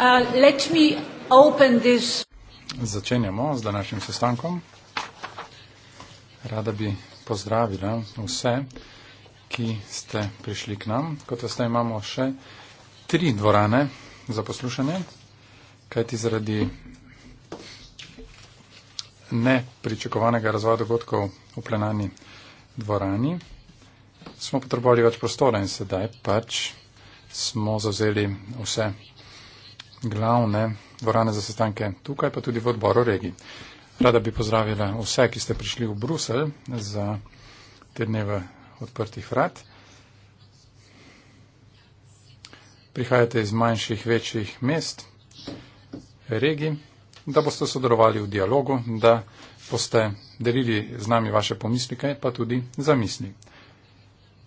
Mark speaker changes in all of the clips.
Speaker 1: Uh,
Speaker 2: this... Začenjamo z današnjim sestankom. Rada bi pozdravila vse, ki ste prišli k nam. Kot veste, imamo še tri dvorane za poslušanje, kajti zaradi nepričakovanega razvoja dogodkov v plenani dvorani smo potrebovali več prostora in sedaj pač smo zavzeli vse glavne dvorane za sestanke tukaj, pa tudi v odboru regij. Rada bi pozdravila vse, ki ste prišli v Brusel za te dneve odprtih vrat. Prihajate iz manjših, večjih mest, regij, da boste sodelovali v dialogu, da boste delili z nami vaše pomislike, pa tudi zamisli.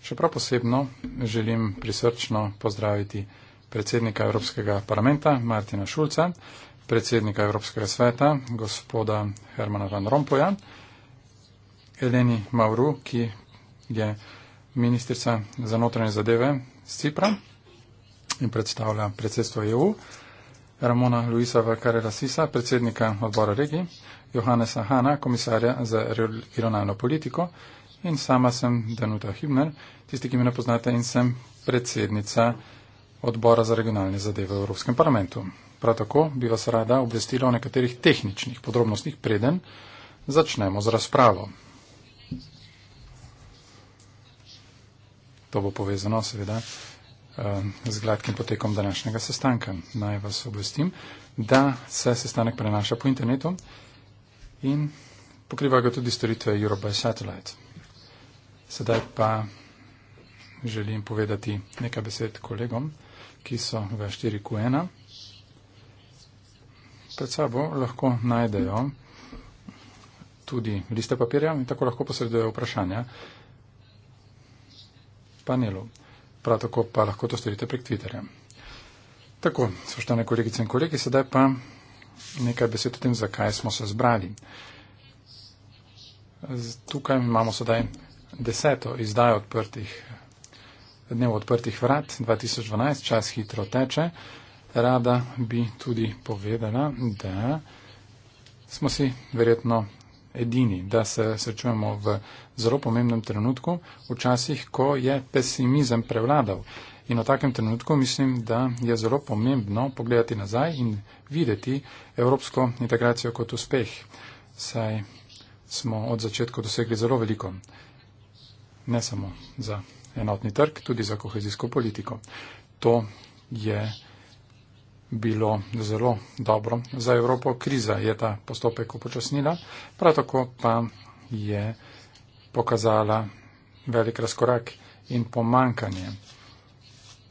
Speaker 2: Še prav posebno želim prisrčno pozdraviti predsednika Evropskega parlamenta Martina Šulca, predsednika Evropskega sveta gospoda Hermana Van Rompoja, Eleni Mauru, ki je ministrica za notranje zadeve z Cipra in predstavlja predsedstvo EU, Ramona Luisa Vakarela Sisa, predsednika odbora regij, Johannesa Hanna, komisarja za regionalno politiko in sama sem Danuta Hübner, tisti, ki me ne poznate in sem predsednica odbora za regionalne zadeve v Evropskem parlamentu. Prav tako bi vas rada obvestila o nekaterih tehničnih podrobnostih preden. Začnemo z razpravo. To bo povezano seveda eh, z gladkim potekom današnjega sestanka. Naj vas obvestim, da se sestanek prenaša po internetu in pokriva ga tudi storitve Europe by Satellite. Sedaj pa želim povedati nekaj besed kolegom ki so v 4Q1. Pred sabo lahko najdejo tudi liste papirja in tako lahko posredujejo vprašanja panelu. Prav tako pa lahko to storite prek Twitterja. Tako, spoštovane kolegice in kolegi, sedaj pa nekaj besed o tem, zakaj smo se zbrali. Tukaj imamo sedaj deseto izdajo odprtih dnev odprtih vrat 2012, čas hitro teče. Rada bi tudi povedala, da smo si verjetno edini, da se srečujemo v zelo pomembnem trenutku, včasih, ko je pesimizem prevladal. In v takem trenutku mislim, da je zelo pomembno pogledati nazaj in videti evropsko integracijo kot uspeh, saj smo od začetka dosegli zelo veliko, ne samo za enotni trg tudi za kohezijsko politiko. To je bilo zelo dobro za Evropo. Kriza je ta postopek upočasnila, prav tako pa je pokazala velik razkorak in pomankanje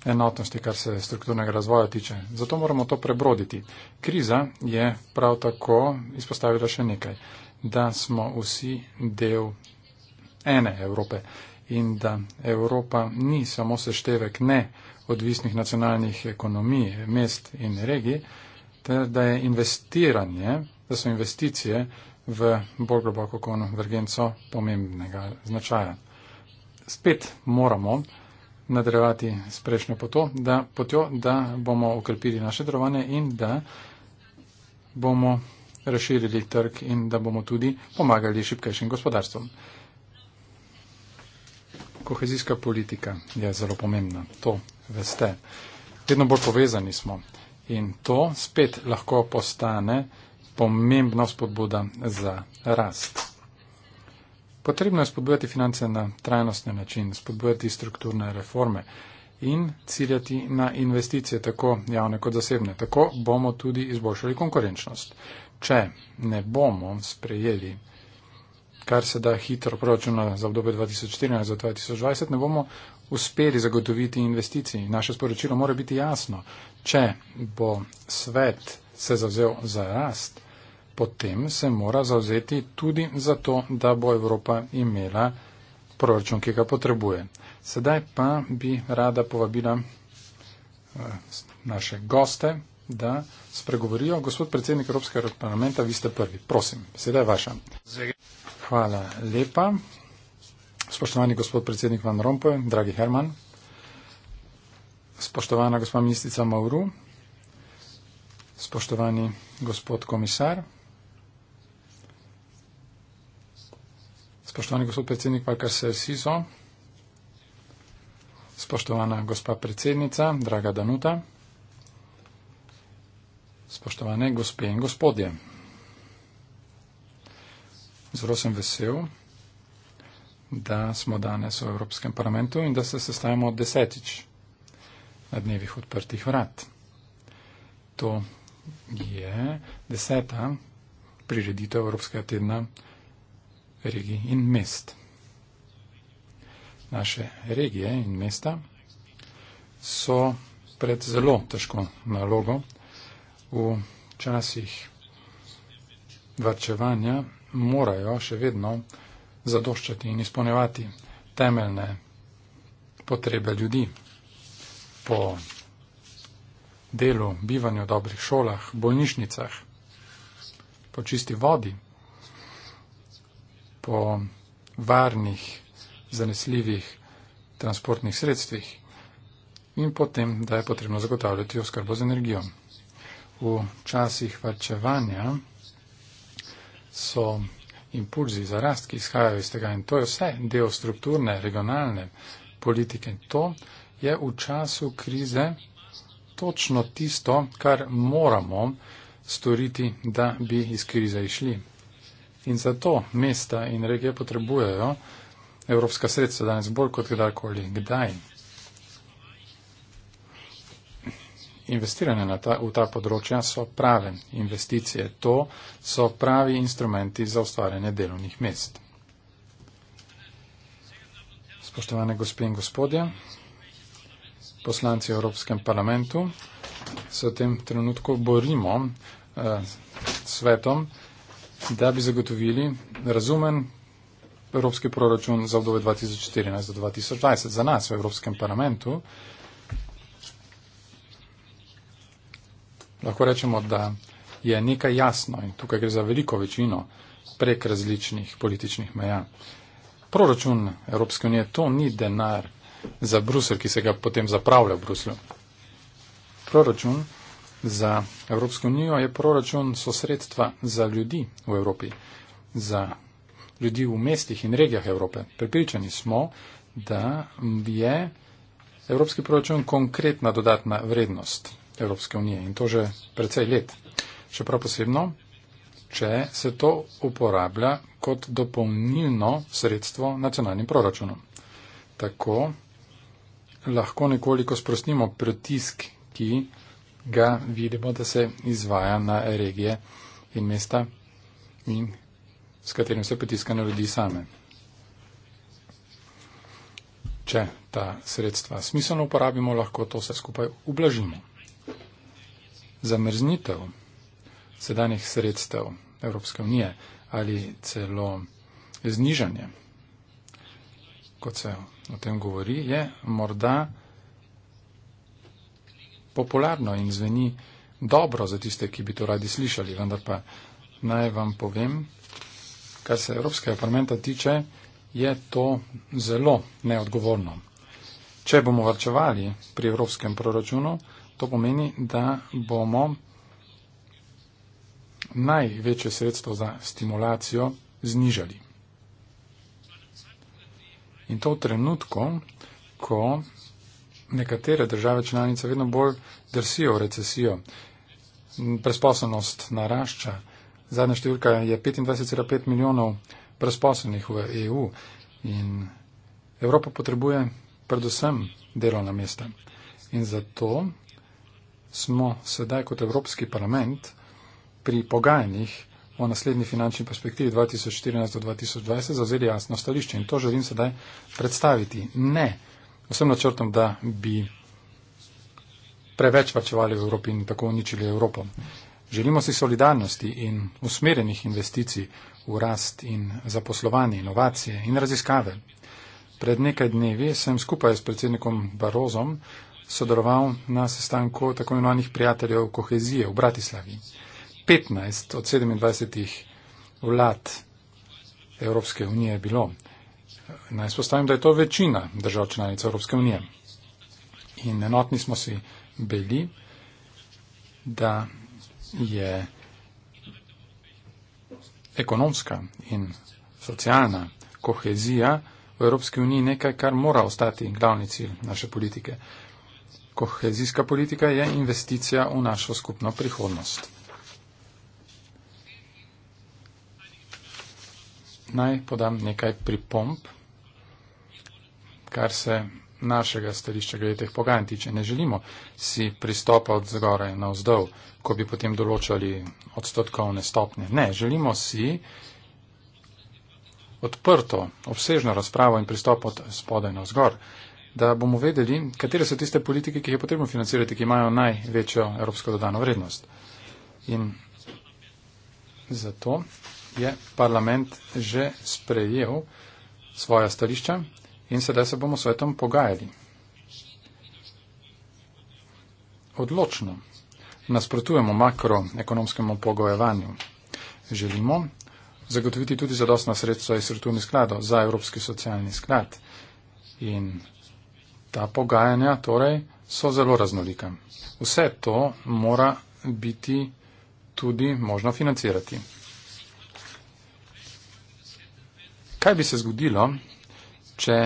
Speaker 2: enotnosti, kar se strukturnega razvoja tiče. Zato moramo to prebroditi. Kriza je prav tako izpostavila še nekaj, da smo vsi del ene Evrope in da Evropa ni samo seštevek neodvisnih nacionalnih ekonomij, mest in regij, ter da je investiranje, da so investicije v bolj globoko konvergenco pomembnega značaja. Spet moramo nadrevati s prejšnjo poto, da, potjo, da bomo ukrepili naše drovanje in da bomo razširili trg in da bomo tudi pomagali šipkejšim gospodarstvom kohezijska politika je zelo pomembna, to veste. Vedno bolj povezani smo in to spet lahko postane pomembna spodbuda za rast. Potrebno je spodbujati finance na trajnostni način, spodbujati strukturne reforme in ciljati na investicije, tako javne kot zasebne. Tako bomo tudi izboljšali konkurenčnost. Če ne bomo sprejeli kar se da hitro proračuna za obdobje 2014 do 2020, ne bomo uspeli zagotoviti investicij. Naše sporočilo mora biti jasno. Če bo svet se zavzel za rast, potem se mora zavzeti tudi za to, da bo Evropa imela proračun, ki ga potrebuje. Sedaj pa bi rada povabila eh, naše goste, da spregovorijo. Gospod predsednik Evropskega parlamenta, vi ste prvi. Prosim, sedaj vaša. Zdaj. Hvala lepa. Spoštovani gospod predsednik Van Rompuy, dragi Herman, spoštovana gospa ministrica Mauru, spoštovani gospod komisar, spoštovani gospod predsednik Parker Sersizo, spoštovana gospa predsednica, draga Danuta, spoštovane gospe in gospodje. Zelo sem vesel, da smo danes v Evropskem parlamentu in da se sestajamo desetič na dnevih odprtih vrat. To je deseta prireditev Evropskega tedna regij in mest. Naše regije in mesta so pred zelo težko nalogo v časih varčevanja morajo še vedno zadoščati in izpolnjevati temeljne potrebe ljudi po delu, bivanju v dobrih šolah, bolnišnicah, po čisti vodi, po varnih, zanesljivih transportnih sredstvih in potem, da je potrebno zagotavljati oskrbo z energijo. V časih varčevanja so impulzi za rast, ki izhajajo iz tega in to je vse del strukturne, regionalne politike. To je v času krize točno tisto, kar moramo storiti, da bi iz krize išli. In zato mesta in regije potrebujejo evropska sredstva danes bolj kot kdajkoli. Kdaj? investiranja na ta, v ta področja so prave investicije. To so pravi instrumenti za ustvarjanje delovnih mest. Spoštovane gospe in gospodje, poslanci Evropskem parlamentu se v tem trenutku borimo eh, svetom, da bi zagotovili razumen evropski proračun za obdobje 2014-2020. Za nas v Evropskem parlamentu eh, lahko rečemo, da je nekaj jasno in tukaj gre za veliko večino prek različnih političnih meja. Proračun Evropske unije to ni denar za Brusel, ki se ga potem zapravlja v Bruslju. Proračun za Evropsko unijo je proračun so sredstva za ljudi v Evropi, za ljudi v mestih in regijah Evrope. Pripričani smo, da je Evropski proračun konkretna dodatna vrednost Evropske unije in to že precej let. Še prav posebno, če se to uporablja kot dopolnilno sredstvo nacionalnim proračunom. Tako lahko nekoliko sprostimo pritisk, ki ga vidimo, da se izvaja na regije in mesta in s katerim se pritiska na ljudi same. Če ta sredstva smiselno uporabimo, lahko to vse skupaj ublažimo zamrznitev sedanjih sredstev Evropske unije ali celo znižanje, kot se o tem govori, je morda popularno in zveni dobro za tiste, ki bi to radi slišali. Vendar pa naj vam povem, kar se Evropskega parlamenta tiče, je to zelo neodgovorno. Če bomo varčevali pri evropskem proračunu, To pomeni, da bomo največje sredstvo za stimulacijo znižali. In to v trenutku, ko nekatere države članice vedno bolj drsijo v recesijo, presposobnost narašča. Zadnja številka je 25,5 milijonov presposobnih v EU in Evropa potrebuje predvsem delovna mesta. In zato smo sedaj kot Evropski parlament pri pogajanjih o naslednji finančni perspektivi 2014 do 2020 zauzeli jasno stališče in to želim sedaj predstaviti. Ne vsem načrtom, da bi preveč pačevali v Evropi in tako uničili Evropo. Želimo si solidarnosti in usmerjenih investicij v rast in zaposlovanje, inovacije in raziskave. Pred nekaj dnevi sem skupaj s predsednikom Barozom sodeloval na sestanku tako imenovanih prijateljev kohezije v Bratislavi. 15 od 27 vlad Evropske unije je bilo. Naj spostavim, da je to večina držav članic Evropske unije. In enotni smo si bili, da je ekonomska in socialna kohezija v Evropski uniji nekaj, kar mora ostati glavni cilj naše politike kohezijska politika je investicija v našo skupno prihodnost. Naj podam nekaj pripomp, kar se našega stališča glede teh pogajanj tiče. Ne želimo si pristopa od zgoraj na vzdolj, ko bi potem določali odstotkovne stopnje. Ne, želimo si odprto, obsežno razpravo in pristop od spodaj na vzgoraj da bomo vedeli, katere so tiste politike, ki jih je potrebno financirati, ki imajo največjo evropsko dodano vrednost. In zato je parlament že sprejel svoja stališča in sedaj se bomo s svetom pogajali. Odločno nasprotujemo makroekonomskemu pogojevanju. Želimo zagotoviti tudi zadostna sredstva iz strukturnih skladov za Evropski socialni sklad in ta pogajanja torej so zelo raznolika. Vse to mora biti tudi možno financirati. Kaj bi se zgodilo, če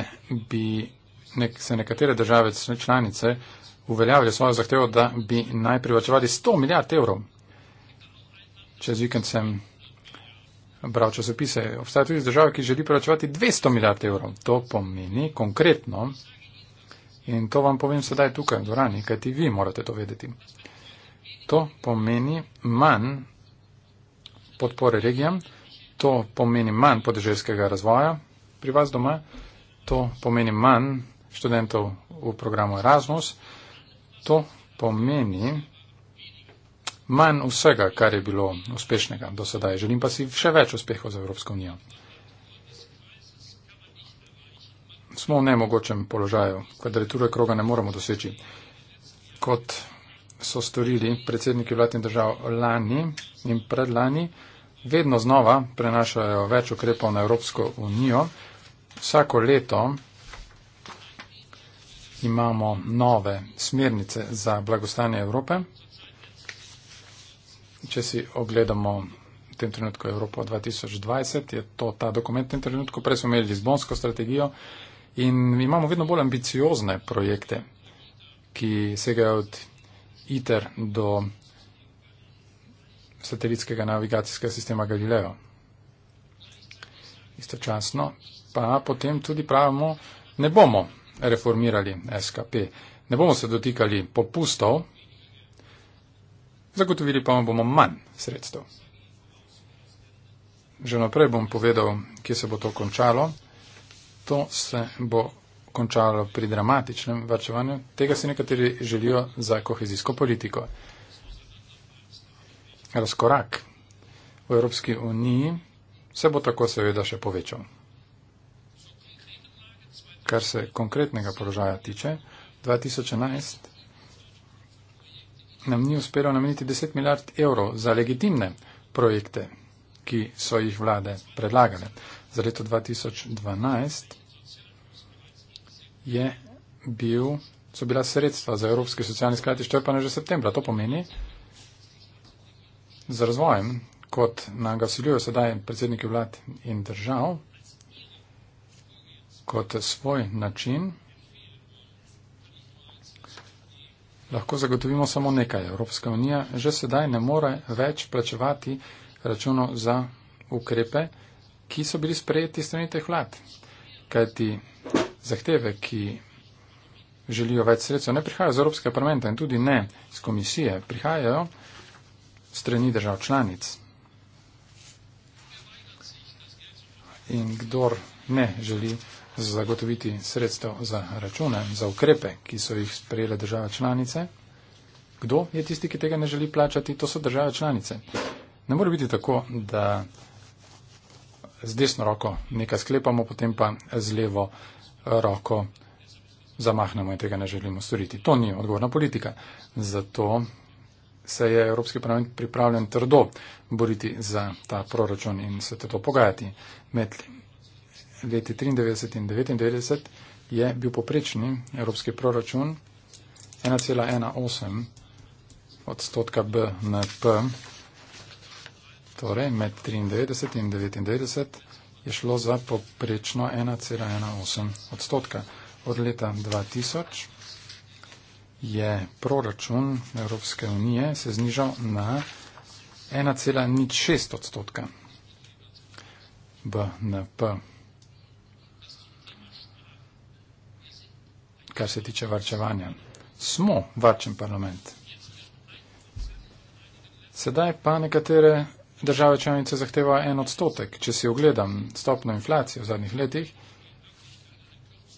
Speaker 2: bi nek, se nekatere države članice uveljavili svojo zahtevo, da bi naj privačevali 100 milijard evrov? Čez vikend sem bral časopise. Obstaja tudi država, ki želi privačevati 200 milijard evrov. To pomeni konkretno, In to vam povem sedaj tukaj v dvorani, kajti vi morate to vedeti. To pomeni manj podpore regijam, to pomeni manj podeželskega razvoja pri vas doma, to pomeni manj študentov v programu Erasmus, to pomeni manj vsega, kar je bilo uspešnega do sedaj. Želim pa si še več uspehov z Evropsko unijo. smo v nemogočem položaju, kvadrature kroga ne moremo doseči. Kot so storili predsedniki vlad in držav lani in predlani, vedno znova prenašajo več ukrepov na Evropsko unijo. Vsako leto imamo nove smernice za blagostanje Evrope. Če si ogledamo v tem trenutku Evropo 2020, je to ta dokument v tem trenutku. Prej smo imeli Lizbonsko strategijo, In imamo vedno bolj ambiciozne projekte, ki segajo od ITER do satelitskega navigacijskega sistema Galileo. Istočasno pa potem tudi pravimo, ne bomo reformirali SKP, ne bomo se dotikali popustov, zagotovili pa bomo manj sredstev. Že naprej bom povedal, kje se bo to končalo to se bo končalo pri dramatičnem varčevanju. Tega si nekateri želijo za kohezijsko politiko. Razkorak v Evropski uniji se bo tako seveda še povečal. Kar se konkretnega položaja tiče, 2011 nam ni uspelo nameniti 10 milijard evrov za legitimne projekte, ki so jih vlade predlagale za leto 2012 je bil, so bila sredstva za Evropski socialni sklad izčrpane že septembra. To pomeni, z razvojem, kot nam ga vsiljujo sedaj predsedniki vlad in držav, kot svoj način, lahko zagotovimo samo nekaj. Evropska unija že sedaj ne more več plačevati računov za ukrepe, ki so bili sprejeti strani teh vlad. Kajti zahteve, ki želijo več sredstev, ne prihajajo z Evropskega parlamenta in tudi ne z komisije, prihajajo strani držav članic. In kdor ne želi zagotoviti sredstev za račune, za ukrepe, ki so jih sprejele države članice, kdo je tisti, ki tega ne želi plačati, to so države članice. Ne more biti tako, da z desno roko nekaj sklepamo, potem pa z levo roko zamahnemo in tega ne želimo storiti. To ni odgovorna politika. Zato se je Evropski parlament pripravljen trdo boriti za ta proračun in se to pogajati. Med leti 93 in 99 je bil poprečni Evropski proračun 1,18 odstotka BNP torej med 93 in 99 je šlo za poprečno 1,18 odstotka. Od leta 2000 je proračun Evropske unije se znižal na 1,06 odstotka BNP. Kar se tiče varčevanja. Smo varčen parlament. Sedaj pa nekatere države članice zahtevajo en odstotek. Če si ogledam stopno inflacijo v zadnjih letih,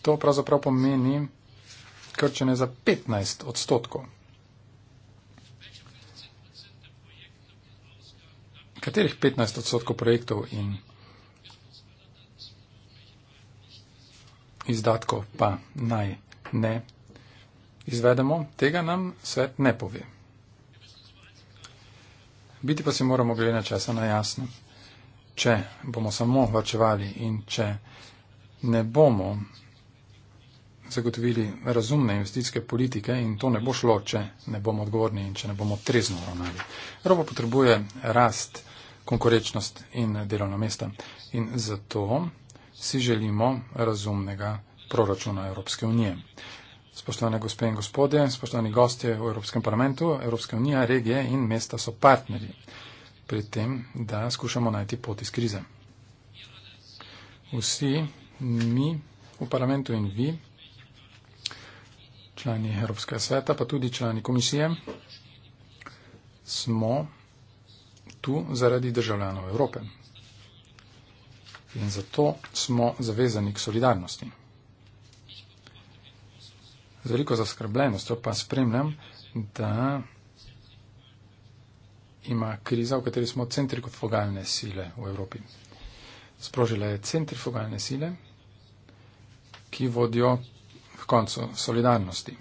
Speaker 2: to pravzaprav pomeni krčenje za 15 odstotkov. Katerih 15 odstotkov projektov in izdatkov pa naj ne izvedemo, tega nam svet ne pove. Biti pa si moramo glede na česa na jasno. Če bomo samo vrčevali in če ne bomo zagotovili razumne investicijske politike in to ne bo šlo, če ne bomo odgovorni in če ne bomo trezno ravnali. Evropa potrebuje rast, konkurenčnost in delovna mesta in zato si želimo razumnega proračuna Evropske unije. Spoštovane gospe in gospodje, spoštovani gostje v Evropskem parlamentu, Evropska unija, regije in mesta so partnerji pri tem, da skušamo najti pot iz krize. Vsi mi v parlamentu in vi, člani Evropskega sveta, pa tudi člani komisije, smo tu zaradi državljanov Evrope. In zato smo zavezani k solidarnosti z veliko zaskrbljenostjo pa spremljam, da ima kriza, v kateri smo centrifugalne sile v Evropi. Sprožila je centrifugalne sile, ki vodijo v koncu solidarnosti.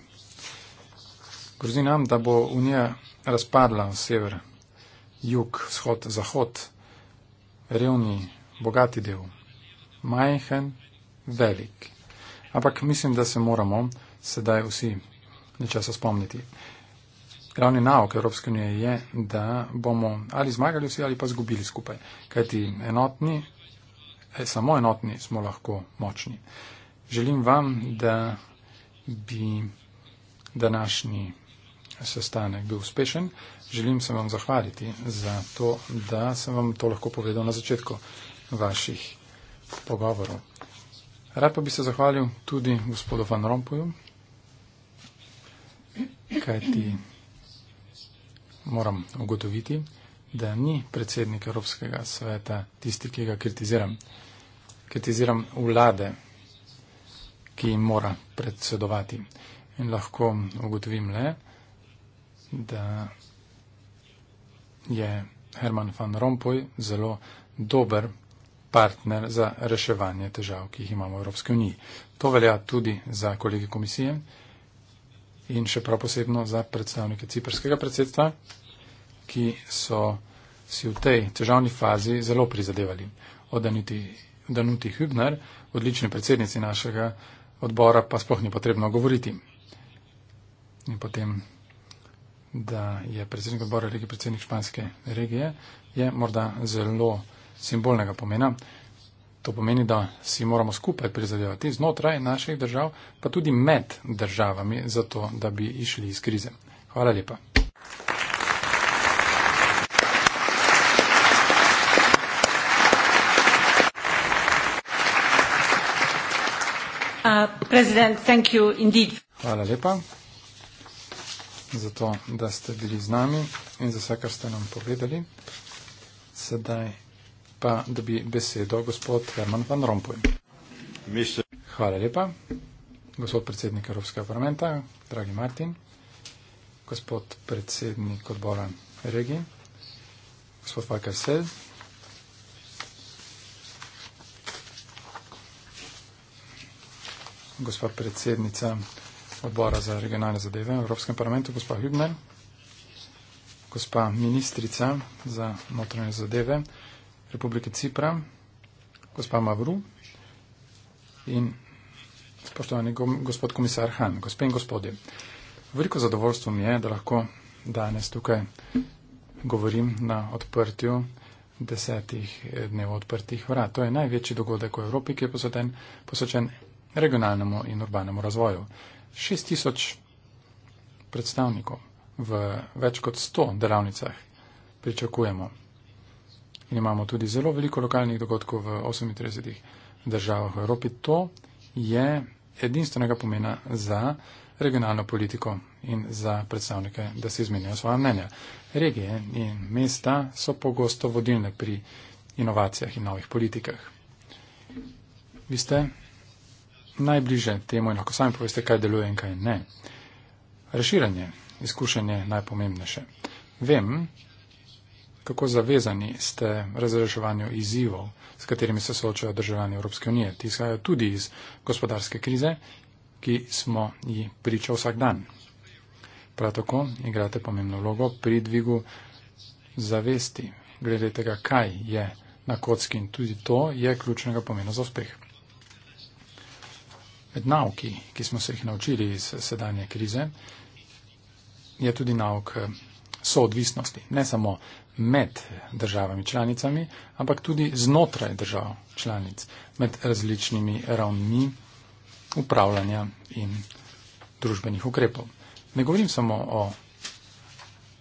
Speaker 2: Grozi nam, da bo Unija razpadla v sever, jug, vzhod, zahod, revni, bogati del, majhen, velik. Ampak mislim, da se moramo sedaj vsi nečesa spomniti. Glavni navok Evropske unije je, da bomo ali zmagali vsi ali pa zgubili skupaj, kajti enotni, e, samo enotni smo lahko močni. Želim vam, da bi današnji sestanek bil uspešen. Želim se vam zahvaliti za to, da sem vam to lahko povedal na začetku vaših pogovorov. Rad pa bi se zahvalil tudi gospodu Van Rompuju kajti moram ugotoviti, da ni predsednik Evropskega sveta tisti, ki ga kritiziram. Kritiziram vlade, ki jim mora predsedovati. In lahko ugotovim le, da je Herman van Rompuy zelo dober partner za reševanje težav, ki jih imamo v Evropski uniji. To velja tudi za kolege komisije in še prav posebno za predstavnike ciperskega predsedstva, ki so si v tej težavni fazi zelo prizadevali. Odaniti Danuti Hübner, odlični predsednici našega odbora, pa sploh ni potrebno govoriti. In potem, da je predsednik odbora regije predsednik španske regije, je morda zelo simbolnega pomena. To pomeni, da si moramo skupaj prizadevati znotraj naših držav, pa tudi med državami, zato da bi išli iz krize. Hvala lepa. Uh, Hvala lepa za to, da ste bili z nami in za vse, kar ste nam povedali. Sedaj pa dobi besedo gospod Herman van Rompuy. Hvala lepa. Gospod predsednik Evropskega parlamenta, dragi Martin, gospod predsednik odbora Regi, gospod Falker Sel, gospod predsednica odbora za regionalne zadeve v Evropskem parlamentu, gospod Hübner, gospa ministrica za notranje zadeve, Republike Cipra, gospa Mavru in spoštovani go, gospod komisar Han, gospe in gospodje. Veliko zadovoljstvo mi je, da lahko danes tukaj govorim na odprtju desetih dnev odprtih vrat. To je največji dogodek v Evropi, ki je posveten, posvečen regionalnemu in urbanemu razvoju. 6000 predstavnikov v več kot 100 delavnicah pričakujemo in imamo tudi zelo veliko lokalnih dogodkov v 38 državah v Evropi, to je edinstvenega pomena za regionalno politiko in za predstavnike, da se izmenjajo svoje mnenja. Regije in mesta so pogosto vodilne pri inovacijah in novih politikah. Vi ste najbliže temu in lahko sami poveste, kaj deluje in kaj ne. Reširanje, izkušanje najpomembnejše. Vem, kako zavezani ste razreševanju izzivov, s katerimi se soočajo državljani Evropske unije, ki izhajajo tudi iz gospodarske krize, ki smo ji priča vsak dan. Prav tako igrate pomembno vlogo pri dvigu zavesti glede tega, kaj je na kocki in tudi to je ključnega pomena za uspeh. Med nauki, ki smo se jih naučili iz sedanje krize, je tudi nauk eh, soodvisnosti. Ne samo med državami članicami, ampak tudi znotraj držav članic, med različnimi ravnmi upravljanja in družbenih ukrepov. Ne govorim samo o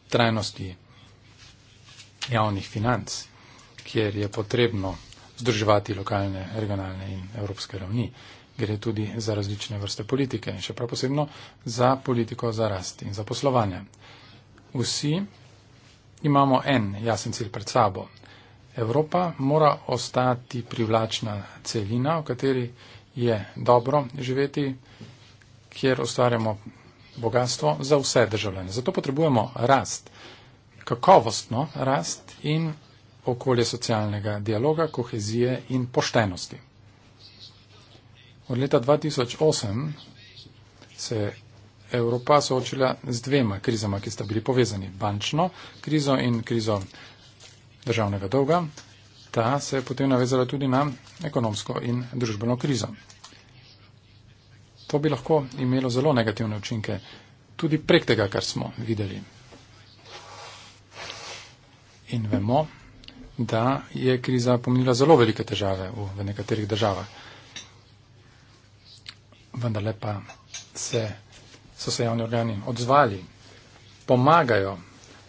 Speaker 2: trajnosti javnih financ, kjer je potrebno združevati lokalne, regionalne in evropske ravni. Gre tudi za različne vrste politike in še prav posebno za politiko za rast in za poslovanje. Vsi imamo en jasen cilj pred sabo. Evropa mora ostati privlačna celina, v kateri je dobro živeti, kjer ustvarjamo bogatstvo za vse državljane. Zato potrebujemo rast, kakovostno rast in okolje socialnega dialoga, kohezije in poštenosti. Od leta 2008 se Evropa soočila z dvema krizama, ki sta bili povezani. Bančno krizo in krizo državnega dolga. Ta se je potem navezala tudi na ekonomsko in družbeno krizo. To bi lahko imelo zelo negativne učinke tudi prek tega, kar smo videli. In vemo, da je kriza pomenila zelo velike težave v, v nekaterih državah. Vendar lepa se so se javni organi odzvali, pomagajo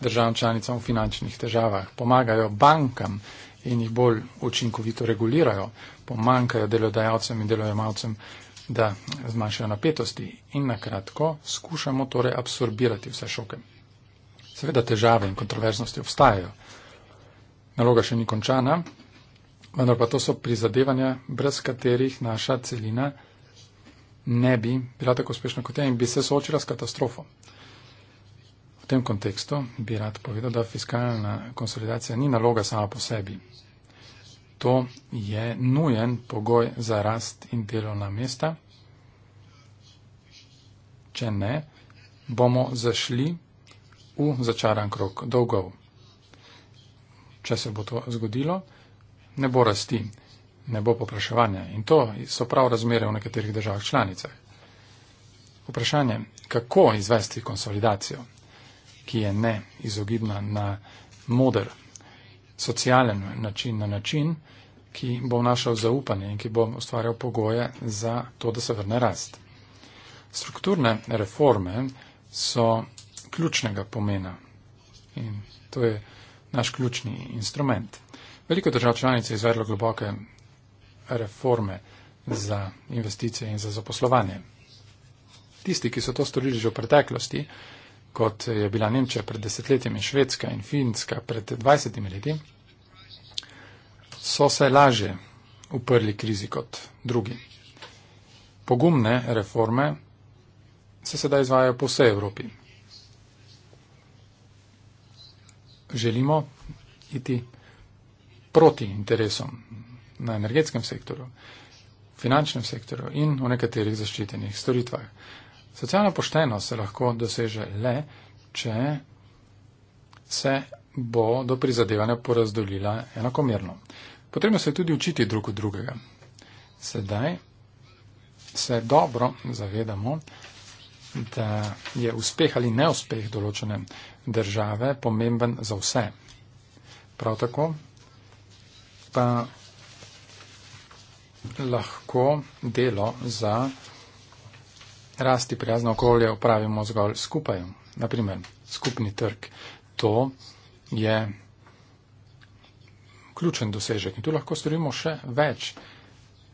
Speaker 2: državam članicam v finančnih težavah, pomagajo bankam in jih bolj učinkovito regulirajo, pomankajo delodajalcem in delojemalcem, da zmanjšajo napetosti in na kratko skušamo torej absorbirati vse šoke. Seveda težave in kontroverznosti obstajajo. Naloga še ni končana, vendar pa to so prizadevanja, brez katerih naša celina ne bi bila tako uspešna kot je in bi se soočila s katastrofo. V tem kontekstu bi rad povedal, da fiskalna konsolidacija ni naloga sama po sebi. To je nujen pogoj za rast in delovna mesta. Če ne, bomo zašli v začaran krok dolgov. Če se bo to zgodilo, ne bo rasti ne bo popraševanja. In to so prav razmere v nekaterih državah članicah. Vprašanje, kako izvesti konsolidacijo, ki je neizogibna na modr, socialen način, na način, ki bo vnašal zaupanje in ki bo ustvarjal pogoje za to, da se vrne rast. Strukturne reforme so ključnega pomena in to je naš ključni instrument. Veliko držav članic je izvedlo globoke reforme za investicije in za zaposlovanje. Tisti, ki so to storili že v preteklosti, kot je bila Nemčija pred desetletjem in Švedska in Finska pred dvajsetimi leti, so se laže uprli krizi kot drugi. Pogumne reforme se sedaj izvajajo po vsej Evropi. Želimo iti proti interesom na energetskem sektorju, finančnem sektorju in v nekaterih zaščitenih storitvah. Socialna poštenost se lahko doseže le, če se bo do prizadevanja porazdolila enakomerno. Potrebno se je tudi učiti drug od drugega. Sedaj se dobro zavedamo, da je uspeh ali neuspeh določene države pomemben za vse. Prav tako pa lahko delo za rasti prijazno okolje opravimo zgolj skupaj. Naprimer, skupni trg. To je ključen dosežek in tu lahko storimo še več.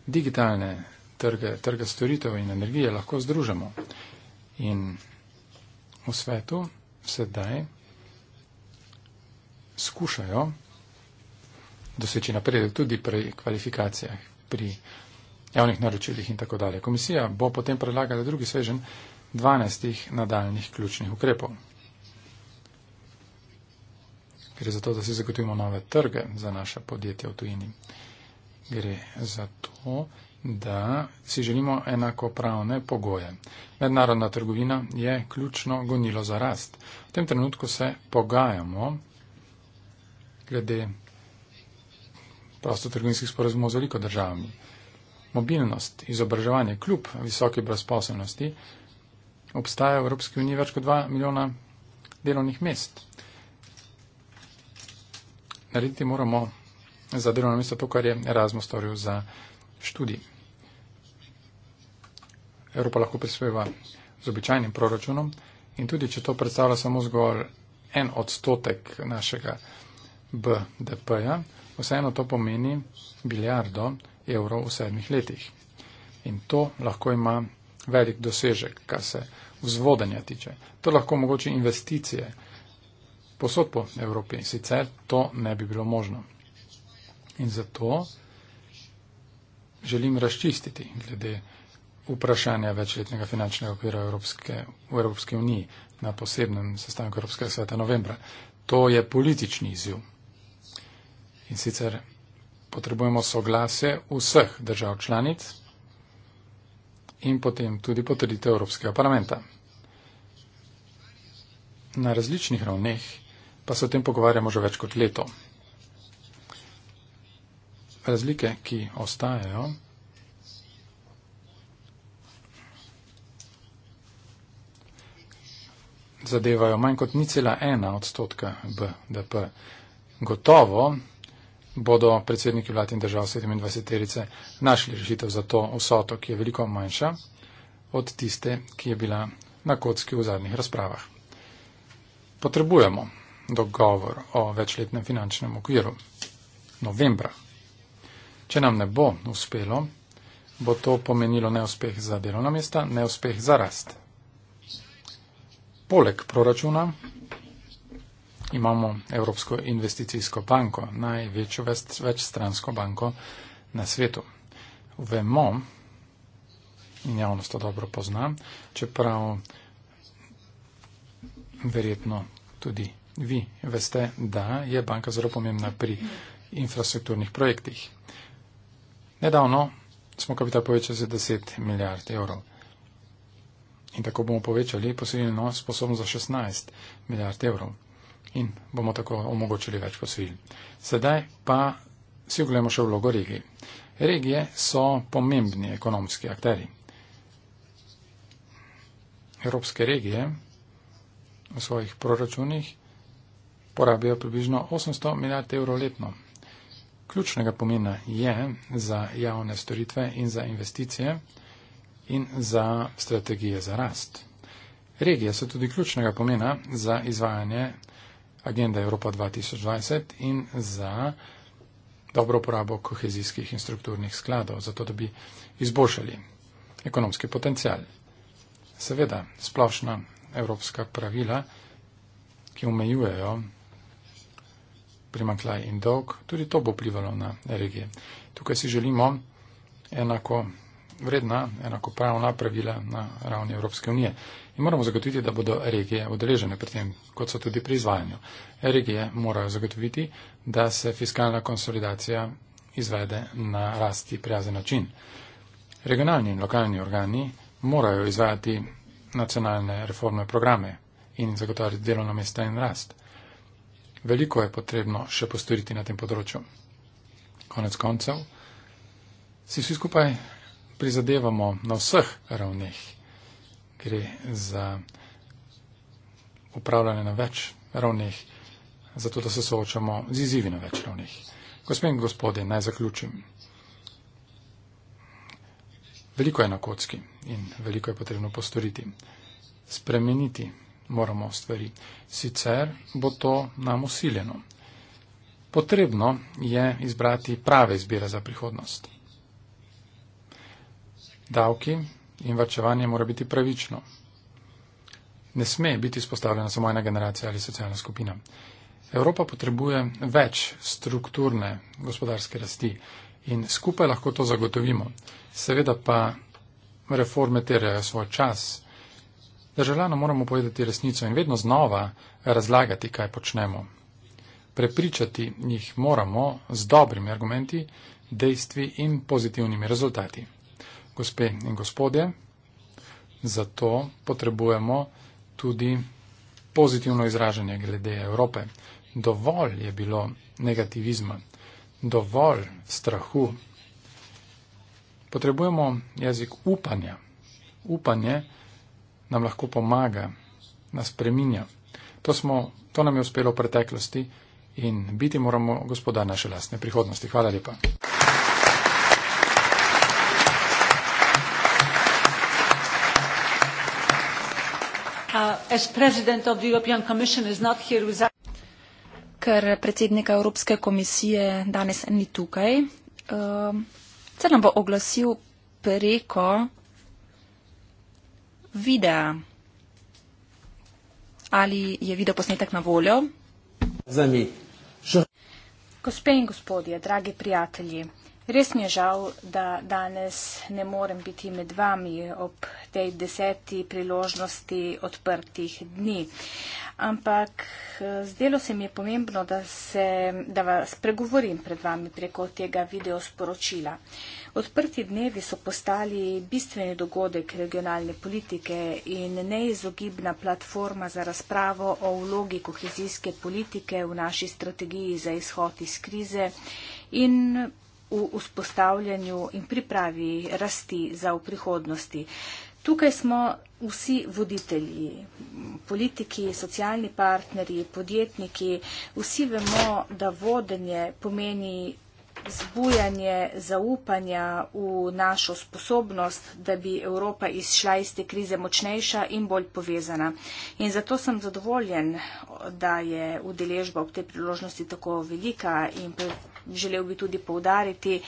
Speaker 2: Digitalne trge, trge storitev in energije lahko združimo. In v svetu sedaj skušajo doseči napredek tudi pri kvalifikacijah pri javnih naročilih in tako dalje. Komisija bo potem predlagala drugi svežen 12 nadaljnih ključnih ukrepov. Gre za to, da si zagotovimo nove trge za naše podjetje v tujini. Gre za to, da si želimo enakopravne pogoje. Mednarodna trgovina je ključno gonilo za rast. V tem trenutku se pogajamo glede prostotrgovinskih sporozumov z veliko državami. Mobilnost, izobraževanje, kljub visoki brezposobnosti, obstaja v Evropski uniji več kot 2 milijona delovnih mest. Narediti moramo za delovno mesto to, kar je Erasmus storil za študij. Evropa lahko prispeva z običajnim proračunom in tudi, če to predstavlja samo zgolj en odstotek našega BDP-ja, vseeno to pomeni biljardo evrov v sedmih letih. In to lahko ima velik dosežek, kar se vzvodanja tiče. To lahko mogoče investicije posod po Evropi, sicer to ne bi bilo možno. In zato želim razčistiti glede vprašanja večletnega finančnega okvira Evropske, v Evropski uniji na posebnem sestanku Evropskega sveta novembra. To je politični izjum. In sicer potrebujemo soglase vseh držav članic in potem tudi potrditev Evropskega parlamenta. Na različnih ravneh pa se o tem pogovarjamo že več kot leto. Razlike, ki ostajajo, zadevajo manj kot ni cela ena odstotka BDP. Gotovo bodo predsedniki vlad in držav 27. terice našli rešitev za to vsoto, ki je veliko manjša od tiste, ki je bila na kocki v zadnjih razpravah. Potrebujemo dogovor o večletnem finančnem okviru novembra. Če nam ne bo uspelo, bo to pomenilo neuspeh za delovna mesta, neuspeh za rast. Poleg proračuna imamo Evropsko investicijsko banko, največjo večstransko banko na svetu. Vemo, in javnost to dobro pozna, čeprav verjetno tudi vi veste, da je banka zelo pomembna pri infrastrukturnih projektih. Nedavno smo kapital povečali za 10 milijard evrov. In tako bomo povečali posiljeno sposobnost za 16 milijard evrov in bomo tako omogočili več posvil. Sedaj pa si oglejmo še vlogo regij. Regije so pomembni ekonomski akteri. Evropske regije v svojih proračunih porabijo približno 800 milijard evrov letno. Ključnega pomena je za javne storitve in za investicije in za strategije za rast. Regije so tudi ključnega pomena za izvajanje Agenda Evropa 2020 in za dobro uporabo kohezijskih in strukturnih skladov, zato da bi izboljšali ekonomski potencial. Seveda, splošna evropska pravila, ki omejujejo primanklaj in dolg, tudi to bo vplivalo na regije. Tukaj si želimo enako vredna enakopravna pravila na ravni Evropske unije. In moramo zagotoviti, da bodo regije odrežene pri tem, kot so tudi pri izvajanju. Regije morajo zagotoviti, da se fiskalna konsolidacija izvede na rasti prijazen način. Regionalni in lokalni organi morajo izvajati nacionalne reformne programe in zagotavljati delovna mesta in rast. Veliko je potrebno še postoriti na tem področju. Konec koncev, si vsi skupaj prizadevamo na vseh ravneh. Gre za upravljanje na več ravneh, zato da se soočamo z izzivi na več ravneh. Gospe in gospode, naj zaključim. Veliko je na kocki in veliko je potrebno postoriti. Spremeniti moramo stvari, sicer bo to nam usiljeno. Potrebno je izbrati prave izbire za prihodnost davki in vrčevanje mora biti pravično. Ne sme biti izpostavljena samo ena generacija ali socialna skupina. Evropa potrebuje več strukturne gospodarske rasti in skupaj lahko to zagotovimo. Seveda pa reforme terjajo svoj čas. Državljanom moramo povedati resnico in vedno znova razlagati, kaj počnemo. Prepričati jih moramo z dobrimi argumenti, dejstvi in pozitivnimi rezultati gospe in gospodje. Zato potrebujemo tudi pozitivno izražanje glede Evrope. Dovolj je bilo negativizma, dovolj strahu. Potrebujemo jezik upanja. Upanje nam lahko pomaga, nas preminja. To, smo, to nam je uspelo v preteklosti in biti moramo gospoda naše lastne prihodnosti. Hvala lepa.
Speaker 3: as president of the European Commission is not here with us. Ker predsednika Evropske komisije danes ni tukaj, um, se nam bo oglasil preko videa. Ali je video posnetek na voljo?
Speaker 1: Gospe in gospodje, dragi prijatelji. Res mi je žal, da danes ne morem biti med vami ob tej deseti priložnosti odprtih dni. Ampak eh, zdelo se mi je pomembno, da, se, da vas pregovorim pred vami preko tega videosporočila. Odprti dnevi so postali bistveni dogodek regionalne politike in neizogibna platforma za razpravo o vlogi kohezijske politike v naši strategiji za izhod iz krize in v vzpostavljanju in pripravi rasti za v prihodnosti. Tukaj smo vsi voditelji, politiki, socialni partnerji, podjetniki, vsi vemo, da vodenje pomeni zbujanje zaupanja v našo sposobnost, da bi Evropa izšla iz te krize močnejša in bolj povezana. In zato sem zadovoljen, da je udeležba ob tej priložnosti tako velika in želel bi tudi povdariti,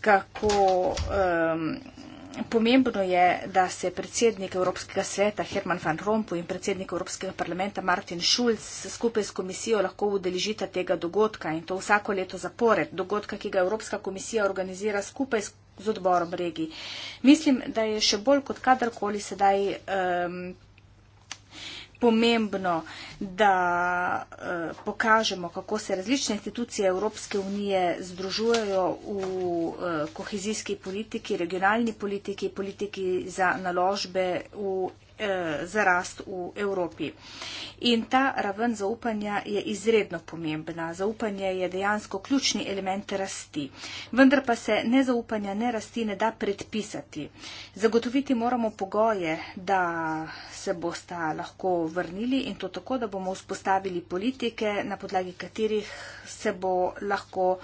Speaker 1: kako um, pomembno je, da se predsednik Evropskega sveta Herman van Rompuy in predsednik Evropskega parlamenta Martin Schulz skupaj s komisijo lahko udeležita tega dogodka in to vsako leto zapored, dogodka, ki ga Evropska komisija organizira skupaj z odborom regij. Mislim, da je še bolj kot kadarkoli sedaj. Um, pomembno, da eh, pokažemo, kako se različne institucije Evropske unije združujejo v eh, kohezijski politiki, regionalni politiki, politiki za naložbe v Eh, za rast v Evropi. In ta raven zaupanja je izredno pomembna. Zaupanje je dejansko ključni element rasti. Vendar pa se nezaupanja ne rasti ne da predpisati. Zagotoviti moramo pogoje, da se bosta lahko vrnili in to tako, da bomo vzpostavili politike, na podlagi katerih se bo lahko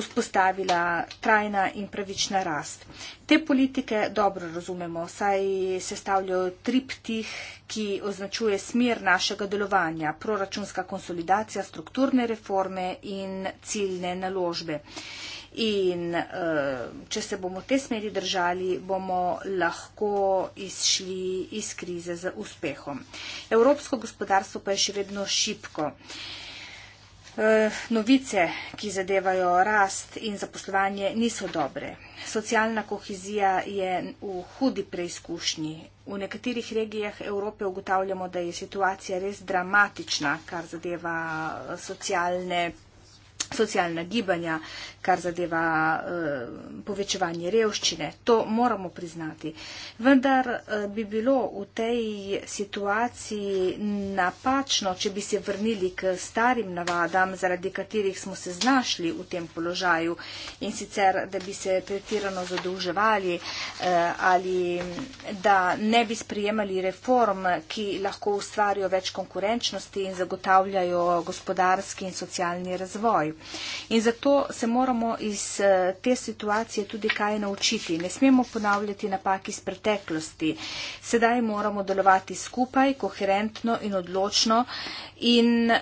Speaker 1: vzpostavila trajna in pravična rast. Te politike dobro razumemo, saj sestavljajo triptih, ki označuje smer našega delovanja, proračunska konsolidacija, strukturne reforme in ciljne naložbe. In eh, če se bomo te smeri držali, bomo lahko izšli iz krize z uspehom. Evropsko gospodarstvo pa je še vedno šipko. Eh, novice, ki zadevajo rast in zaposlovanje, niso dobre. Socialna kohezija je v hudi preizkušnji. V nekaterih regijah Evrope ugotavljamo, da je situacija res dramatična, kar zadeva socialne socialna gibanja, kar zadeva eh, povečevanje revščine. To moramo priznati. Vendar eh, bi bilo v tej situaciji napačno, če bi se vrnili k starim navadam, zaradi katerih smo se znašli v tem položaju in sicer, da bi se pretirano zadolževali eh, ali da ne bi sprijemali reform, ki lahko ustvarijo več konkurenčnosti in zagotavljajo gospodarski in socialni razvoj razvoj. In zato se moramo iz eh, te situacije tudi kaj naučiti. Ne smemo ponavljati napak iz preteklosti. Sedaj moramo delovati skupaj, koherentno in odločno in uh,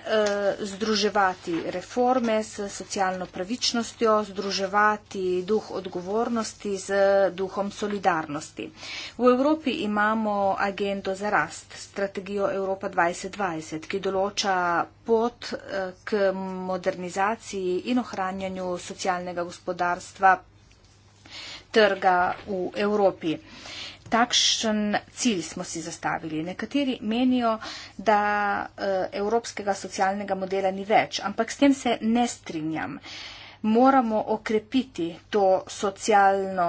Speaker 1: združevati reforme s socialno pravičnostjo, združevati duh odgovornosti z duhom solidarnosti. V Evropi imamo agendo za rast, strategijo Evropa 2020, ki določa pot eh, k modernizaciji in ohranjanju socialnega gospodarstva trga v Evropi. Takšen cilj smo si zastavili. Nekateri menijo, da eh, evropskega socialnega modela ni več, ampak s tem se ne strinjam. Moramo okrepiti to socialno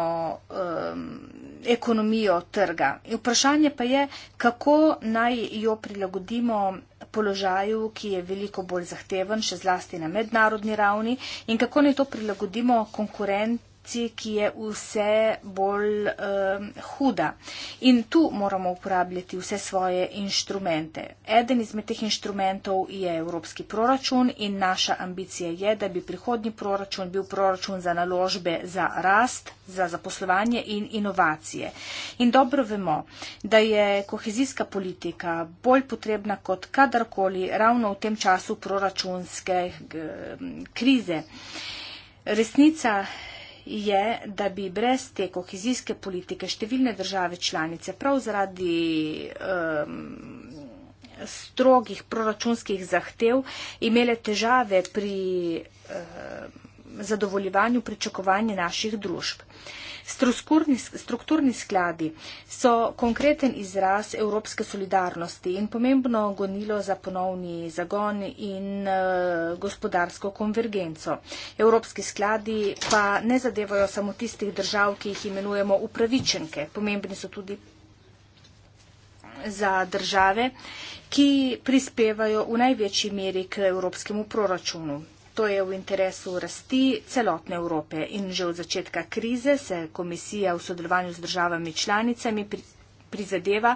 Speaker 1: um, ekonomijo trga. Vprašanje pa je, kako naj jo prilagodimo položaju, ki je veliko bolj zahteven, še zlasti na mednarodni ravni, in kako naj to prilagodimo konkurent korupciji, ki je vse bolj uh, huda. In tu moramo uporabljati vse svoje inštrumente. Eden izmed teh inštrumentov je evropski proračun in naša ambicija je, da bi prihodni proračun bil proračun za naložbe za rast, za zaposlovanje in inovacije. In dobro vemo, da je kohezijska politika bolj potrebna kot kadarkoli ravno v tem času proračunske krize. Resnica je, da bi brez te kohezijske politike številne države članice prav zaradi um, strogih proračunskih zahtev imele težave pri um, zadovoljevanju pričakovanja naših družb. Strukturni skladi so konkreten izraz evropske solidarnosti in pomembno gonilo za ponovni zagon in eh, gospodarsko konvergenco. Evropski skladi pa ne zadevajo samo tistih držav, ki jih imenujemo upravičenke. Pomembni so tudi za države, ki prispevajo v največji meri k evropskemu proračunu. To je v interesu rasti celotne Evrope in že od začetka krize se komisija v sodelovanju z državami članicami prizadeva,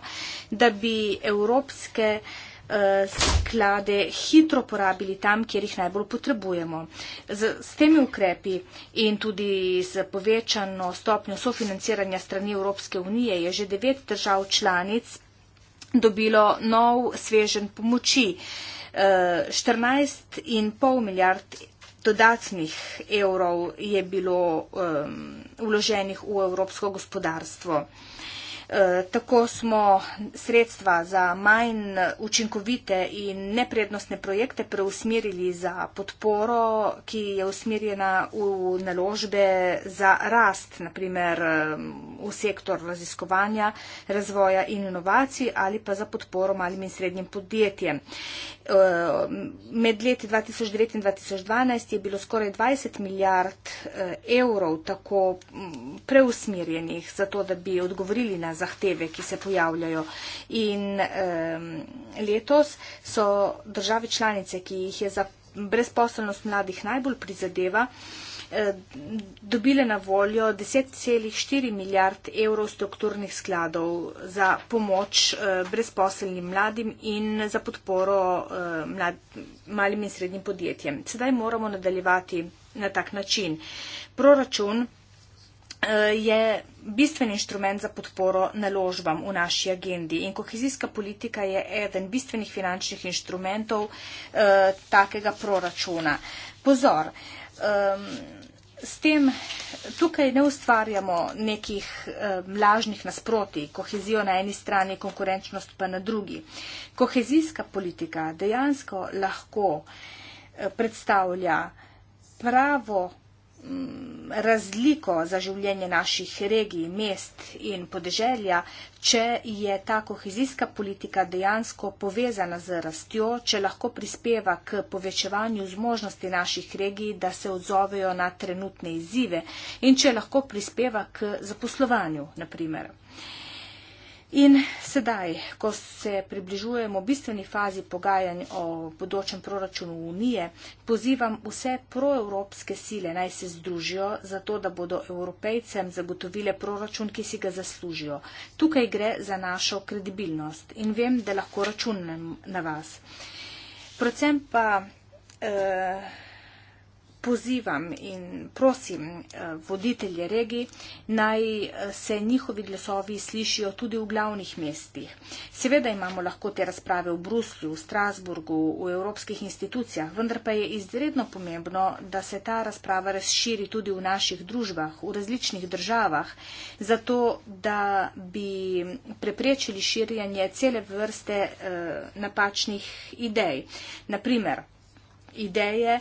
Speaker 1: da bi evropske eh, sklade hitro porabili tam, kjer jih najbolj potrebujemo. Z, s temi ukrepi in tudi z povečano stopnjo sofinanciranja strani Evropske unije je že devet držav članic dobilo nov svežen pomoči. Uh, 14,5 milijard dodatnih evrov je bilo um, vloženih v evropsko gospodarstvo. Uh, Eh, tako smo sredstva za manj učinkovite in neprednostne projekte preusmerili za podporo, ki je usmerjena v naložbe za rast, naprimer eh, v sektor raziskovanja, razvoja in inovacij ali pa za podporo malim in srednjim podjetjem. Eh, med leti 2009 in 2012 je bilo skoraj 20 milijard evrov tako mm, preusmerjenih za to, da bi odgovorili na zahteve, ki se pojavljajo. In um, letos so države članice, ki jih je za brezposelnost mladih najbolj prizadeva, eh, dobile na voljo 10,4 milijard evrov strukturnih skladov za pomoč eh, brezposelnim mladim in za podporo eh, mlad, malim in srednjim podjetjem. Sedaj moramo nadaljevati na tak način. Proračun Eh, je bistven inštrument za podporo naložbam v naši agendi. In kohezijska politika je eden bistvenih finančnih inštrumentov uh, takega proračuna. Pozor, um, s tem tukaj ne ustvarjamo nekih um, lažnih nasproti, kohezijo na eni strani, konkurenčnost pa na drugi. Kohezijska politika dejansko lahko uh, predstavlja pravo razliko za življenje naših regij, mest in podeželja, če je ta kohezijska politika dejansko povezana z rastjo, če lahko prispeva k povečevanju zmožnosti naših regij, da se odzovejo na trenutne izzive in če lahko prispeva k zaposlovanju, na primer. In sedaj, ko se približujemo bistveni fazi pogajanj o bodočem proračunu Unije, pozivam vse proevropske sile naj se združijo, zato da bodo evropejcem zagotovile proračun, ki si ga zaslužijo. Tukaj gre za našo kredibilnost in vem, da lahko računam na vas. Predvsem pa. Eh, pozivam in prosim eh, voditelje regij, naj eh, se njihovi glasovi slišijo tudi v glavnih mestih. Seveda imamo lahko te razprave v Bruslju, v Strasburgu, v evropskih institucijah, vendar pa je izredno pomembno, da se ta razprava razširi tudi v naših družbah, v različnih državah, zato da bi preprečili širjanje cele vrste eh, napačnih idej. Naprimer, ideje,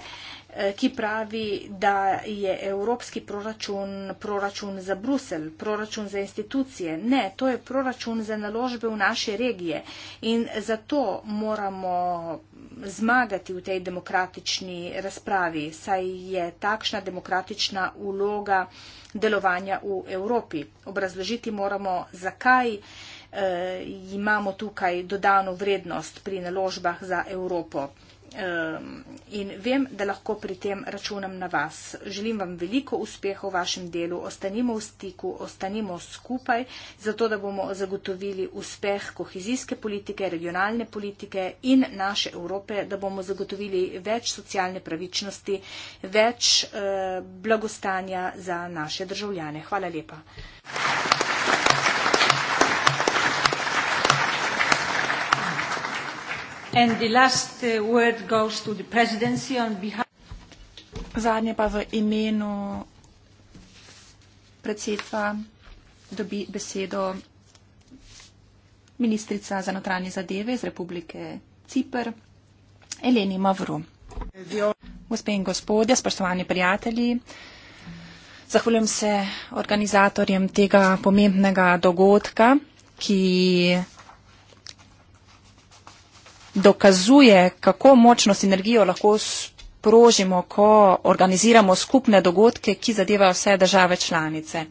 Speaker 1: Eh, ki pravi, da je evropski proračun proračun za Bruselj, proračun za institucije. Ne, to je proračun za naložbe v naše regije in zato moramo zmagati v tej demokratični razpravi, saj je takšna demokratična uloga delovanja v Evropi. Obrazložiti moramo, zakaj eh, imamo tukaj dodano vrednost pri naložbah za Evropo. Ehm, in vem, da lahko pri tem računam na vas. Želim vam veliko uspeha v vašem delu, ostanimo v stiku, ostanimo skupaj, zato da bomo zagotovili uspeh kohezijske politike, regionalne politike in naše Evrope, da bomo zagotovili več socialne pravičnosti, več eh, blagostanja za naše državljane. Hvala lepa. And
Speaker 3: the last uh, word goes to the presidency on behalf Zadnje pa v imenu predsedstva dobi besedo ministrica za notranje zadeve iz Republike Cipr, Eleni Mavru. Gospe in gospodje, spoštovani prijatelji, zahvaljujem se organizatorjem tega pomembnega dogodka, ki dokazuje, kako močno sinergijo lahko sprožimo, ko organiziramo skupne dogodke, ki zadevajo vse države članice.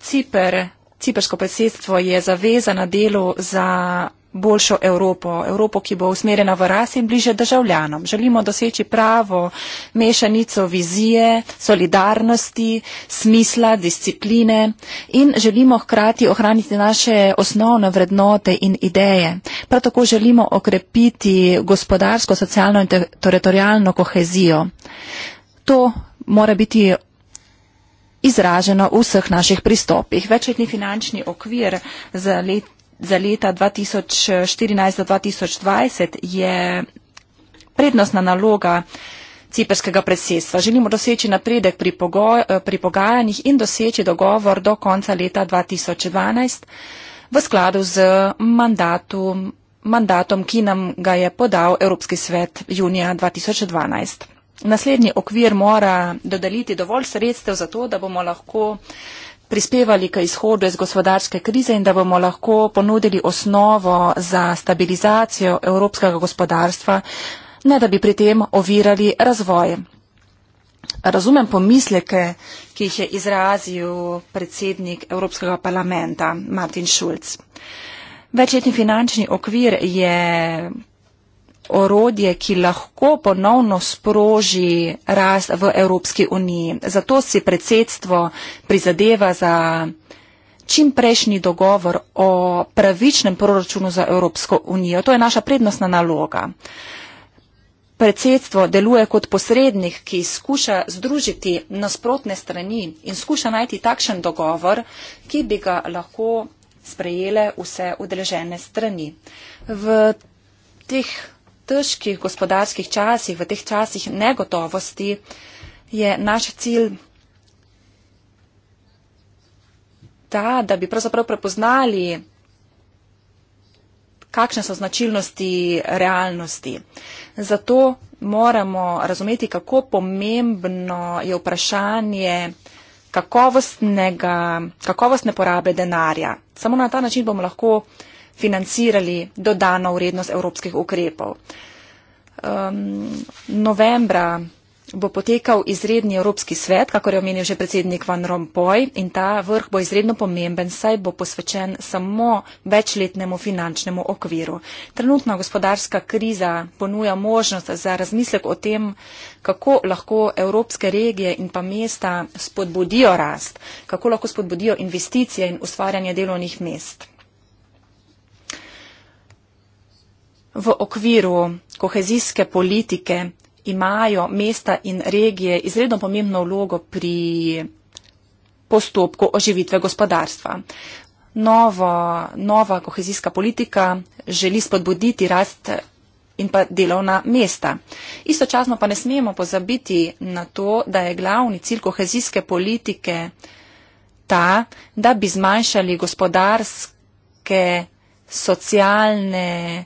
Speaker 3: Ciper, cipersko predsedstvo je zavezano delu za boljšo Evropo, Evropo, ki bo usmerjena v ras in bliže državljanom. Želimo doseči pravo mešanico vizije, solidarnosti, smisla, discipline in želimo hkrati ohraniti naše osnovne vrednote in ideje. Prav tako želimo okrepiti gospodarsko, socialno in teritorijalno kohezijo. To mora biti izraženo v vseh naših pristopih. Večletni finančni okvir za, let, za leta 2014-2020 je prednostna naloga ciperskega predsedstva. Želimo doseči napredek pri, pri pogajanjih in doseči dogovor do konca leta 2012 v skladu z mandatom mandatom, ki nam ga je podal Evropski svet junija 2012. Naslednji okvir mora dodeliti dovolj sredstev za to, da bomo lahko prispevali k izhodu iz gospodarske krize in da bomo lahko ponudili osnovo za stabilizacijo evropskega gospodarstva, ne da bi pri tem ovirali razvoj. Razumem pomisleke, ki jih je izrazil predsednik Evropskega parlamenta Martin Schulz. Večletni finančni okvir je orodje, ki lahko ponovno sproži rast v Evropski uniji. Zato si predsedstvo prizadeva za čim prejšnji dogovor o pravičnem proračunu za Evropsko unijo. To je naša prednostna naloga. Predsedstvo deluje kot posrednik, ki skuša združiti nasprotne strani in skuša najti takšen dogovor, ki bi ga lahko sprejele vse udeležene strani. V teh težkih gospodarskih časih, v teh časih negotovosti je naš cilj ta, da bi pravzaprav prepoznali, kakšne so značilnosti realnosti. Zato moramo razumeti, kako pomembno je vprašanje, kakovostnega, kakovostne porabe denarja. Samo na ta način bomo lahko financirali dodano vrednost evropskih ukrepov. Um, novembra bo potekal izredni Evropski svet, kakor je omenil že predsednik Van Rompuy, in ta vrh bo izredno pomemben, saj bo posvečen samo večletnemu finančnemu okviru. Trenutna gospodarska kriza ponuja možnost za razmislek o tem, kako lahko evropske regije in pa mesta spodbudijo rast, kako lahko spodbudijo investicije in ustvarjanje delovnih mest. V okviru kohezijske politike imajo mesta in regije izredno pomembno vlogo pri postopku oživitve gospodarstva. Novo, nova kohezijska politika želi spodbuditi rast in pa delovna mesta. Istočasno pa ne smemo pozabiti na to, da je glavni cilj kohezijske politike ta, da bi zmanjšali gospodarske, socialne,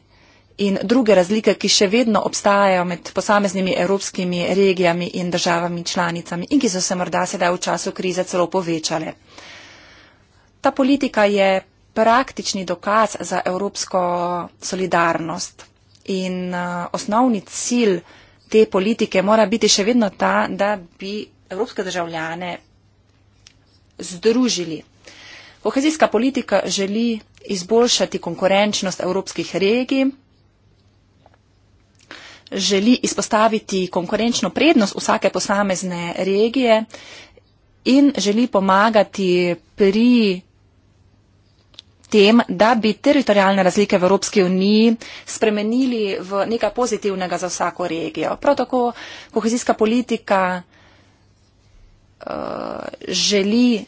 Speaker 3: in druge razlike, ki še vedno obstajajo med posameznimi evropskimi regijami in državami članicami in ki so se morda sedaj v času krize celo povečale. Ta politika je praktični dokaz za evropsko solidarnost in uh, osnovni cilj te politike mora biti še vedno ta, da bi evropske državljane združili. Kohezijska politika želi izboljšati konkurenčnost evropskih regij, želi izpostaviti konkurenčno prednost vsake posamezne regije in želi pomagati pri tem, da bi teritorijalne razlike v Evropski uniji spremenili v nekaj pozitivnega za vsako regijo. Prav tako kohezijska politika uh, želi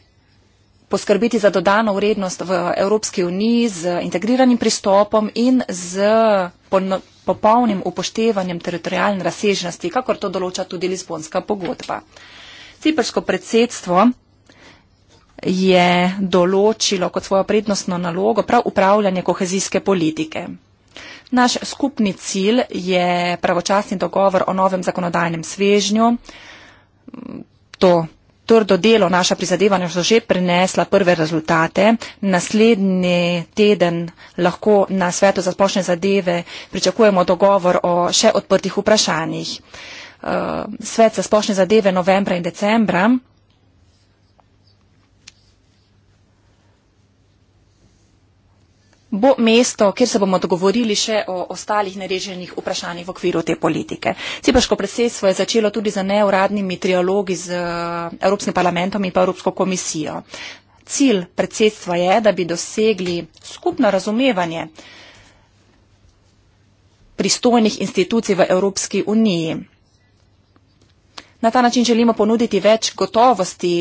Speaker 3: poskrbiti za dodano vrednost v Evropski uniji z integriranim pristopom in z popolnim upoštevanjem teritorijalne razsežnosti, kakor to določa tudi Lizbonska pogodba. Ciprsko predsedstvo je določilo kot svojo prednostno nalogo prav upravljanje kohezijske politike. Naš skupni cilj je pravočasni dogovor o novem zakonodajnem svežnju. To trdo delo, naša prizadevanja so že prinesla prve rezultate. Naslednji teden lahko na svetu za splošne zadeve pričakujemo dogovor o še odprtih vprašanjih. Uh, svet za splošne zadeve novembra in decembra bo mesto, kjer se bomo dogovorili še o ostalih nereženih vprašanjih v okviru te politike. Cipaško predsedstvo je začelo tudi za neuradnimi trialogi z eh, Evropskim parlamentom in pa Evropsko komisijo. Cilj predsedstva je, da bi dosegli skupno razumevanje pristojnih institucij v Evropski uniji. Na ta način želimo ponuditi več gotovosti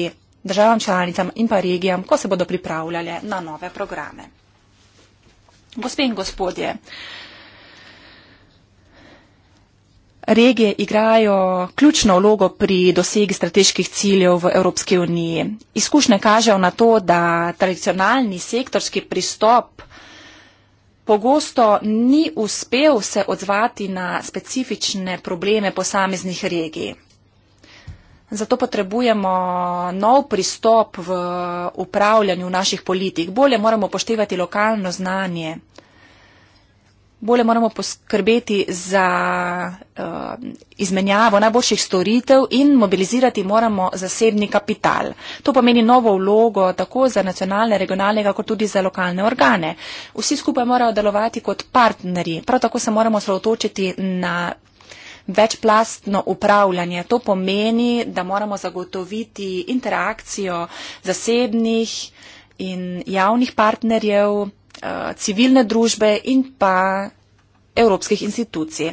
Speaker 3: državam članicam in pa regijam, ko se bodo pripravljale na nove programe. Gospe in gospodje, regije igrajo ključno vlogo pri dosegi strateških ciljev v Evropski uniji. Izkušnje kažejo na to, da tradicionalni sektorski pristop pogosto ni uspel se odzvati na specifične probleme posameznih regij. Zato potrebujemo nov pristop v upravljanju naših politik. Bolje moramo poštevati lokalno znanje. Bolje moramo poskrbeti za uh, izmenjavo najboljših storitev in mobilizirati moramo zasebni kapital. To pomeni novo vlogo tako za nacionalne, regionalne, kot tudi za lokalne organe. Vsi skupaj morajo delovati kot partnerji. Prav tako se moramo sravtočiti na večplastno upravljanje. To pomeni, da moramo zagotoviti interakcijo zasebnih in javnih partnerjev, eh, civilne družbe in pa evropskih institucij.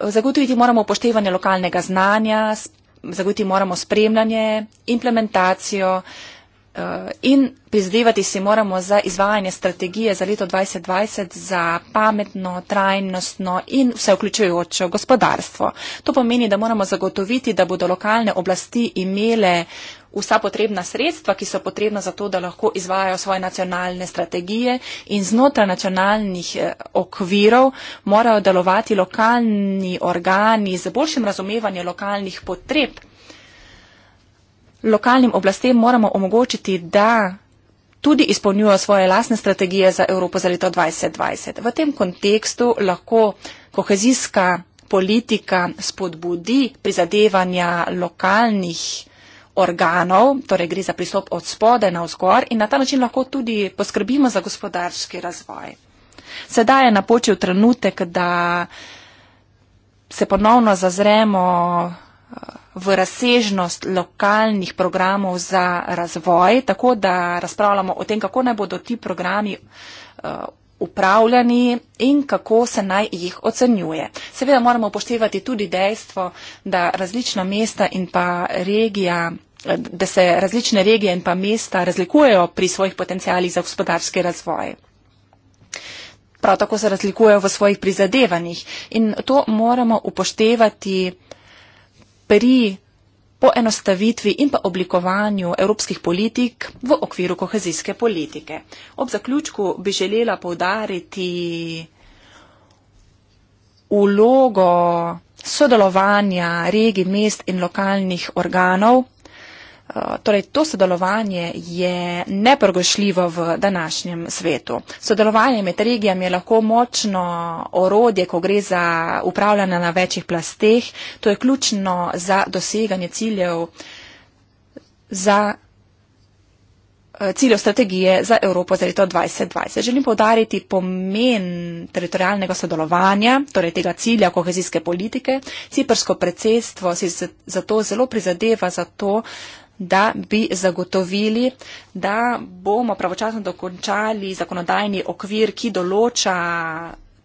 Speaker 3: Zagotoviti moramo upoštevanje lokalnega znanja, zagotoviti moramo spremljanje, implementacijo, Eh, in prizadevati si moramo za izvajanje strategije za leto 2020 za pametno, trajnostno in vseuključujočo gospodarstvo. To pomeni, da moramo zagotoviti, da bodo lokalne oblasti imele vsa potrebna sredstva, ki so potrebna za to, da lahko izvajajo svoje nacionalne strategije in znotraj nacionalnih eh, okvirov morajo delovati lokalni organi z boljšim razumevanjem lokalnih potreb lokalnim oblastem moramo omogočiti, da tudi izpolnjujo svoje lasne strategije za Evropo za leto 2020. V tem kontekstu lahko kohezijska politika spodbudi prizadevanja lokalnih organov, torej gre za pristop od spode na vzgor in na ta način lahko tudi poskrbimo za gospodarski razvoj. Sedaj je napočil trenutek, da se ponovno zazremo v razsežnost lokalnih programov za razvoj, tako da razpravljamo o tem, kako naj bodo ti programi uh, upravljani in kako se naj jih ocenjuje. Seveda moramo upoštevati tudi dejstvo, da različna mesta in pa regija da se različne regije in pa mesta razlikujejo pri svojih potencijalih za gospodarski razvoj. Prav tako se razlikujejo v svojih prizadevanjih in to moramo upoštevati pri poenostavitvi in pa oblikovanju evropskih politik v okviru kohezijske politike. Ob zaključku bi želela povdariti vlogo sodelovanja regij, mest in lokalnih organov Eh, torej, to sodelovanje je neprogošljivo v današnjem svetu. Sodelovanje med regijami je lahko močno orodje, ko gre za upravljanje na večjih plasteh. To je ključno za doseganje ciljev, za eh, ciljev strategije za Evropo za leto 2020. Želim povdariti pomen teritorijalnega sodelovanja, torej tega cilja kohezijske politike. Ciprsko predsedstvo si zato zelo prizadeva za to, da bi zagotovili, da bomo pravočasno dokončali zakonodajni okvir, ki določa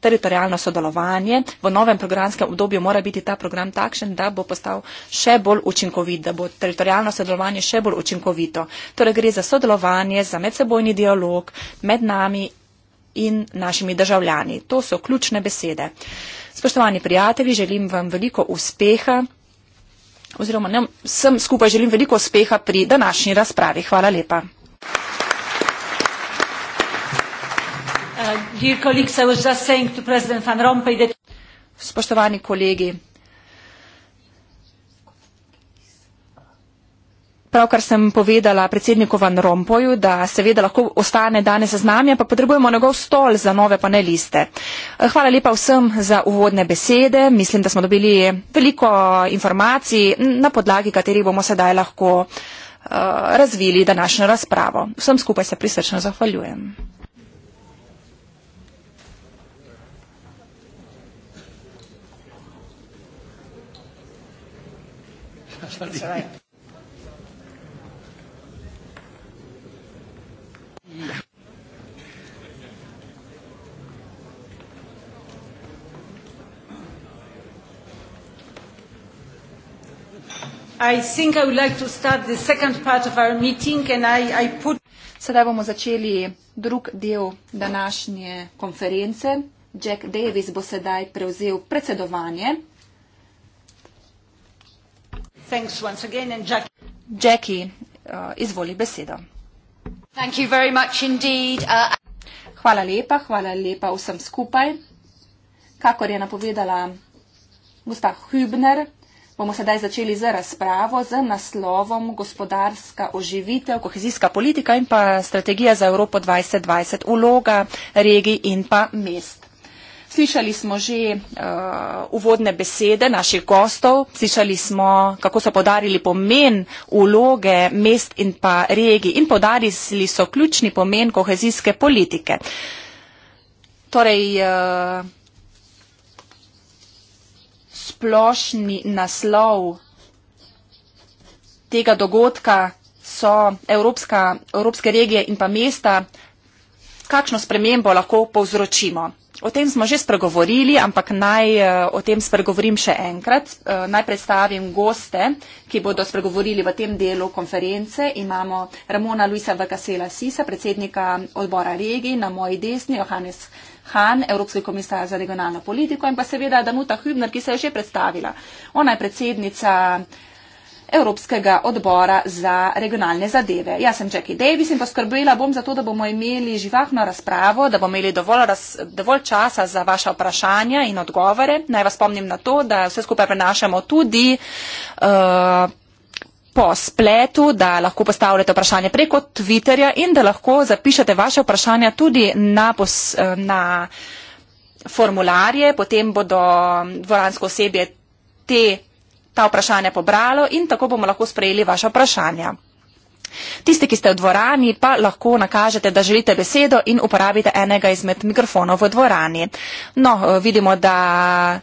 Speaker 3: teritorijalno sodelovanje. V novem programskem obdobju mora biti ta program takšen, da bo postal še bolj učinkovit, da bo teritorijalno sodelovanje še bolj učinkovito. Torej gre za sodelovanje, za medsebojni dialog med nami in našimi državljani. To so ključne besede. Spoštovani prijatelji, želim vam veliko uspeha oziroma ne, vsem skupaj želim veliko uspeha pri današnji razpravi. Hvala lepa. Uh, colleagues, Spoštovani kolegi, pravkar sem povedala predsedniku Van Rompuyju, da seveda lahko ostane danes z nami, ampak potrebujemo njegov stol za nove paneliste. Eh, hvala lepa vsem za uvodne besede. Mislim, da smo dobili veliko informacij, na podlagi katerih bomo sedaj lahko eh, razvili današnjo razpravo. Vsem skupaj se prisrčno zahvaljujem.
Speaker 1: That's right.
Speaker 3: Sedaj bomo začeli drug del današnje konference. Jack Davis bo sedaj prevzel predsedovanje. Jackie, uh, izvoli besedo. Uh, hvala lepa, hvala lepa vsem skupaj. Kakor je napovedala gospa Hübner, bomo sedaj začeli z razpravo z naslovom Gospodarska oživitev, kohezijska politika in pa strategija za Evropo 2020, uloga regij in pa mest. Slišali smo že uh, uvodne besede naših gostov, slišali smo, kako so podarili pomen uloge mest in pa regij in podarili so ključni pomen kohezijske politike. Torej, uh, splošni naslov tega dogodka so Evropska, evropske regije in pa mesta, kakšno spremembo lahko povzročimo. O tem smo že spregovorili, ampak naj eh, o tem spregovorim še enkrat. Eh, naj predstavim goste, ki bodo spregovorili v tem delu konference. Imamo Ramona Luisa Vakasela Sisa, predsednika odbora regij, na moji desni Johannes. Han, Evropski komisar za regionalno politiko in pa seveda Danuta Hübner, ki se je že predstavila. Ona je predsednica Evropskega odbora za regionalne zadeve. Jaz sem Jackie Davis in poskrbela bom za to, da bomo imeli živahno razpravo, da bomo imeli dovolj, raz, dovolj časa za vaše vprašanja in odgovore. Naj vas spomnim na to, da vse skupaj prenašamo tudi. Uh, po spletu, da lahko postavljate vprašanje preko Twitterja in da lahko zapišete vaše vprašanja tudi na, pos, na formularje, potem bodo dvoransko osebje te, ta vprašanja pobralo in tako bomo lahko sprejeli vaše vprašanja. Tisti, ki ste v dvorani, pa lahko nakažete, da želite besedo in uporabite enega izmed mikrofonov v dvorani. No, vidimo, da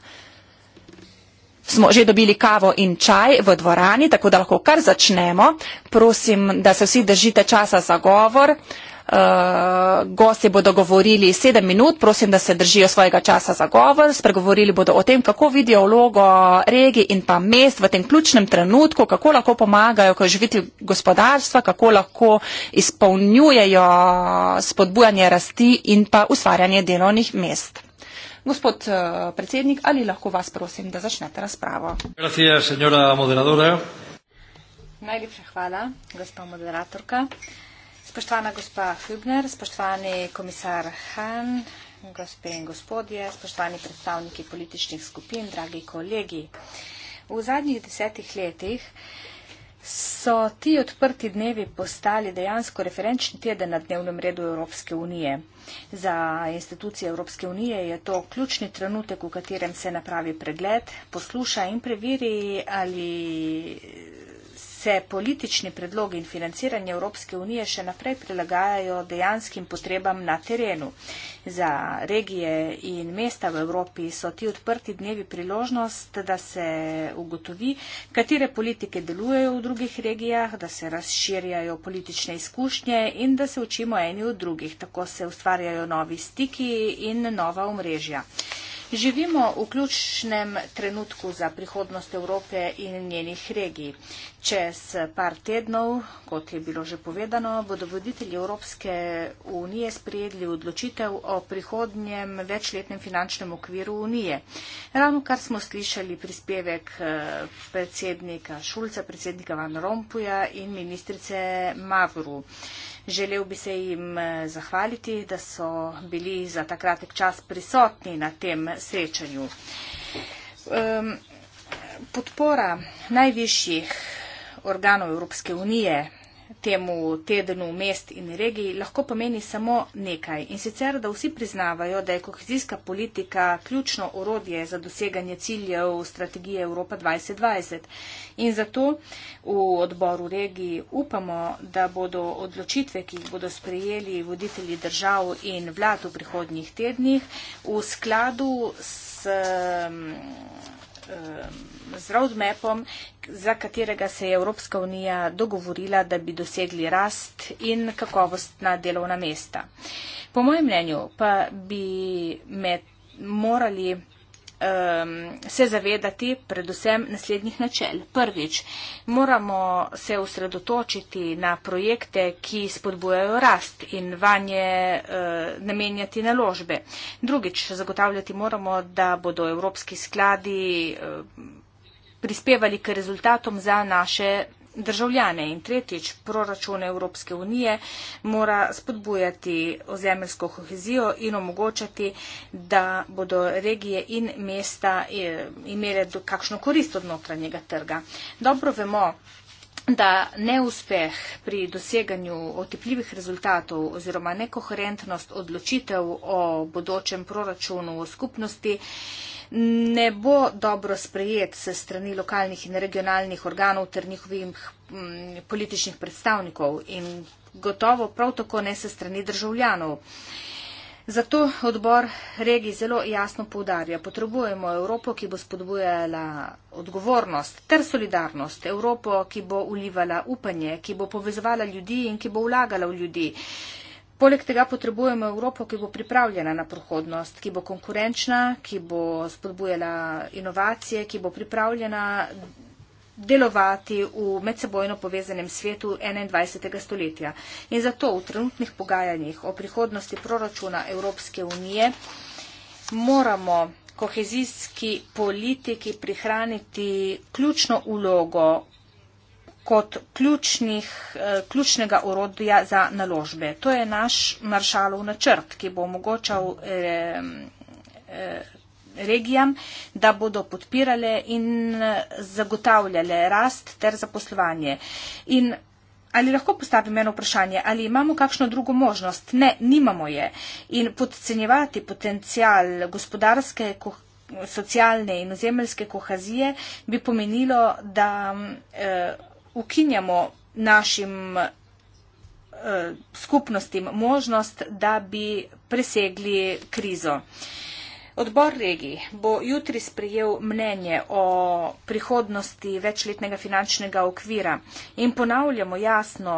Speaker 3: smo že dobili kavo in čaj v dvorani, tako da lahko kar začnemo. Prosim, da se vsi držite časa za govor. Uh, eh, gosti bodo govorili sedem minut, prosim, da se držijo svojega časa za govor. Spregovorili bodo o tem, kako vidijo vlogo regij in pa mest v tem ključnem trenutku, kako lahko pomagajo k oživitvi gospodarstva, kako lahko izpolnjujejo spodbujanje rasti in pa ustvarjanje delovnih mest. Gospod uh, predsednik, ali lahko vas prosim, da začnete razpravo?
Speaker 2: Gracias,
Speaker 1: Najlepša hvala, gospod moderatorka. Spoštovana gospa Hübner, spoštovani komisar Han, gospe in gospodje, spoštovani predstavniki političnih skupin, dragi kolegi. V zadnjih desetih letih so ti odprti dnevi postali dejansko referenčni teden na dnevnem redu Evropske unije. Za institucije Evropske unije je to ključni trenutek, v katerem se napravi pregled, posluša in preveri, ali se politični predlogi in financiranje Evropske unije še naprej prilagajajo dejanskim potrebam na terenu. Za regije in mesta v Evropi so ti odprti dnevi priložnost, da se ugotovi, katere politike delujejo v drugih regijah, da se razširjajo politične izkušnje in da se učimo eni od drugih. Tako se ustvarjajo novi stiki in nova omrežja. Živimo v ključnem trenutku za prihodnost Evrope in njenih regij. Čez par tednov, kot je bilo že povedano, bodo voditelji Evropske unije sprejedli odločitev o prihodnjem večletnem finančnem okviru unije. Ravno kar smo slišali prispevek eh, predsednika Šulca, predsednika Van Rompuja in ministrice Mavru. Želel bi se jim eh, zahvaliti, da so bili za ta kratek čas prisotni na tem srečanju. Um, podpora najvišjih organov Evropske unije temu tednu mest in regij, lahko pomeni samo nekaj. In sicer, da vsi priznavajo, da je kohezijska politika ključno orodje za doseganje ciljev strategije Evropa 2020. In zato v odboru regij upamo, da bodo odločitve, ki jih bodo sprejeli voditelji držav in vlad v prihodnjih tednih, v skladu s. Eh, z roadmapom, za katerega se je Evropska unija dogovorila, da bi dosegli rast in kakovostna delovna mesta. Po mojem mnenju pa bi med morali um, se zavedati predvsem naslednjih načel. Prvič, moramo se usredotočiti na projekte, ki spodbujajo rast in vanje uh, namenjati naložbe. Drugič, zagotavljati moramo, da bodo evropski skladi. Uh, prispevali k rezultatom za naše državljane. In tretjič, proračune Evropske unije mora spodbujati ozemeljsko kohezijo in omogočati, da bodo regije in mesta eh, imele kakšno korist od notranjega trga. Dobro vemo, da neuspeh pri doseganju otepljivih rezultatov oziroma nekoherentnost odločitev o bodočem proračunu v skupnosti ne bo dobro sprejet se strani lokalnih in regionalnih organov ter njihovih m, političnih predstavnikov in gotovo prav tako ne se strani državljanov. Zato odbor regij zelo jasno povdarja, potrebujemo Evropo, ki bo spodbujala odgovornost ter solidarnost, Evropo, ki bo ulivala upanje, ki bo povezovala ljudi in ki bo vlagala v ljudi, Poleg tega potrebujemo Evropo, ki bo pripravljena na prihodnost, ki bo konkurenčna, ki bo spodbujala inovacije, ki bo pripravljena delovati v medsebojno povezanem svetu 21. stoletja. In zato v trenutnih pogajanjih o prihodnosti proračuna Evropske unije moramo kohezijski politiki prihraniti ključno ulogo kot ključnih, eh, ključnega urodja za naložbe. To je naš maršalov načrt, ki bo omogočal eh, eh, regijam, da bodo podpirale in zagotavljale rast ter zaposlovanje. In ali lahko postavim eno vprašanje, ali imamo kakšno drugo možnost? Ne, nimamo je. In podcenjevati potencial gospodarske, socialne in ozemeljske kohazije bi pomenilo, da eh, ukinjamo našim eh, skupnostim možnost, da bi presegli krizo. Odbor regij bo jutri sprejel mnenje o prihodnosti večletnega finančnega okvira in ponavljamo jasno,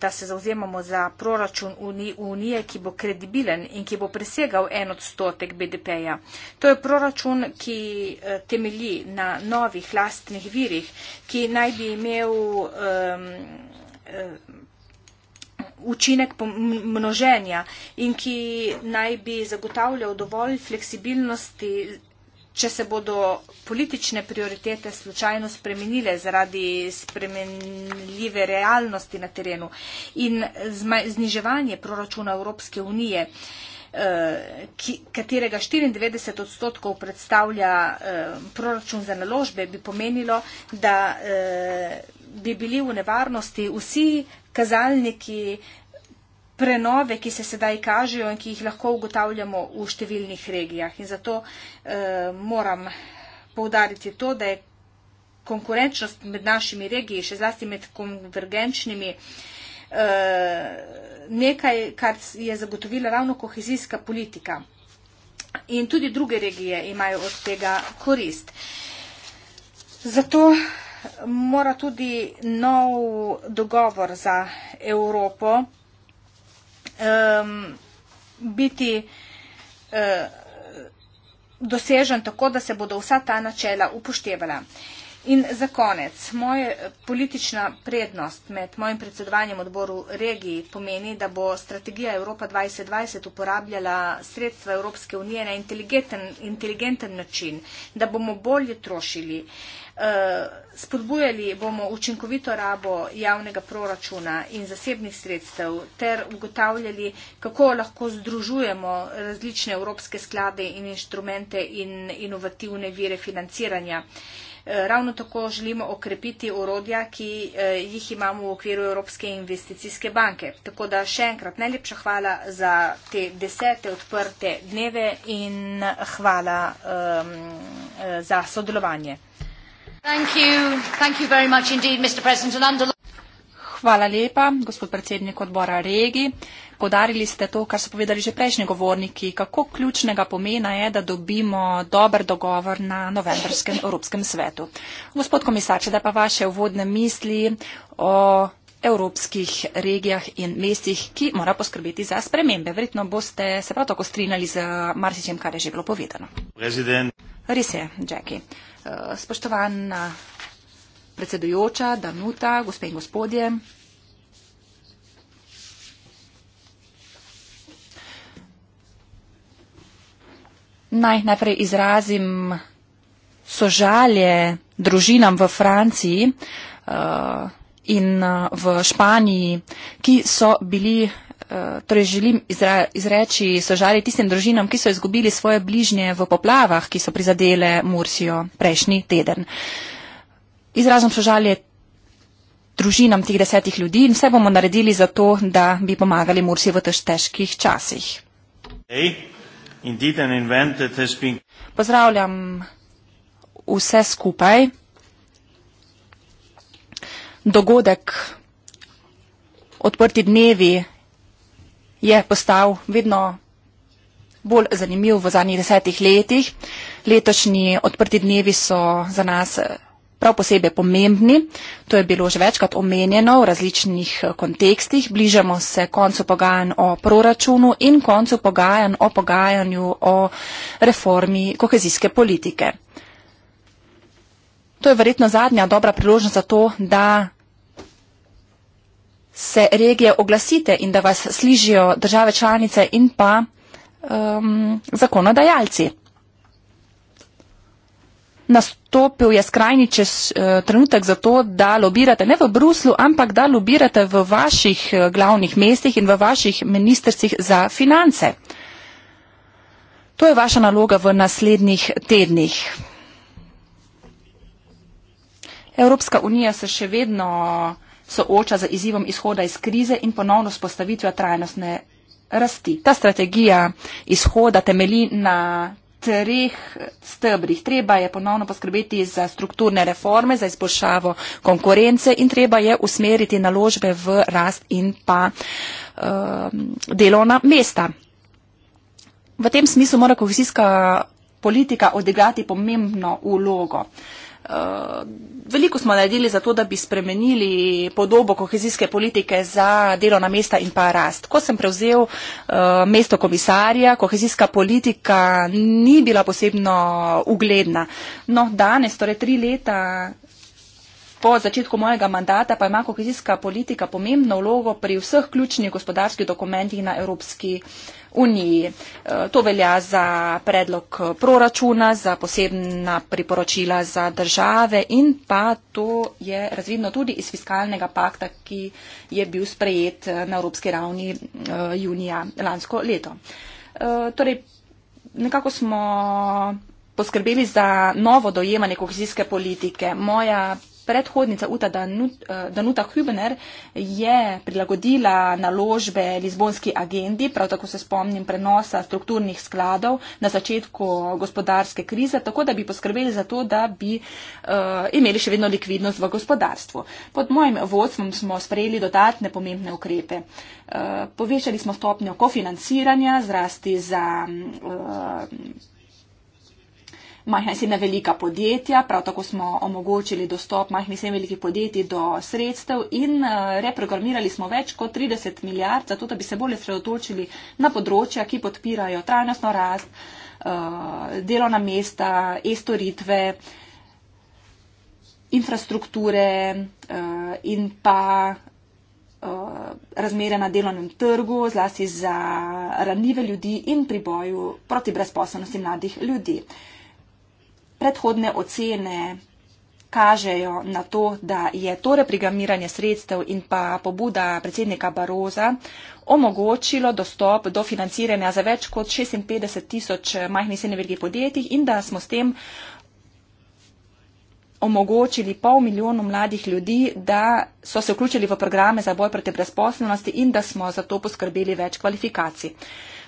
Speaker 1: da se zauzemamo za proračun Unije, ki bo kredibilen in ki bo presegal en odstotek BDP-ja. To je proračun, ki eh, temelji na novih lastnih virih, ki naj bi imel um, um, učinek množenja in ki naj bi zagotavljal dovolj fleksibilnosti, če se bodo politične prioritete slučajno spremenile zaradi spremenljive realnosti na terenu in zniževanje proračuna Evropske unije. Eh, ki, katerega 94 odstotkov predstavlja eh, proračun za naložbe, bi pomenilo, da eh, bi bili v nevarnosti vsi kazalniki prenove, ki se sedaj kažejo in ki jih lahko ugotavljamo v številnih regijah. In zato eh, moram povdariti to, da je konkurenčnost med našimi regiji, še zlasti med konvergenčnimi, eh, nekaj, kar je zagotovila ravno kohezijska politika. In tudi druge regije imajo od tega korist. Zato mora tudi nov dogovor za Evropo um, biti uh, dosežen tako, da se bodo vsa ta načela upoštevala. Uh, In za konec, moja eh, politična prednost med mojim predsedovanjem odboru regiji pomeni, da bo strategija Evropa 2020 uporabljala sredstva Evropske unije na inteligenten, inteligenten način, da bomo bolje trošili, eh, spodbujali bomo učinkovito rabo javnega proračuna in zasebnih sredstev ter ugotavljali, kako lahko združujemo različne evropske sklade in inštrumente in inovativne vire financiranja. Ravno tako želimo okrepiti urodja, ki eh, jih imamo v okviru Evropske investicijske banke. Tako da še enkrat najlepša hvala za te desete odprte dneve in hvala um, za sodelovanje. Thank you. Thank you
Speaker 3: hvala lepa, gospod predsednik odbora regi. Podarili ste to, kar so povedali že prejšnji govorniki, kako ključnega pomena je, da dobimo dober dogovor na novembrskem Evropskem svetu. Gospod komisar, če da pa vaše uvodne misli o evropskih regijah in mestih, ki mora poskrbeti za spremembe. Verjetno boste se prav tako strinjali z marsičem, kar je že bilo povedano. Res je, Jackie. Eh, spoštovana predsedujoča, Danuta, gospe in gospodje. Naj najprej izrazim sožalje družinam v Franciji eh, in eh, v Španiji, ki so bili. Eh, torej želim izreči sožalje tistim družinam, ki so izgubili svoje bližnje v poplavah, ki so prizadele Mursijo prejšnji teden. Uh, izrazom sožalje družinam teh desetih ljudi in vse bomo naredili za to, da bi pomagali Mursi v težkih časih.
Speaker 1: Hey, been...
Speaker 3: Pozdravljam vse skupaj. Dogodek odprti dnevi je postal vedno bolj zanimiv v zadnjih desetih letih. Letošnji odprti dnevi so za nas prav posebej pomembni. To je bilo že večkrat omenjeno v različnih eh, kontekstih. Bližamo se koncu pogajanj o proračunu in koncu pogajanj o pogajanju o reformi kohezijske politike. To je verjetno zadnja dobra priložnost za to, da se regije oglasite in da vas slišijo države članice in pa um, zakonodajalci nastopil je skrajni čez eh, trenutek za to, da lobirate ne v Bruslu, ampak da lobirate v vaših eh, glavnih mestih in v vaših ministrstvih za finance. To je vaša naloga v naslednjih tednih. Evropska unija se še vedno sooča z izzivom izhoda iz krize in ponovno spostavitvijo trajnostne rasti. Ta strategija izhoda temeli na treh stebrih. Treba je ponovno poskrbeti za strukturne reforme, za izboljšavo konkurence in treba je usmeriti naložbe v rast in pa um, delovna mesta. V tem smislu mora kohezijska politika odigrati pomembno ulogo. Uh, Eh, veliko smo naredili za to, da bi spremenili podobo kohezijske politike za delovna mesta in pa rast. Ko sem prevzel uh, mesto komisarja, kohezijska politika ni bila posebno ugledna. No, danes, torej tri leta. Po začetku mojega mandata pa ima kohezijska politika pomembno vlogo pri vseh ključnih gospodarskih dokumentih na evropski ravni uniji. E, to velja za predlog proračuna, za posebna priporočila za države in pa to je razvidno tudi iz fiskalnega pakta, ki je bil sprejet na evropski ravni e, junija lansko leto. E, torej, nekako smo poskrbeli za novo dojemanje kohezijske politike. Moja predhodnica Uta eh, Danuta Hübner je prilagodila naložbe Lizbonski agendi, prav tako se spomnim prenosa strukturnih skladov na začetku gospodarske krize, tako da bi poskrbeli za to, da bi uh, imeli še vedno likvidnost v gospodarstvu. Pod mojim vodstvom smo sprejeli dodatne pomembne ukrepe. Uh, povečali smo stopnjo kofinanciranja, zrasti za. Uh, majhna in srednja velika podjetja, prav tako smo omogočili dostop majhnih in srednja velikih podjetij do sredstev in eh, reprogramirali smo več kot 30 milijard, zato da bi se bolje sredotočili na področja, ki podpirajo trajnostno rast, eh, delovna mesta, e-storitve, infrastrukture eh, in pa razmere na delovnem trgu, zlasti za ranljive ljudi in pri boju proti brezposobnosti mladih ljudi predhodne ocene kažejo na to, da je torej prigamiranje sredstev in pa pobuda predsednika Baroza omogočilo dostop do financiranja za več kot 56 tisoč majhnih in srednjih podjetij in da smo s tem omogočili pol milijonu mladih ljudi, da so se vključili v programe za boj proti brezposlenosti in da smo za to poskrbeli več kvalifikacij.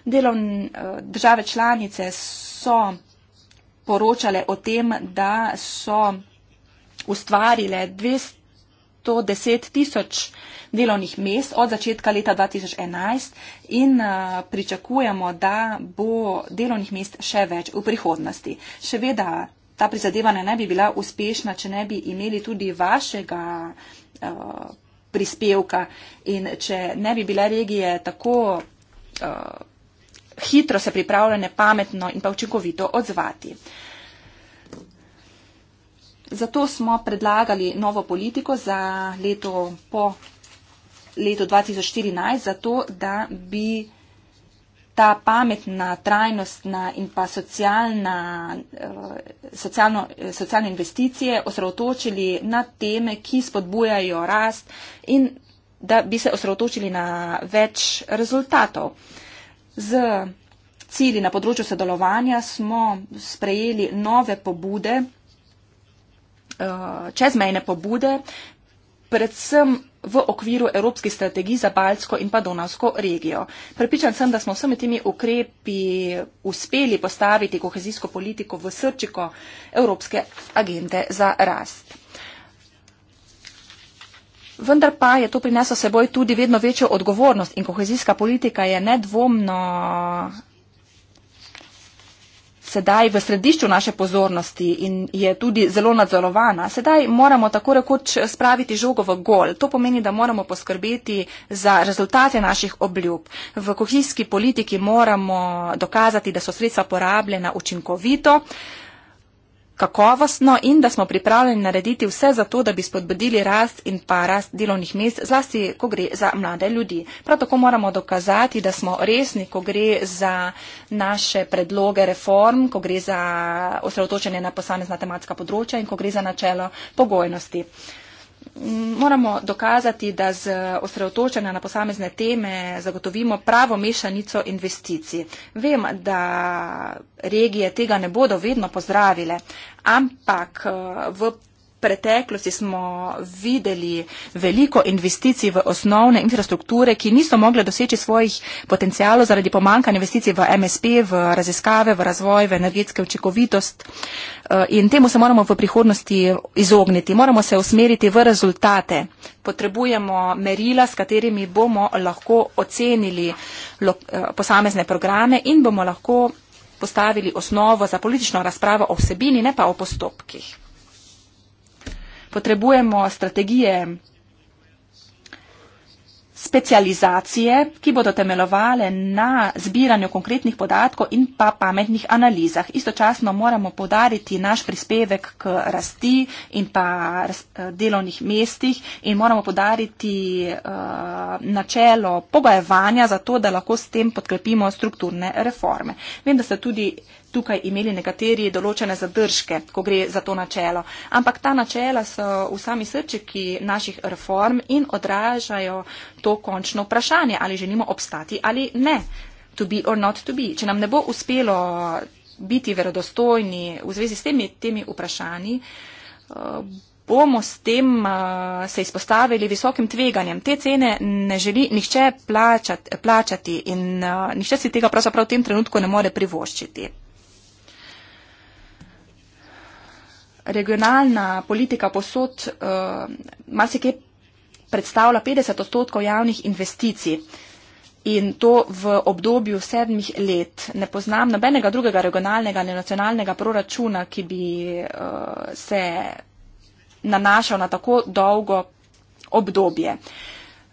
Speaker 3: Delovne eh, države članice so poročale o tem, da so ustvarile 210 tisoč delovnih mest od začetka leta 2011 in eh, pričakujemo, da bo delovnih mest še več v prihodnosti. Seveda ta prizadevanja ne bi bila uspešna, če ne bi imeli tudi vašega eh, prispevka in če ne bi bile regije tako. Eh, hitro se pripravljene, pametno in pa učinkovito odzvati. Zato smo predlagali novo politiko za leto po letu 2014, zato da bi ta pametna, trajnostna in pa socialna, eh, socialno, socialne investicije osredotočili na teme, ki spodbujajo rast in da bi se osredotočili na več rezultatov. Z cilji na področju sodelovanja smo sprejeli nove pobude, eh, čezmejne pobude, predvsem v okviru Evropske strategije za Balsko in pa Donavsko regijo. Pripričan sem, da smo vsemi temi ukrepi uspeli postaviti kohezijsko politiko v srčiko Evropske agende za rast. Vendar pa je to prineslo seboj tudi vedno večjo odgovornost in kohezijska politika je nedvomno sedaj v središču naše pozornosti in je tudi zelo nadzorovana. Sedaj moramo tako rekoč spraviti žogo v gol. To pomeni, da moramo poskrbeti za rezultate naših obljub. V kohijski politiki moramo dokazati, da so sredstva porabljena učinkovito. Uh, kakovostno in da smo pripravljeni narediti vse za to, da bi spodbudili rast in pa rast delovnih mest, zlasti, ko gre za mlade ljudi. Prav tako moramo dokazati, da smo resni, ko gre za naše predloge reform, ko gre za osredotočenje na posamezna tematska področja in ko gre za načelo pogojnosti moramo dokazati, da z osredotočanja na posamezne teme zagotovimo pravo mešanico investicij. Vem, da regije tega ne bodo vedno pozdravile, ampak eh, v preteklosti smo videli veliko investicij v osnovne infrastrukture, ki niso mogle doseči svojih potencijalov zaradi pomankanja investicij v MSP, v raziskave, v razvoj, v energetske učinkovitost. Eh, in temu se moramo v prihodnosti izogniti. Moramo se usmeriti v rezultate. Potrebujemo merila, s katerimi bomo lahko ocenili eh, posamezne programe in bomo lahko postavili osnovo za politično razpravo o vsebini, ne pa o postopkih potrebujemo strategije specializacije, ki bodo temelovale na zbiranju konkretnih podatkov in pa pametnih analizah. Istočasno moramo podariti naš prispevek k rasti in pa eh, delovnih mestih in moramo podariti uh, eh, načelo pogojevanja za to, da lahko s tem podkrepimo strukturne reforme. Vem, da ste tudi tukaj imeli nekateri določene zadržke, ko gre za to načelo. Ampak ta načela so v sami srčiki naših reform in odražajo to končno vprašanje, ali želimo obstati ali ne. To be or not to be. Če nam ne bo uspelo biti verodostojni v zvezi s temi, temi vprašanji, eh, bomo s tem eh, se izpostavili visokim tveganjem. Te cene ne želi nihče plačati, plačati in eh, nihče si tega pravzaprav v tem trenutku ne more privoščiti. regionalna politika posod uh, marsikje predstavlja 50 odstotkov javnih investicij in to v obdobju sedmih let. Ne poznam nobenega drugega regionalnega ali nacionalnega proračuna, ki bi uh, se nanašal na tako dolgo obdobje.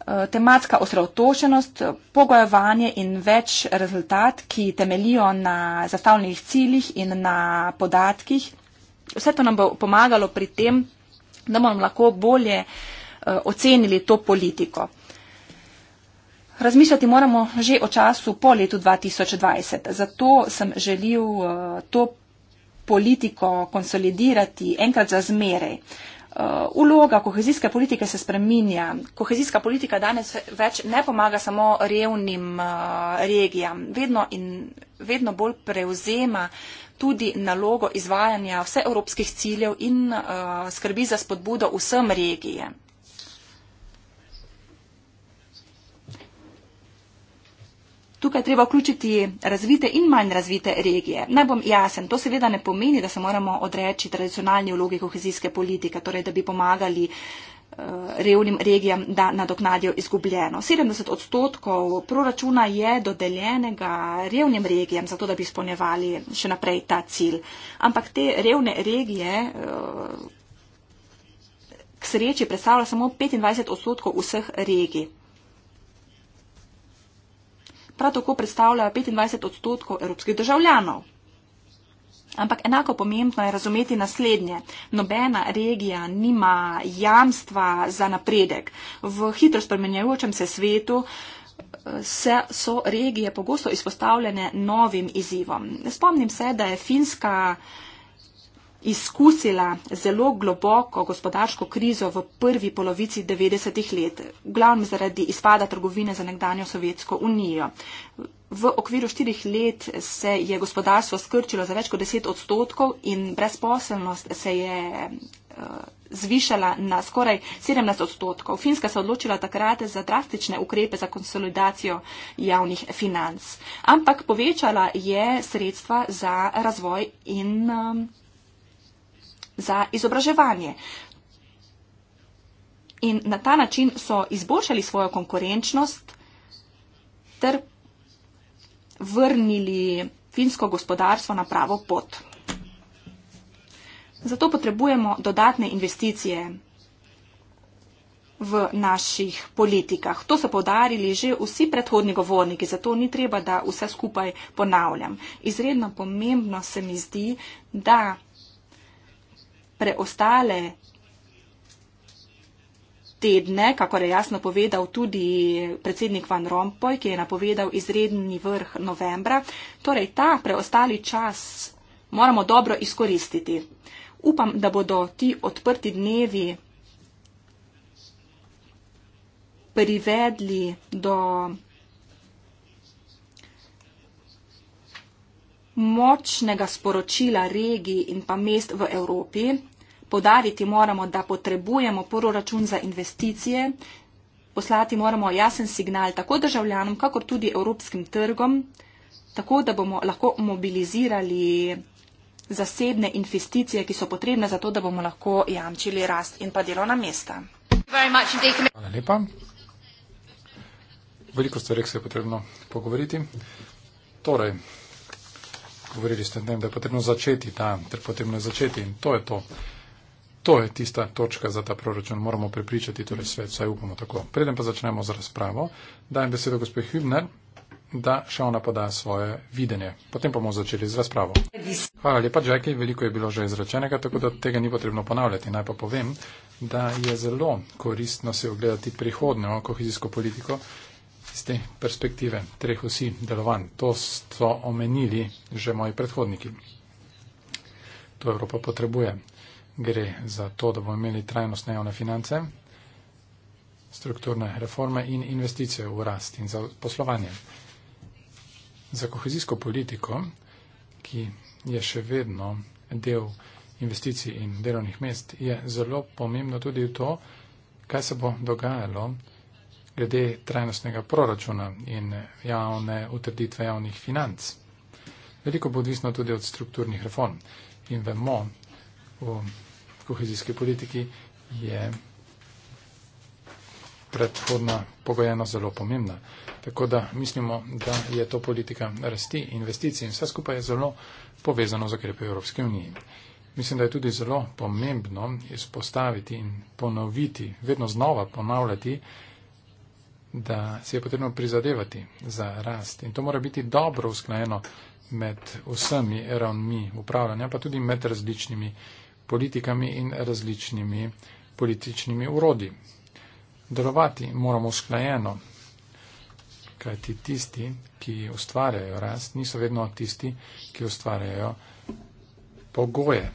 Speaker 3: Eh, tematska osredotočenost, pogojevanje in več rezultat, ki temelijo na zastavljenih ciljih in na podatkih vse to nam bo pomagalo pri tem, da bomo lahko bolje eh, ocenili to politiko. Razmišljati moramo že o času po letu 2020. Zato sem želil eh, to politiko konsolidirati enkrat za zmeraj. Eh, uloga kohezijske politike se spreminja. Kohezijska politika danes več ne pomaga samo revnim regijam. Vedno, vedno bolj prevzema tudi nalogo izvajanja vse evropskih ciljev in uh, skrbi za spodbudo vsem regije. Tukaj treba vključiti razvite in manj razvite regije. Naj bom jasen, to seveda ne pomeni, da se moramo odreči tradicionalni vlogi kohezijske politike, torej da bi pomagali uh, Eh, revnim regijam, da nadoknadijo izgubljeno. 70 odstotkov proračuna je dodeljenega revnim regijam, zato da bi izpolnjevali še naprej ta cilj. Ampak te revne regije eh, k sreči predstavlja samo 25 odstotkov vseh regij. Prav tako predstavlja 25 odstotkov evropskih državljanov. Ampak enako pomembno je razumeti naslednje. Nobena regija nima jamstva za napredek. V hitro spremenjajočem se svetu eh, se, so regije pogosto izpostavljene novim izzivom. Spomnim se, da je Finska izkusila zelo globoko gospodarsko krizo v prvi polovici 90-ih let, glavno zaradi izpada trgovine za nekdanjo Sovjetsko unijo. V okviru štirih let se je gospodarstvo skrčilo za več kot deset odstotkov in brezposelnost se je eh, zvišala na skoraj 17 odstotkov. Finska se je odločila takrat za drastične ukrepe za konsolidacijo javnih financ, ampak povečala je sredstva za razvoj in um, za izobraževanje. In na ta način so izboljšali svojo konkurenčnost ter vrnili finsko gospodarstvo na pravo pot. Zato potrebujemo dodatne investicije v naših politikah. To so povdarili že vsi predhodni govorniki, zato ni treba, da vse skupaj ponavljam. Izredno pomembno se mi zdi, da preostale tedne, kakor je jasno povedal tudi predsednik Van Rompuy, ki je napovedal izredni vrh novembra. Torej ta preostali čas moramo dobro izkoristiti. Upam, da bodo ti odprti dnevi privedli do močnega sporočila regij in pa mest v Evropi. Podariti moramo, da potrebujemo proračun za investicije, poslati moramo jasen signal tako državljanom, kakor tudi evropskim trgom, tako da bomo lahko mobilizirali zasebne investicije, ki so potrebne za to, da bomo lahko jamčili rast in pa delovna mesta.
Speaker 2: Hvala lepa. Veliko stvari se je potrebno pogovoriti. Torej, govorili ste o tem, da je potrebno začeti, da, ter potrebno je začeti in to je to. To je tista točka za ta proračun. Moramo prepričati torej svet, saj upamo tako. Preden pa začnemo z razpravo, dajem besedo gospe Hübner, da še ona poda svoje videnje. Potem pa bomo začeli z razpravo. Hvala lepa, Jackie. Veliko je bilo že izrečenega, tako da tega ni potrebno ponavljati. Naj pa povem, da je zelo koristno se ogledati prihodnjo kohezijsko politiko iz te perspektive treh vsi delovanj. To so omenili že moji predhodniki. To Evropa potrebuje gre za to, da bomo imeli trajnostne javne finance, strukturne reforme in investicije v rast in za poslovanje. Za kohezijsko politiko, ki je še vedno del investicij in delovnih mest, je zelo pomembno tudi to, kaj se bo dogajalo glede trajnostnega proračuna in javne utrditve javnih financ. Veliko bo odvisno tudi od strukturnih reform in vemo v kohezijske politiki je predhodna pogojena zelo pomembna. Tako da mislimo, da je to politika rasti, investicij in vse skupaj je zelo povezano z okrepi Evropske unije. Mislim, da je tudi zelo pomembno izpostaviti in ponoviti, vedno znova ponavljati, da se je potrebno prizadevati za rast. In to mora biti dobro usklajeno med vsemi ravnmi upravljanja, pa tudi med različnimi politikami in različnimi političnimi urodi. Delovati moramo usklajeno, kajti tisti, ki ustvarjajo rast, niso vedno tisti, ki ustvarjajo pogoje,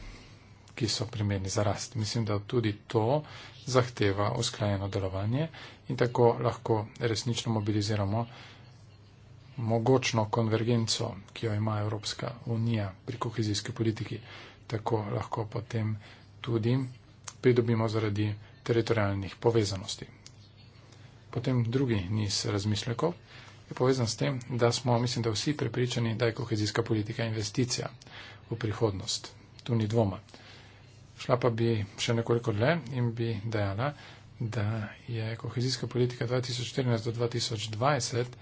Speaker 2: ki so primerni za rast. Mislim, da tudi to zahteva usklajeno delovanje in tako lahko resnično mobiliziramo mogočno konvergenco, ki jo ima Evropska unija pri kohezijski politiki tako lahko potem tudi pridobimo zaradi teritorijalnih povezanosti. Potem drugi niz razmislekov je povezan s tem, da smo, mislim, da vsi prepričani, da je kohezijska politika investicija v prihodnost. Tu ni dvoma. Šla pa bi še nekoliko dlje in bi dejala, da je kohezijska politika 2014 do 2020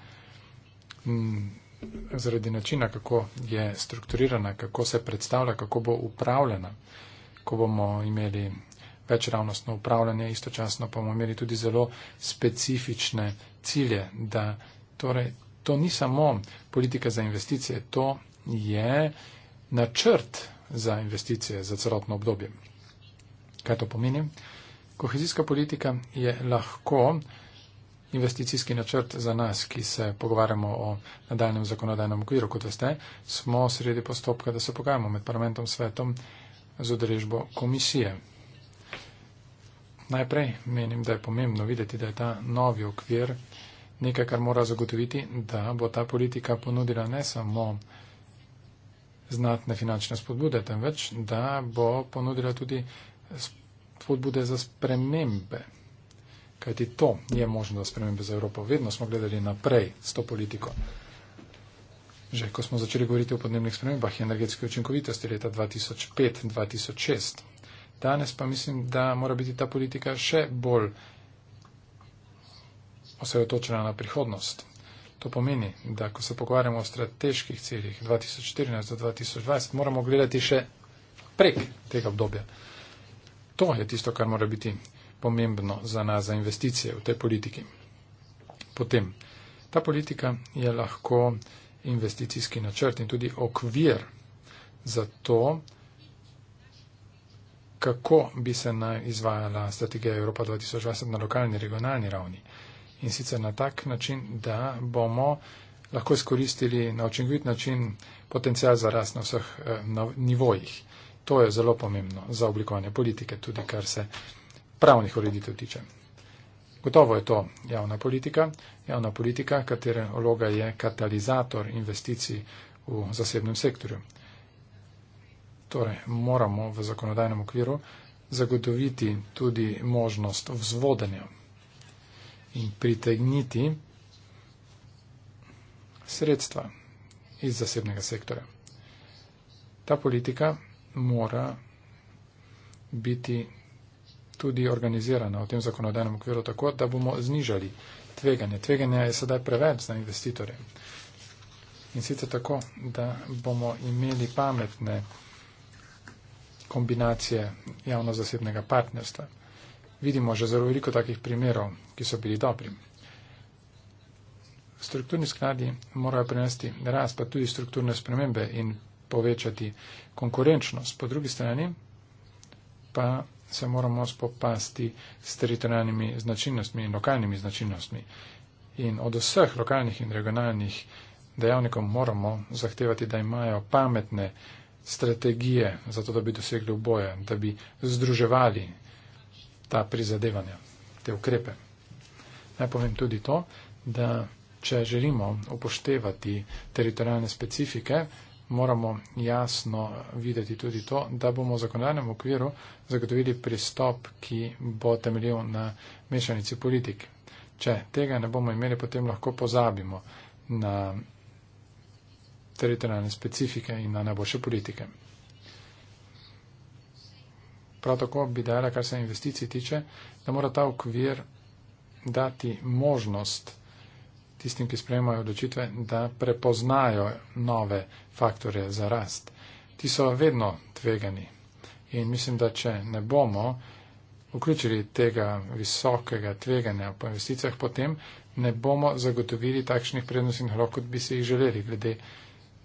Speaker 2: zaradi načina, kako je strukturirana, kako se predstavlja, kako bo upravljena, ko bomo imeli večravnostno upravljanje, istočasno pa bomo imeli tudi zelo specifične cilje, da torej, to ni samo politika za investicije, to je načrt za investicije za celotno obdobje. Kaj to pomeni? Kohezijska politika je lahko investicijski načrt za nas, ki se pogovarjamo o nadaljem zakonodajnem okviru, kot veste, smo sredi postopka, da se pogajamo med parlamentom svetom z udeležbo komisije. Najprej menim, da je pomembno videti, da je ta novi okvir nekaj, kar mora zagotoviti, da bo ta politika ponudila ne samo znatne finančne spodbude, temveč, da bo ponudila tudi spodbude za spremembe. Kajti to je možno, da spremembe za Evropo. Vedno smo gledali naprej s to politiko. Že ko smo začeli govoriti o podnebnih spremembah in energetski učinkovitosti leta 2005-2006, danes pa mislim, da mora biti ta politika še bolj osredotočena na prihodnost. To pomeni, da ko se pogovarjamo o strateških ciljih 2014 do 2020, moramo gledati še prek tega obdobja. To je tisto, kar mora biti pomembno za nas, za investicije v tej politiki. Potem, ta politika je lahko investicijski načrt in tudi okvir za to, kako bi se izvajala strategija Evropa 2020 na lokalni, regionalni ravni. In sicer na tak način, da bomo lahko izkoristili na očinkovit način potencial za rast na vseh eh, nivojih. To je zelo pomembno za oblikovanje politike, tudi kar se pravnih ureditev tiče. Gotovo je to javna politika, javna politika, katere vloga je katalizator investicij v zasebnem sektorju. Torej, moramo v zakonodajnem okviru zagotoviti tudi možnost vzvodenja in pritegniti sredstva iz zasebnega sektora. Ta politika mora biti tudi organizirana v tem zakonodajnem okviru tako, da bomo znižali tveganje. Tveganje je sedaj preveč za investitorje. In sicer tako, da bomo imeli pametne kombinacije javno-zasebnega partnerstva. Vidimo že zelo veliko takih primerov, ki so bili dobri. Strukturni skladi morajo prinesti rast, pa tudi strukturne spremembe in povečati konkurenčnost. Po drugi strani pa se moramo spopasti s teritorijalnimi značilnostmi in lokalnimi značilnostmi. In od vseh lokalnih in regionalnih dejavnikov moramo zahtevati, da imajo pametne strategije za to, da bi dosegli oboje, da bi združevali ta prizadevanja, te ukrepe. Naj povem tudi to, da če želimo upoštevati teritorijalne specifike, moramo jasno videti tudi to, da bomo v zakonodajnem okviru zagotovili pristop, ki bo temeljil na mešanici politik. Če tega ne bomo imeli, potem lahko pozabimo na teritorijalne specifike in na najboljše politike. Prav tako bi dala, kar se investicij tiče, da mora ta okvir dati možnost tistim, ki sprejemajo odločitve, da prepoznajo nove faktore za rast. Ti so vedno tvegani in mislim, da če ne bomo vključili tega visokega tveganja po investicijah, potem ne bomo zagotovili takšnih prednostnih rok, kot bi si jih želeli, glede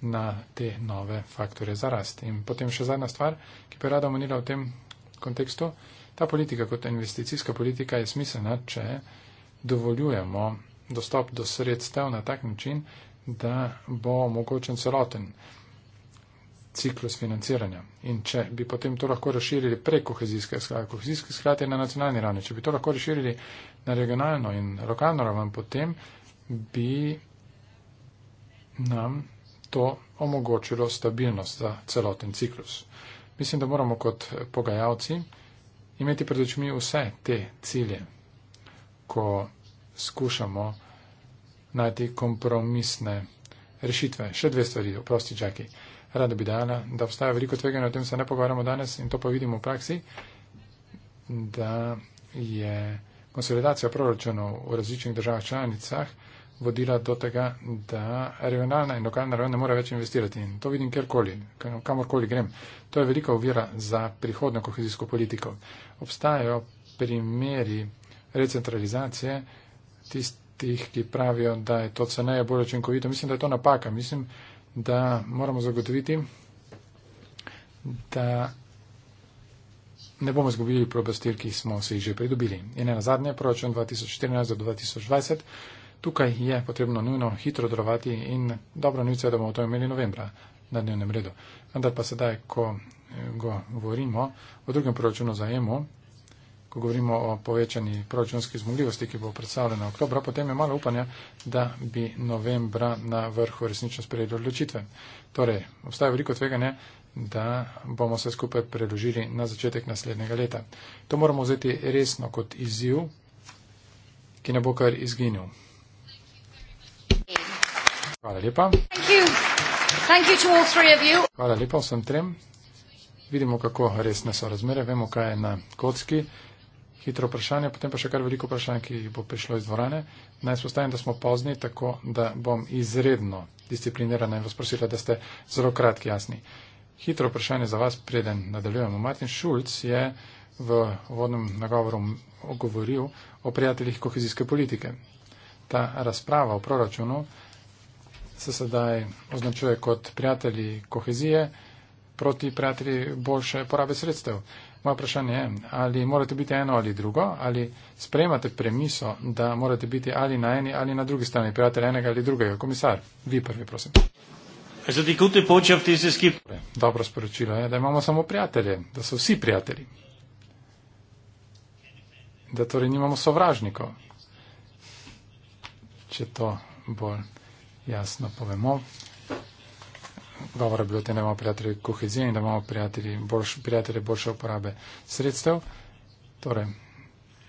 Speaker 2: na te nove faktore za rast. In potem še zadnja stvar, ki bi rada omenila v tem kontekstu. Ta politika kot investicijska politika je smiselna, če dovoljujemo dostop do sredstev na tak način, da bo omogočen celoten ciklus financiranja. In če bi potem to lahko razširili prek kohezijskega sklada, kohezijski sklad je na nacionalni ravni, če bi to lahko razširili na regionalno in lokalno raven, potem bi nam to omogočilo stabilnost za celoten ciklus. Mislim, da moramo kot pogajalci imeti pred očmi vse te cilje, ko skušamo najti kompromisne rešitve. Še dve stvari, oprosti, Jackie. Rada bi dala, da obstaja veliko tveganja, o tem se ne pogovarjamo danes in to pa vidimo v praksi, da je konsolidacija proračunov v različnih državah članicah vodila do tega, da regionalna in lokalna raven ne more več investirati. In to vidim kjerkoli, kamorkoli grem. To je velika uvira za prihodno kohezijsko politiko. Obstajajo primeri recentralizacije, tistih, ki pravijo, da je to ceneje bolj učinkovito. Mislim, da je to napaka. Mislim, da moramo zagotoviti, da ne bomo izgubili probastir, ki smo se jih že pridobili. In na zadnje proračun 2014 do 2020. Tukaj je potrebno nujno hitro drovati in dobro novice, da bomo to imeli novembra na dnevnem redu. Vendar pa sedaj, ko eh, govorimo o drugem proračunu zajemu ko govorimo o povečani proračunski zmogljivosti, ki bo predstavljena oktobra, potem je malo upanja, da bi novembra na vrhu resnično sprejeli odločitve. Torej, obstaja veliko tveganja, da bomo vse skupaj predložili na začetek naslednjega leta. To moramo vzeti resno kot izziv, ki ne bo kar izginil. Hvala lepa. Thank
Speaker 1: you. Thank you
Speaker 2: Hvala lepa vsem trem. Vidimo, kako resne so razmere, vemo, kaj je na kocki hitro vprašanje, potem pa še kar veliko vprašanj, ki bo prišlo iz dvorane. Naj spostavim, da smo pozni, tako da bom izredno disciplinirana in vas prosila, da ste zelo kratki jasni. Hitro vprašanje za vas, preden nadaljujemo. Martin Šulc je v vodnem nagovoru govoril o prijateljih kohezijske politike. Ta razprava o proračunu se sedaj označuje kot prijatelji kohezije proti prijatelji boljše porabe sredstev. Moje vprašanje je, ali morate biti eno ali drugo, ali sprejmate premiso, da morate biti ali na eni ali na drugi strani, prijatelj enega ali drugega. Komisar, vi prvi, prosim. Torej, dobro sporočilo je, da imamo samo prijatelje, da so vsi prijatelji. Da torej nimamo sovražnikov. Če to bolj jasno povemo govora bilo, da imamo prijatelje kohezije in da imamo prijatelje, boljš, prijatelje boljše uporabe sredstev. Torej,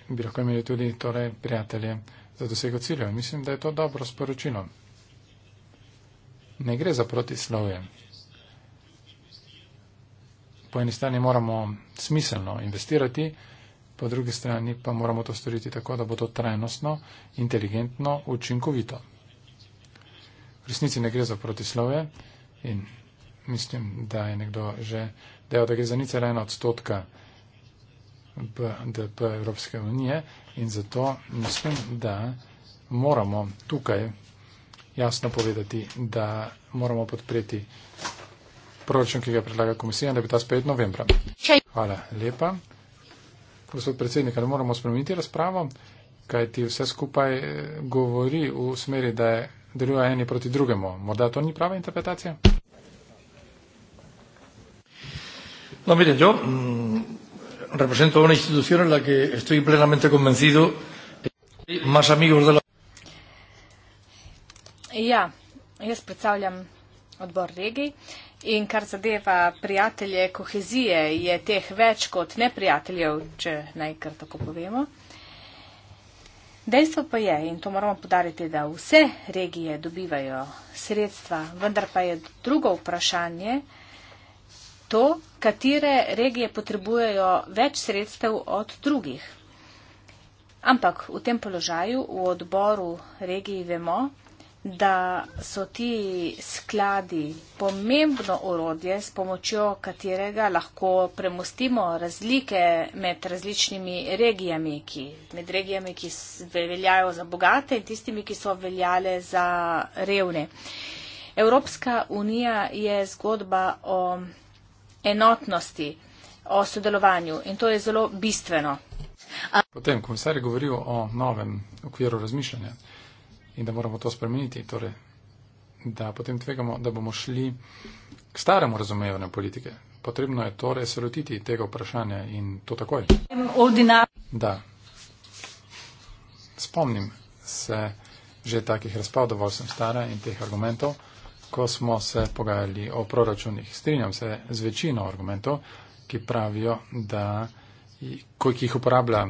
Speaker 2: bi lahko imeli tudi torej, prijatelje za dosego ciljev. Mislim, da je to dobro sporočilo. Ne gre za protislovje. Po eni strani moramo smiselno investirati, po drugi strani pa moramo to storiti tako, da bo to trajnostno, inteligentno, učinkovito. V resnici ne gre za protislove, In mislim, da je nekdo že dejal, da gre za nič ena odstotka BDP Evropske unije in zato mislim, da moramo tukaj jasno povedati, da moramo podpreti proračun, ki ga predlaga komisija, da bi ta spet novembra. Hvala lepa. Gospod predsednik, ali moramo spremeniti razpravo, kaj ti vse skupaj eh, govori v smeri, da je. Deluje eni proti drugemu. Morda to ni prava interpretacija? No, mire, yo mmm, represento a una institución en la que estoy plenamente convencido que hay más amigos de la.
Speaker 1: Ja, jaz predstavljam odbor regij in kar zadeva prijatelje kohezije, je teh več kot neprijateljev, če naj kar tako povemo. Dejstvo pa je, in to moramo podariti, da vse regije dobivajo sredstva, vendar pa je drugo vprašanje, to, katere regije potrebujejo več sredstev od drugih. Ampak v tem položaju v odboru regiji vemo, da so ti skladi pomembno urodje, s pomočjo katerega lahko premustimo razlike med različnimi regijami, ki, med regijami, ki veljajo za bogate in tistimi, ki so veljale za revne. Evropska unija je zgodba o enotnosti, o sodelovanju in to je zelo bistveno.
Speaker 2: Potem komisar je govoril o novem okviru razmišljanja in da moramo to spremeniti, torej, da potem tvegamo, da bomo šli k staremu razumevanju politike. Potrebno je torej se lotiti tega vprašanja in to takoj. Da. Spomnim se že takih razpadov, sem stara in teh argumentov ko smo se pogajali o proračunih. Strinjam se z večino argumentov, ki pravijo, da koliko jih uporablja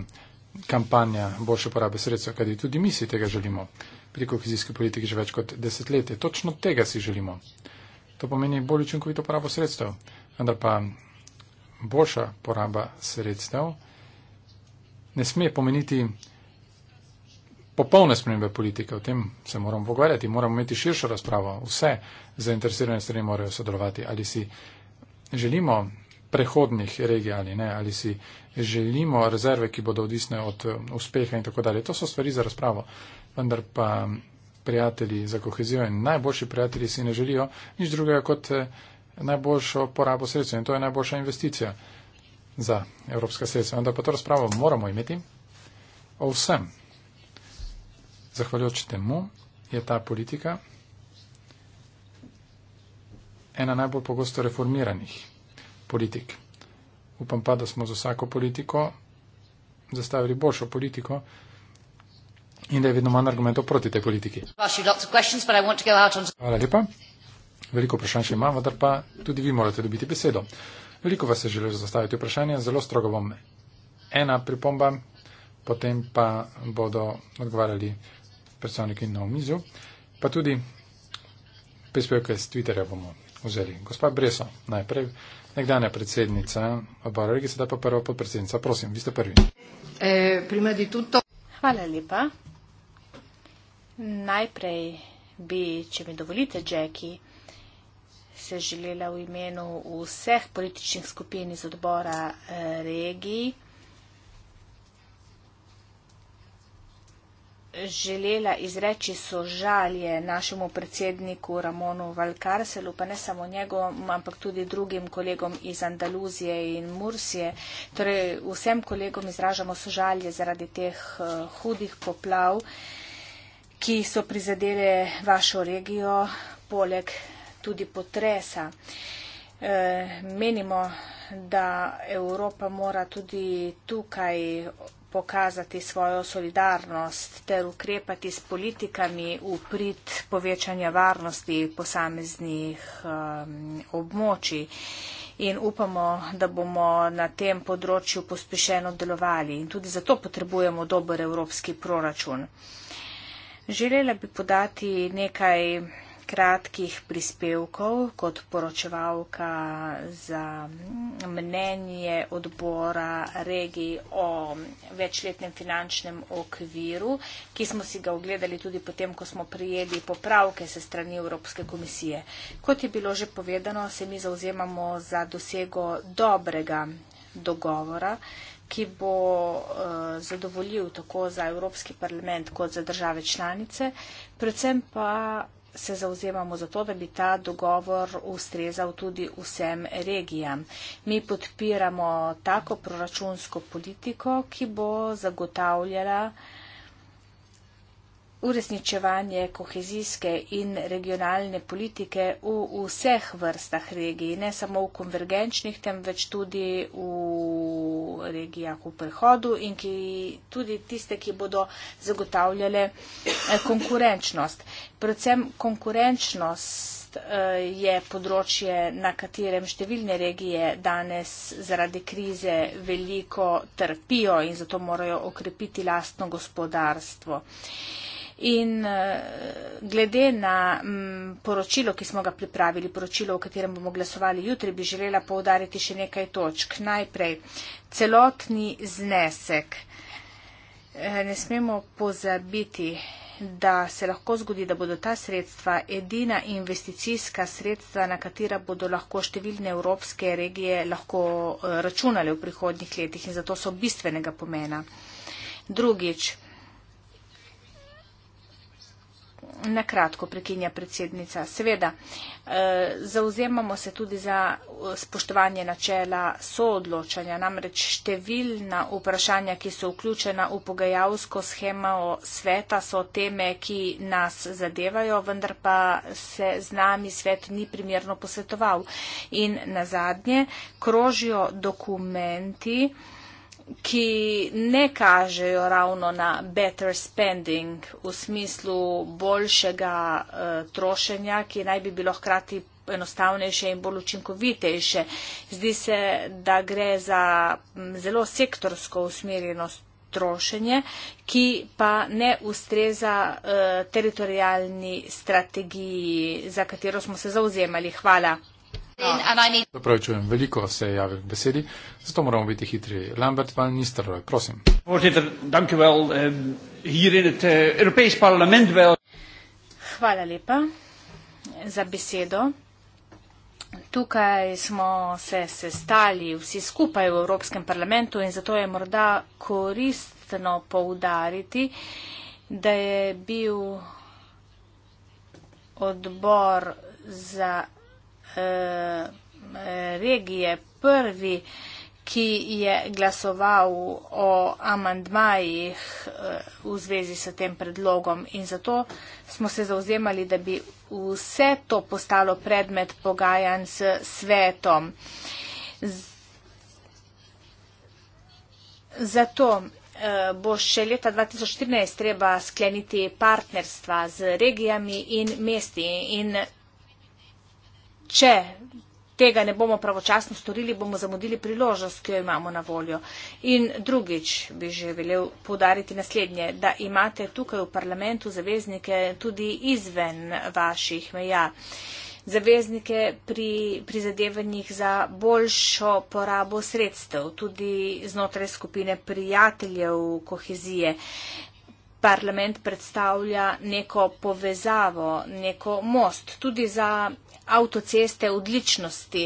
Speaker 2: kampanja boljše porabe sredstva, kajti tudi mi si tega želimo. Pri kohezijski politiki že več kot desetletje. Točno tega si želimo. To pomeni bolj učinkovito porabo sredstev. Vendar pa boljša poraba sredstev ne sme pomeniti popolne spremembe politike, o tem se moramo pogovarjati, moramo imeti širšo razpravo, vse zainteresirane strani morajo sodelovati, ali si želimo prehodnih regij ali ne, ali si želimo rezerve, ki bodo odvisne od eh, uspeha in tako dalje. To so stvari za razpravo, vendar pa prijatelji za kohezijo in najboljši prijatelji si ne želijo nič drugega kot eh, najboljšo porabo sredstva in to je najboljša investicija za evropska sredstva. Vendar pa to razpravo moramo imeti o vsem. Zahvaljujoč temu je ta politika ena najbolj pogosto reformiranih politik. Upam pa, da smo z vsako politiko zastavili boljšo politiko in da je vedno manj argumentov proti tej politiki. Hvala lepa. Veliko vprašanj še imam, vendar pa tudi vi morate dobiti besedo. Veliko vas je želelo zastaviti vprašanje, zelo strogo bom ena pripomba, potem pa bodo odgovarjali predstavniki na omizju, pa tudi prispevke z Twitterja bomo vzeli. Gospa Breso, najprej nekdanja predsednica obora regije, sedaj pa prva podpredsednica. Prosim, vi ste prvi.
Speaker 1: E, Hvala lepa. Najprej bi, če mi dovolite, Jackie, se želela v imenu vseh političnih skupin iz odbora eh, regiji. želela izreči sožalje našemu predsedniku Ramonu Valkarselu, pa ne samo njegovom, ampak tudi drugim kolegom iz Andaluzije in Mursije. Torej, vsem kolegom izražamo sožalje zaradi teh eh, hudih poplav, ki so prizadele vašo regijo, poleg tudi potresa. E, menimo, da Evropa mora tudi tukaj pokazati svojo solidarnost ter ukrepati s politikami v prid povečanja varnosti posameznih um, območij. In upamo, da bomo na tem področju pospešeno delovali. In tudi zato potrebujemo dober evropski proračun. Želela bi podati nekaj kratkih prispevkov kot poročevalka za mnenje odbora regij o večletnem finančnem okviru, ki smo si ga ogledali tudi potem, ko smo prijeli popravke se strani Evropske komisije. Kot je bilo že povedano, se mi zauzemamo za dosego dobrega dogovora ki bo uh, zadovoljil tako za Evropski parlament kot za države članice, predvsem pa se zauzemamo za to, da bi ta dogovor ustrezal tudi vsem regijam. Mi podpiramo tako proračunsko politiko, ki bo zagotavljala uresničevanje kohezijske in regionalne politike v vseh vrstah regij, ne samo v konvergenčnih, temveč tudi v regijah v prehodu in ki, tudi tiste, ki bodo zagotavljale eh, konkurenčnost. Predvsem konkurenčnost eh, je področje, na katerem številne regije danes zaradi krize veliko trpijo in zato morajo okrepiti lastno gospodarstvo. In eh, glede na mm, poročilo, ki smo ga pripravili, poročilo, o katerem bomo glasovali jutri, bi želela povdariti še nekaj točk. Najprej, celotni znesek. Eh, ne smemo pozabiti, da se lahko zgodi, da bodo ta sredstva edina investicijska sredstva, na katera bodo lahko številne evropske regije lahko eh, računale v prihodnjih letih in zato so bistvenega pomena. Drugič, nakratko prekinja predsednica. Seveda, eh, zauzemamo se tudi za eh, spoštovanje načela soodločanja, namreč številna vprašanja, ki so vključena v pogajalsko schemo sveta, so teme, ki nas zadevajo, vendar pa se z nami svet ni primerno posvetoval. In na zadnje, krožijo dokumenti, ki ne kažejo ravno na better spending v smislu boljšega uh, trošenja, ki naj bi bilo hkrati enostavnejše in bolj učinkovitejše. Zdi se, da gre za zelo sektorsko usmerjenost trošenje, ki pa ne ustreza uh, eh, teritorijalni strategiji, za katero smo se zauzemali. Hvala.
Speaker 2: Zapravičujem, veliko se je javil k besedi, zato moramo biti hitri. Lambert, pa minister, prosim. Ehm, eh,
Speaker 1: Hvala lepa za besedo. Tukaj smo se sestali vsi skupaj v Evropskem parlamentu in zato je morda koristno poudariti, da je bil odbor za Eh, regije prvi, ki je glasoval o amandmajih eh, v zvezi s tem predlogom in zato smo se zauzemali, da bi vse to postalo predmet pogajanj s svetom. Zato eh, bo še leta 2014 treba skleniti partnerstva z regijami in mesti in če tega ne bomo pravočasno storili, bomo zamudili priložnost, ki jo imamo na voljo. In drugič bi že veljel podariti naslednje, da imate tukaj v parlamentu zaveznike tudi izven vaših meja. Zaveznike pri prizadevanjih za boljšo porabo sredstev, tudi znotraj skupine prijateljev kohezije. Parlament predstavlja neko povezavo, neko most, tudi za avtoceste odličnosti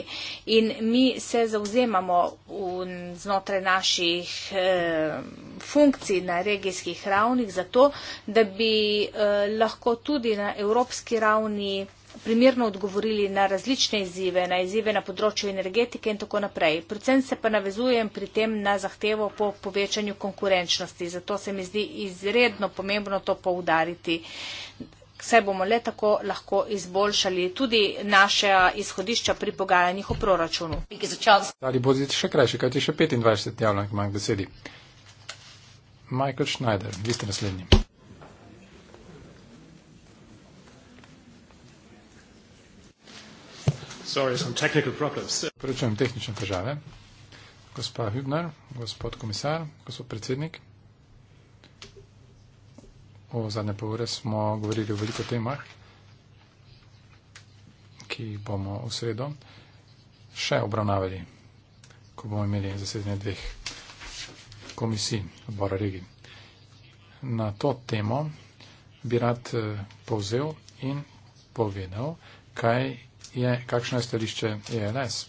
Speaker 1: in mi se zauzemamo v, znotraj naših eh, funkcij na regijskih ravnih za to, da bi eh, lahko tudi na evropski ravni primerno odgovorili na različne izzive, na izzive na področju energetike in tako naprej. Predvsem se pa navezujem pri tem na zahtevo po povečanju konkurenčnosti. Zato se mi zdi izredno pomembno to poudariti saj bomo le tako lahko izboljšali tudi naše izhodišča pri pogajanjih o proračunu.
Speaker 2: Ali bodite še krajši, kajti še 25 javnih manj besedi. Michael Schneider, vi ste naslednji. Prečujem tehnične težave. Gospa Hübner, gospod komisar, gospod predsednik v zadnje pol ure smo govorili o veliko temah, ki jih bomo v sredo še obravnavali, ko bomo imeli zasedanje dveh komisij odbora regij. Na to temo bi rad eh, povzel in povedal, je, kakšno je stališče ELS.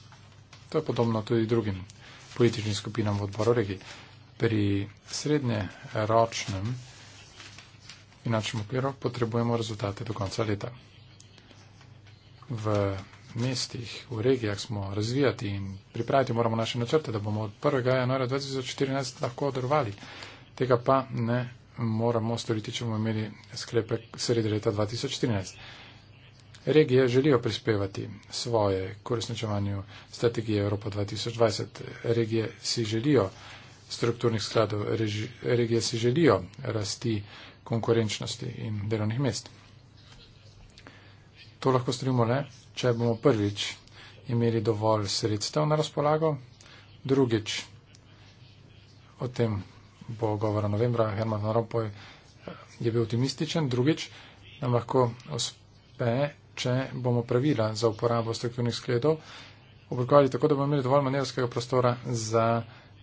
Speaker 2: To je podobno tudi drugim političnim skupinam v odboru regij. Pri srednjeročnem finančnem okviru, potrebujemo rezultate do konca leta. V mestih, v regijah smo razvijati in pripraviti moramo naše načrte, da bomo od 1. januarja 2014 lahko odrovali. Tega pa ne moramo storiti, če bomo imeli sklepe sredi leta 2014. Regije želijo prispevati svoje k uresničevanju strategije Evropa 2020. Regije si želijo strukturnih skladov, regije si želijo rasti konkurenčnosti in delovnih mest. To lahko storimo le, če bomo prvič imeli dovolj sredstev na razpolago, drugič, o tem bo govora novembra, Herman Ropoj eh, je bil optimističen, drugič nam lahko uspe, če bomo pravila za uporabo strokovnih skledov oblikovali tako, da bomo imeli dovolj manevrskega prostora za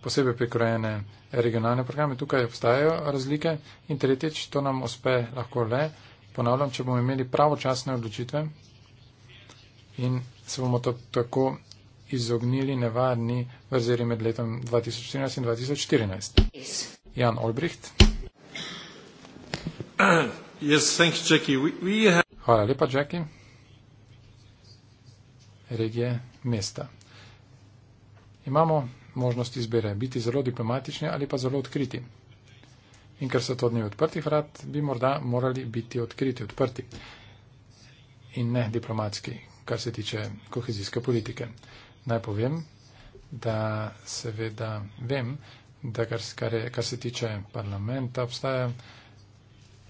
Speaker 2: posebej prikrojene regionalne programe. Tukaj obstajajo razlike in tretjič, to nam uspe lahko le, ponavljam, če bomo imeli pravočasne odločitve in se bomo to tako izognili nevarni vrzeri med letom 2013 in 2014. Jan Olbricht. Yes, thanks, Jackie. We, we have... Hvala lepa, Jackie. Regije mesta. Imamo možnost izbere, biti zelo diplomatični ali pa zelo odkriti. In ker so to dni odprtih vrat, bi morda morali biti odkriti, odprti in ne diplomatski, kar se tiče kohezijske politike. Naj povem, da seveda vem, da kar, kar, je, kar se tiče parlamenta, obstaja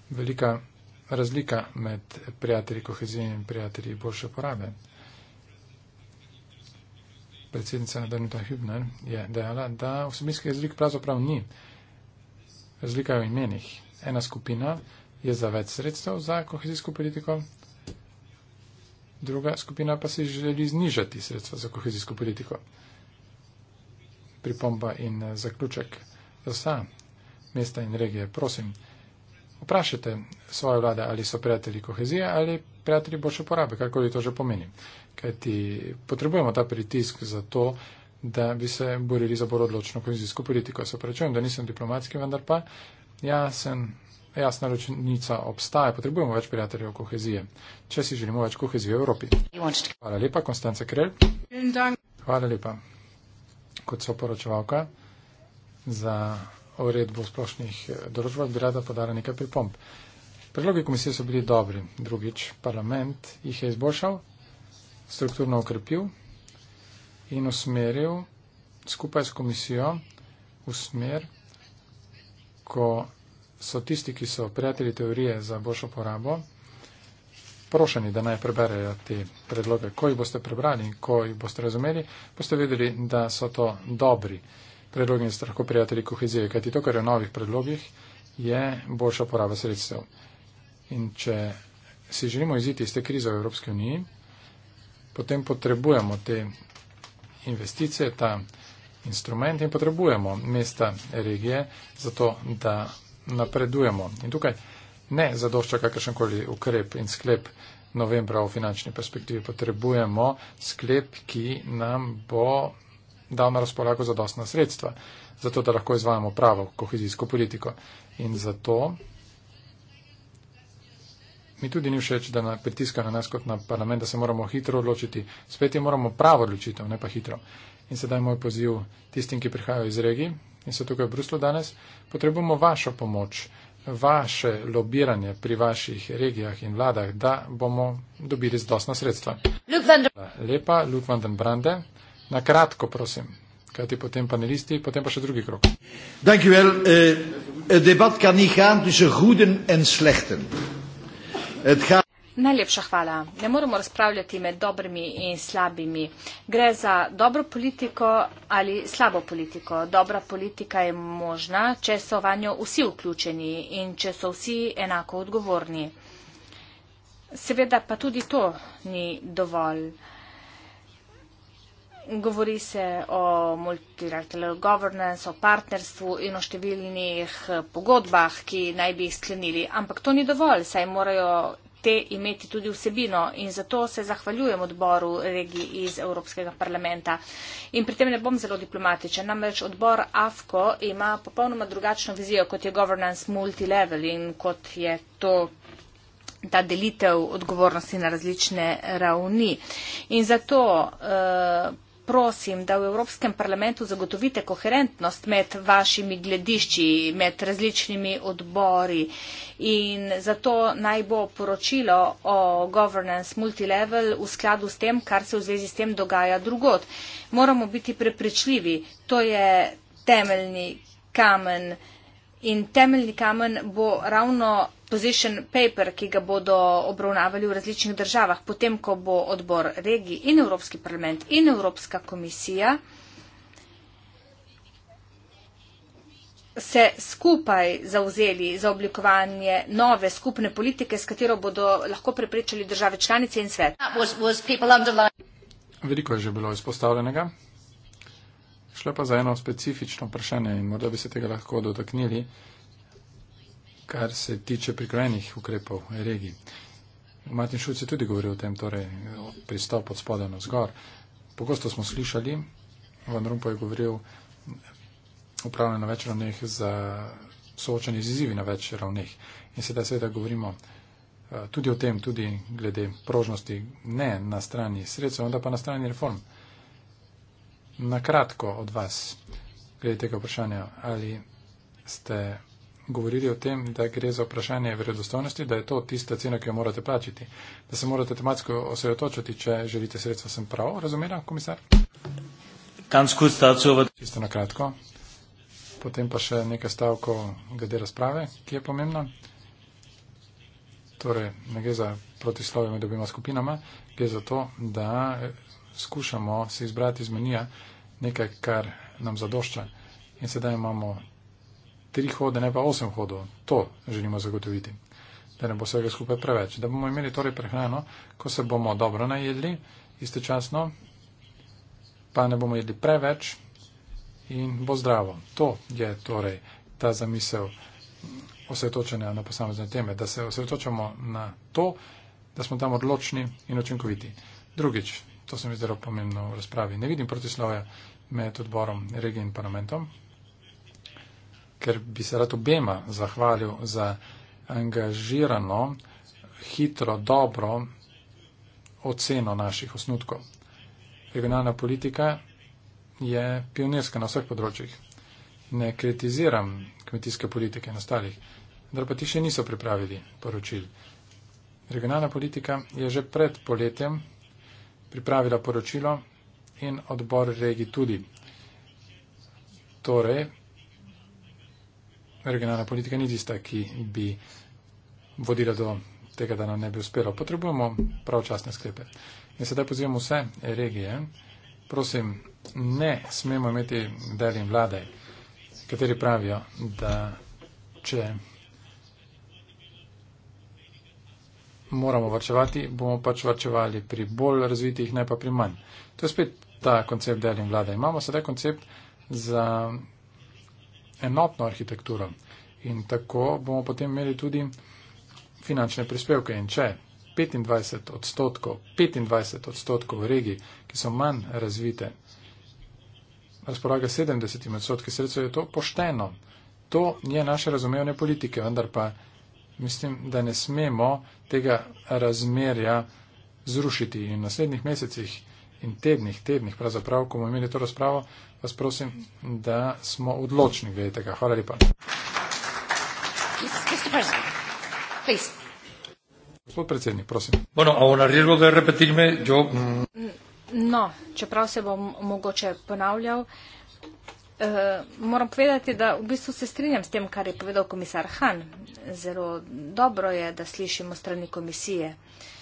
Speaker 2: velika razlika med prijatelji kohezije in prijatelji boljše porabe predsednica Danita Hübner je dejala, da vsebinskih razlik pravzaprav ni. Razlika je v imenih. Ena skupina je za več sredstev za kohezijsko politiko, druga skupina pa si želi znižati sredstva za kohezijsko politiko. Pripomba in eh, zaključek za vsa mesta in regije. Prosim, vprašajte svoje vlade, ali so prijatelji kohezije ali prijatelji boljše porabe, karkoli to že pomeni. Kajti potrebujemo ta pritisk za to, da bi se borili za bolj odločno kohezijsko politiko. Se pravičujem, da nisem diplomatski, vendar pa jasen, jasna ročnica obstaja. Potrebujemo več prijateljev kohezije, če si želimo več kohezije v Evropi. Hvala lepa, Konstance Krel. Hvala lepa, kot so poročevalka za uredbo splošnih določb, bi rada podala nekaj pripomb. Predlogi komisije so bili dobri. Drugič, parlament jih je izboljšal, strukturno okrepil in usmeril skupaj s komisijo v smer, ko so tisti, ki so prijatelji teorije za boljšo porabo, prošeni, da naj preberejo te predloge. Ko jih boste prebrali in ko jih boste razumeli, boste vedeli, da so to dobri predlogi in strahko prijatelji kohezije, kajti to, kar je v novih predlogih, je boljša poraba sredstev. In če si želimo iziti iz te krize v Evropski uniji, potem potrebujemo te investicije, ta instrument in potrebujemo mesta regije za to, da napredujemo. In tukaj ne zadošča kakršenkoli ukrep in sklep novembra v finančni perspektivi. Potrebujemo sklep, ki nam bo dal na razpolago zadostna sredstva, zato da lahko izvajamo pravo kohezijsko politiko. In zato mi tudi ni všeč, da na, pritiska na nas kot na parlament, da se moramo hitro odločiti. Spet je moramo pravo odločitev, ne pa hitro. In sedaj moj poziv tistim, ki prihajajo iz regij in so tukaj v Bruslu danes, potrebujemo vašo pomoč, vaše lobiranje pri vaših regijah in vladah, da bomo dobili zdostna sredstva. Lepa, Luk van den Brande. Na kratko, prosim. Kaj ti potem panelisti, potem pa še drugi krok. Dankjewel. Uh, eh, debat
Speaker 1: kan niet gaan tussen goeden en slechten. Najlepša hvala. Ne moremo razpravljati med dobrimi in slabimi. Gre za dobro politiko ali slabo politiko. Dobra politika je možna, če so v njo vsi vključeni in če so vsi enako odgovorni. Seveda pa tudi to ni dovolj. Govori se o multilateral governance, o partnerstvu in o številnih eh, pogodbah, ki naj bi jih sklenili. Ampak to ni dovolj, saj morajo te imeti tudi vsebino in zato se zahvaljujem odboru regij iz Evropskega parlamenta. In pri tem ne bom zelo diplomatičen, namreč odbor AFCO ima popolnoma drugačno vizijo, kot je governance multilevel in kot je to ta delitev odgovornosti na različne ravni. In zato uh, prosim, da v Evropskem parlamentu zagotovite koherentnost med vašimi gledišči, med različnimi odbori in zato naj bo poročilo o governance multilevel v skladu s tem, kar se v zvezi s tem dogaja drugot. Moramo biti prepričljivi, to je temeljni kamen in temeljni kamen bo ravno position paper, ki ga bodo obravnavali v različnih državah, potem, ko bo odbor regij in Evropski parlament in Evropska komisija se skupaj zauzeli za oblikovanje nove skupne politike, s katero bodo lahko preprečili države članice in svet.
Speaker 2: Veliko je že bilo izpostavljenega. Šlo pa za eno specifično vprašanje in morda bi se tega lahko dotaknili kar se tiče prikrojenih ukrepov regij. Martin Šulc je tudi govoril o tem, torej o pristop od spoda na zgor. Pogosto smo slišali, Van Rompuy je govoril, upravljanje na več ravneh za soočanje z izzivi na več ravneh. In sedaj seveda govorimo eh, tudi o tem, tudi glede prožnosti, ne na strani sredstev, ampak pa na strani reform. Na kratko od vas, glede tega vprašanja, ali ste govorili o tem, da gre za vprašanje verodostojnosti, da je to tista cena, ki jo morate plačiti. Da se morate tematsko osredotočiti, če želite sredstva, sem prav razumela, komisar? Čisto na kratko. Potem pa še nekaj stavko glede razprave, ki je pomembna. Torej, ne gre za protislove med obima skupinama, gre za to, da skušamo se izbrati iz menija nekaj, kar nam zadošča. In sedaj imamo tri hode, ne pa osem hodov. To želimo zagotoviti, da ne bo vsega skupaj preveč. Da bomo imeli torej prehrano, ko se bomo dobro najedli, istočasno pa ne bomo jedli preveč in bo zdravo. To je torej ta zamisel osredotočenja na posamezne teme, da se osredotočamo na to, da smo tam odločni in učinkoviti. Drugič, to se mi zdelo pomembno v razpravi, ne vidim protislovja med odborom regij in parlamentom, ker bi se rad obema zahvalil za angažirano, hitro, dobro oceno naših osnutkov. Regionalna politika je pionirska na vseh področjih. Ne kritiziram kmetijske politike in ostalih, da pa ti še niso pripravili poročil. Regionalna politika je že pred poletjem pripravila poročilo in odbor regi tudi. Torej, regionalna politika ni tista, ki bi vodila do tega, da nam ne bi uspelo. Potrebujemo pravočasne sklepe. In sedaj pozivam vse regije, prosim, ne smemo imeti delim vlade, kateri pravijo, da če moramo varčevati, bomo pač varčevali pri bolj razvitih, ne pa pri manj. To je spet ta koncept delim vlade. Imamo sedaj koncept za enotno arhitekturo in tako bomo potem imeli tudi finančne prispevke. In če 25 odstotkov, 25 odstotkov regij, ki so manj razvite, razpolaga 70 odstotki sredstva, je to pošteno. To je naše razumevanje politike, vendar pa mislim, da ne smemo tega razmerja zrušiti. In v naslednjih mesecih in tednih, tednih pravzaprav, ko bomo imeli to razpravo, vas prosim, da smo odločni glede tega. Hvala lepa. Gospod predsednik, prosim. Bueno, a ona rilo da repetirme, jo... Mm.
Speaker 1: No, čeprav se bom mogoče ponavljal, Uh, moram povedati, da v bistvu se strinjam s tem, kar je povedal komisar Han. Zelo dobro je, da slišimo strani komisije uh,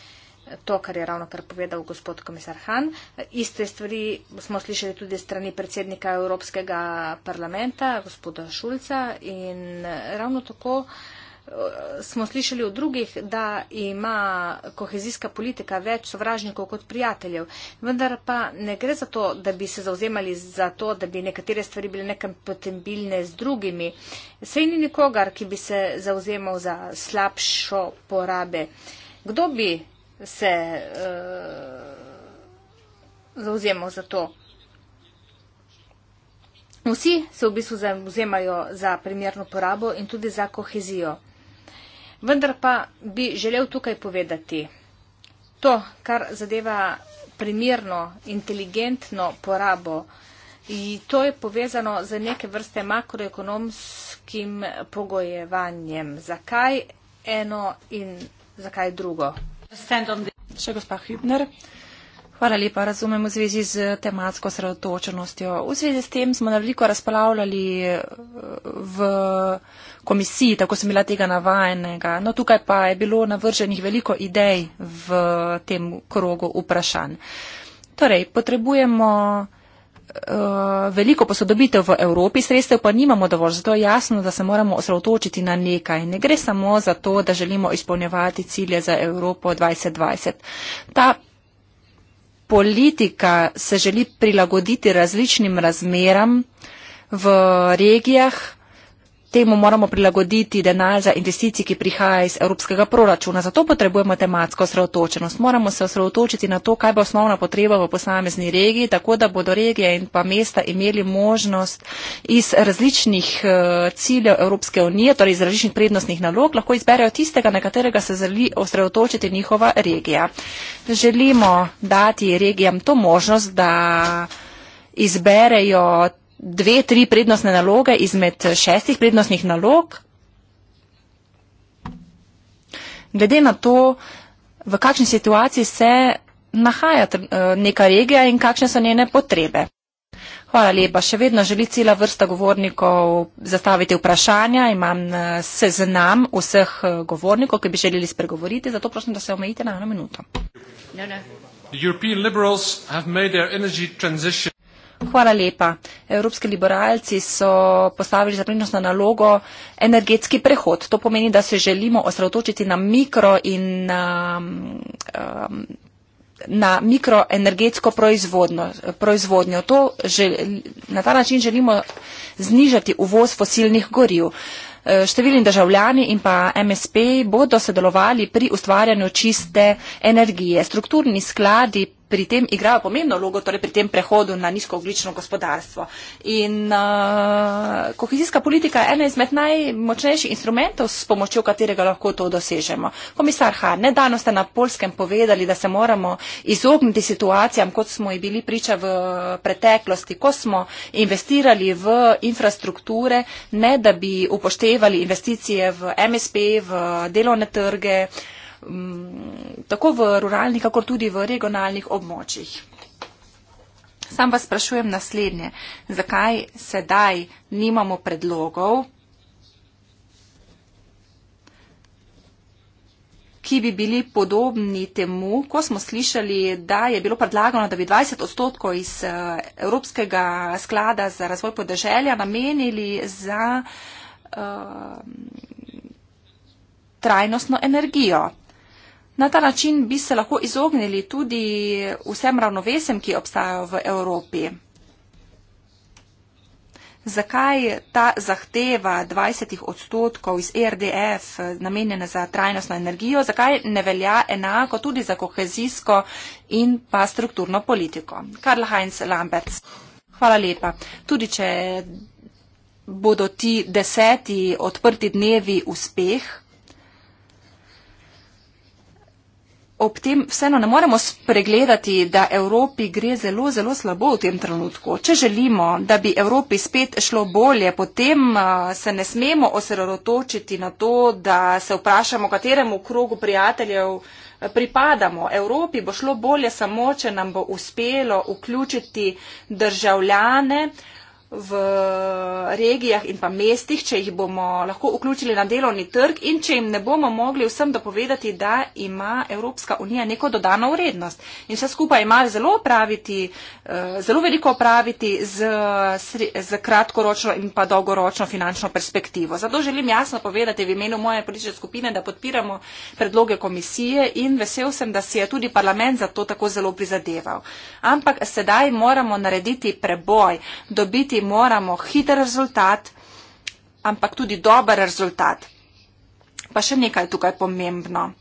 Speaker 1: to, kar je ravno kar povedal gospod komisar Han. Iste stvari smo slišali tudi strani predsednika Evropskega parlamenta, gospoda Šulca in ravno tako eh, smo slišali od drugih, da ima kohezijska politika več sovražnikov kot prijateljev. Vendar pa ne gre za to, da bi se zauzemali za to, da bi nekatere stvari bile nekam potembilne z drugimi. Sej ni nikogar, ki bi se zauzemal za slabšo porabe. Kdo bi se uh, eh, zauzemo za to. Vsi se v bistvu zauzemajo za primerno porabo in tudi za kohezijo. Vendar pa bi želel tukaj povedati, to, kar zadeva primerno, inteligentno porabo, to je povezano z neke vrste makroekonomskim pogojevanjem. Zakaj eno in zakaj drugo? Še gospa Hübner. Hvala lepa, razumem v zvezi
Speaker 3: z tematsko sredotočenostjo. V zvezi s tem smo na veliko razpravljali eh, v komisiji, tako sem bila tega navajenega. No, tukaj pa je bilo navrženih veliko idej v tem krogu vprašanj. Torej, potrebujemo Eh, veliko posodobitev v Evropi, sredstev pa nimamo dovolj, zato je jasno, da se moramo osredotočiti na nekaj. Ne gre samo za to, da želimo izpolnjevati cilje za Evropo 2020. Ta politika se želi prilagoditi različnim razmeram v regijah, temu moramo prilagoditi denar za investicije, ki prihaja iz evropskega proračuna. Zato potrebujemo tematsko osredotočenost. Moramo se osredotočiti na to, kaj bo osnovna potreba v posamezni regiji, tako da bodo regije in pa mesta imeli možnost iz različnih eh, ciljev Evropske unije, torej iz različnih prednostnih nalog, lahko izberejo tistega, na katerega se želi osredotočiti njihova regija. Želimo dati regijam to možnost, da izberejo dve, tri prednostne naloge izmed šestih prednostnih nalog. Glede na to, v kakšni situaciji se nahaja eh, neka regija in kakšne so njene potrebe. Hvala lepa. Še vedno želi cela vrsta govornikov zastaviti vprašanja. Imam eh, seznam vseh eh, govornikov, ki bi želeli spregovoriti, zato prosim, da se omejite na eno minuto. No, no. Hvala lepa. Evropski liberalci so postavili za prednostno nalogo energetski prehod. To pomeni, da se želimo osredotočiti na mikro in na, um, um, na mikroenergetsko proizvodnjo. Žel, na ta način želimo znižati uvoz fosilnih goriv. E, številni državljani in pa MSP bodo sodelovali pri ustvarjanju čiste energije. Strukturni skladi pri tem igrajo pomembno vlogo, torej pri tem prehodu na nizkooglično gospodarstvo. In uh, kohezijska politika je ena izmed najmočnejših instrumentov, s pomočjo katerega lahko to dosežemo. Komisar Hahn, nedavno ste na Polskem povedali, da se moramo izogniti situacijam, kot smo jih bili priča v preteklosti, ko smo investirali v infrastrukture, ne da bi upoštevali investicije v MSP, v delovne trge. Mm, tako v ruralnih, kako tudi v regionalnih območjih. Sam vas sprašujem naslednje, zakaj sedaj nimamo predlogov, ki bi bili podobni temu, ko smo slišali, da je bilo predlagano, da bi 20 odstotkov iz eh, Evropskega sklada za razvoj podeželja namenili za uh, trajnostno energijo. Na ta način bi se lahko izognili tudi vsem ravnovesem, ki obstajajo v Evropi. Zakaj ta zahteva 20 odstotkov iz e RDF namenjena za trajnostno energijo, zakaj ne velja enako tudi za kohezijsko in pa strukturno politiko? Karl Heinz Lamberts. Hvala lepa. Tudi če bodo ti deseti odprti dnevi uspeh, ob tem vseeno ne moremo spregledati, da Evropi gre zelo, zelo slabo v tem trenutku. Če želimo, da bi Evropi spet šlo bolje, potem se ne smemo osredotočiti na to, da se vprašamo, kateremu krogu prijateljev pripadamo. Evropi bo šlo bolje samo, če nam bo uspelo vključiti državljane v regijah in pa mestih, če jih bomo lahko vključili na delovni trg in če jim ne bomo mogli vsem dopovedati, da ima Evropska unija neko dodano vrednost. In vse skupaj ima zelo, opraviti, eh, zelo veliko opraviti z, z kratkoročno in pa dolgoročno finančno perspektivo. Zato želim jasno povedati v imenu moje politične skupine, da podpiramo predloge komisije in vesel sem, da si je tudi parlament za to tako zelo prizadeval. Ampak sedaj moramo narediti preboj, dobiti moramo hiter rezultat, ampak tudi dober rezultat. Pa še nekaj tukaj pomembno.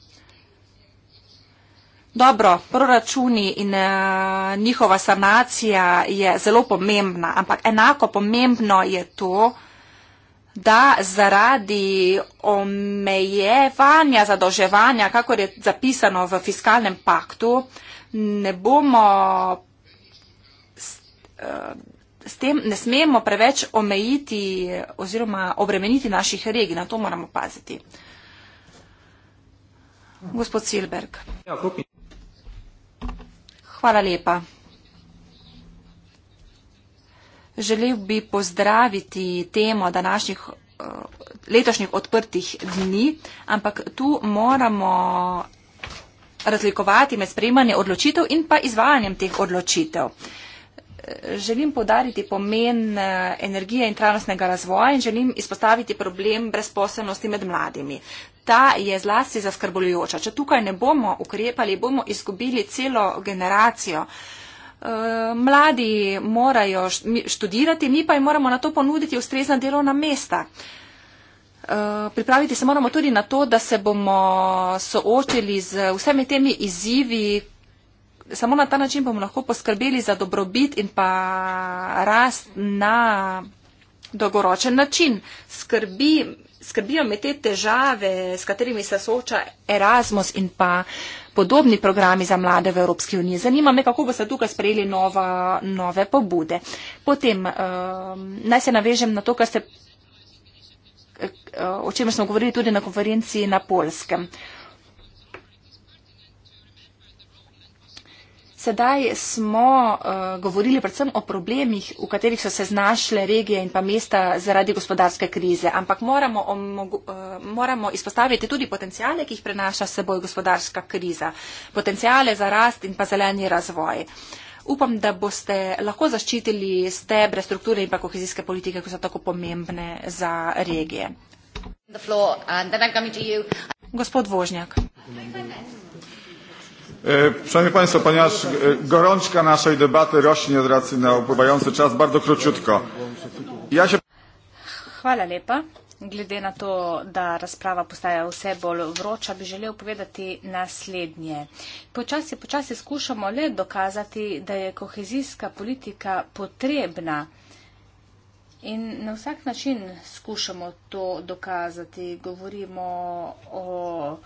Speaker 3: Dobro, proračuni in e, njihova sanacija je zelo pomembna, ampak enako pomembno je to, da zaradi omejevanja, zadolževanja, kako je zapisano v fiskalnem paktu, ne bomo. St, e, eh, s tem ne smemo preveč omejiti oziroma obremeniti naših regij, na to moramo paziti. Gospod Silberg. Ja, Hvala lepa. Želel bi pozdraviti temo današnjih eh, letošnjih odprtih dni, ampak tu moramo razlikovati med sprejemanjem odločitev in pa izvajanjem teh odločitev želim podariti pomen eh, energije in trajnostnega razvoja in želim izpostaviti problem brezposelnosti med mladimi. Ta je zlasti zaskrbljujoča. Če tukaj ne bomo ukrepali, bomo izgubili celo generacijo. Eh, mladi morajo študirati, mi pa jim moramo na to ponuditi ustrezna delovna mesta. Eh, pripraviti se moramo tudi na to, da se bomo soočili z vsemi temi izzivi, samo na ta način bomo lahko poskrbeli za dobrobit in pa rast na dolgoročen način. Skrbi, skrbijo me te težave, s katerimi se sooča Erasmus in pa podobni programi za mlade v Evropski uniji. Zanima me, kako boste tukaj sprejeli nova, nove pobude. Potem um, naj se navežem na to, kar ste eh, o čemer smo govorili tudi na konferenciji na Polskem. Uh, Sedaj smo uh, govorili predvsem o problemih, v katerih so se znašle regije in pa mesta zaradi gospodarske krize, ampak moramo, omogu, uh, eh, moramo izpostaviti tudi potencijale, ki jih prenaša seboj gospodarska kriza, potencijale za rast in pa zeleni razvoj. Upam, da boste lahko zaščitili stebre strukture in pa kohezijske politike, ko so tako pomembne za regije. Gospod Vožnjak.
Speaker 2: Hey, E, szanowni Państwo, ponieważ e, gorączka naszej debaty rośnie z racji na upływający czas, bardzo króciutko. Ja się...
Speaker 1: Hvala lepa. Glede na to, da razprava postaja vse bolj vroča, bi želel povedati naslednje. Počasi, počasi skušamo le dokazati, da je kohezijska politika potrebna in na vsak način skušamo to dokazati. Govorimo o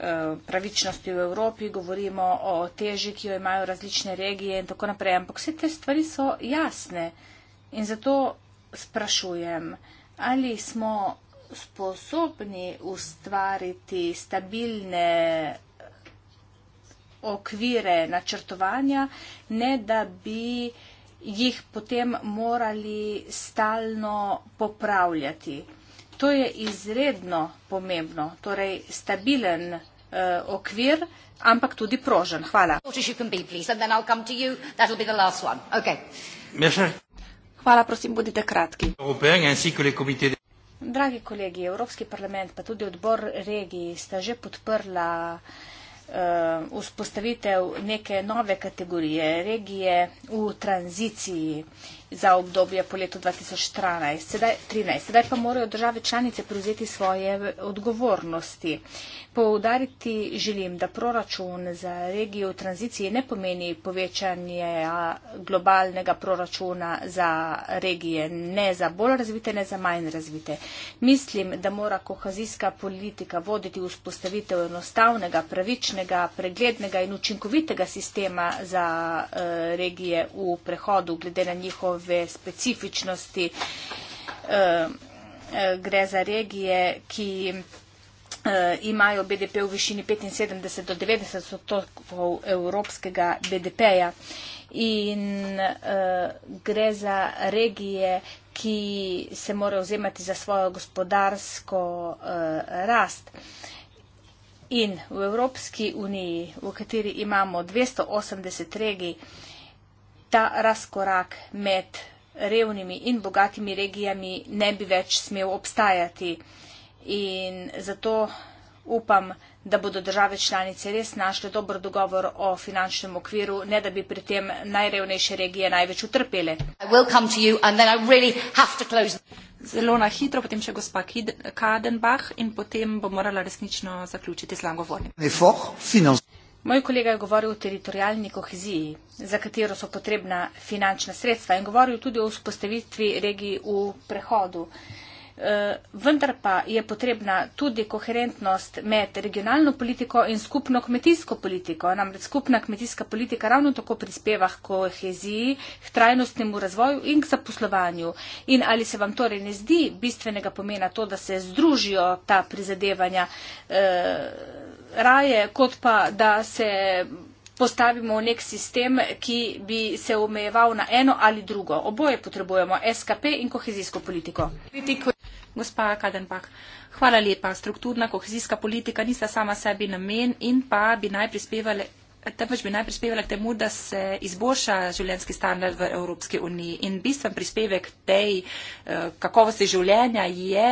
Speaker 1: Eh, pravičnosti v Evropi, govorimo o teži, ki jo imajo različne regije in tako naprej. Ampak vse te stvari so jasne in zato sprašujem, ali smo sposobni ustvariti stabilne okvire načrtovanja, ne da bi jih potem morali stalno popravljati. To je izredno pomembno, torej stabilen uh, okvir, ampak tudi prožen. Hvala. Hvala, prosim, bodite kratki. Dragi kolegi, Evropski parlament pa tudi odbor regij sta že podprla uh, vzpostavitev neke nove kategorije, regije v tranziciji. Uh, za obdobje po letu 2013. Sedaj, 13. Sedaj pa morajo države članice prevzeti svoje odgovornosti. Poudariti želim, da proračun za regijo v tranziciji ne pomeni povečanje globalnega proračuna za regije, ne za bolj razvite, ne za manj razvite. Mislim, da mora kohazijska politika voditi vzpostavitev enostavnega, pravičnega, preglednega in učinkovitega sistema za e, regije v prehodu glede na njihove njihove specifičnosti. Gre za regije, ki imajo BDP v višini 75 do 90 odstotkov evropskega BDP-ja in gre za regije, ki se morajo vzemati za svojo gospodarsko rast. In v Evropski uniji, v kateri imamo 280 regij, ta razkorak med revnimi in bogatimi regijami ne bi več smel obstajati. In zato upam, da bodo države članice res našle dober dogovor o finančnem okviru, ne da bi pri tem najrevnejše regije največ utrpele.
Speaker 3: Zelo na hitro, potem še gospa Kadenbach in potem bo morala resnično zaključiti z langovorjem.
Speaker 1: Moj kolega je govoril o teritorijalni koheziji, za katero so potrebna finančna sredstva in govoril tudi o vzpostavitvi regij v prehodu. E, vendar pa je potrebna tudi koherentnost med regionalno politiko in skupno kmetijsko politiko. Namreč skupna kmetijska politika ravno tako prispeva k koheziji, k trajnostnemu razvoju in k zaposlovanju. In ali se vam torej ne zdi bistvenega pomena to, da se združijo ta prizadevanja? Eh, raje, kot pa da se postavimo v nek sistem, ki bi se omejeval na eno ali drugo. Oboje potrebujemo SKP in kohezijsko politiko.
Speaker 3: Gospa Kadenbach, hvala lepa. Strukturna kohezijska politika nista sama sebi namen in pa bi naj prispevali temveč bi naj prispevala k temu, da se izboljša življenski standard v Evropski uniji. In bistven prispevek tej eh, kakovosti življenja je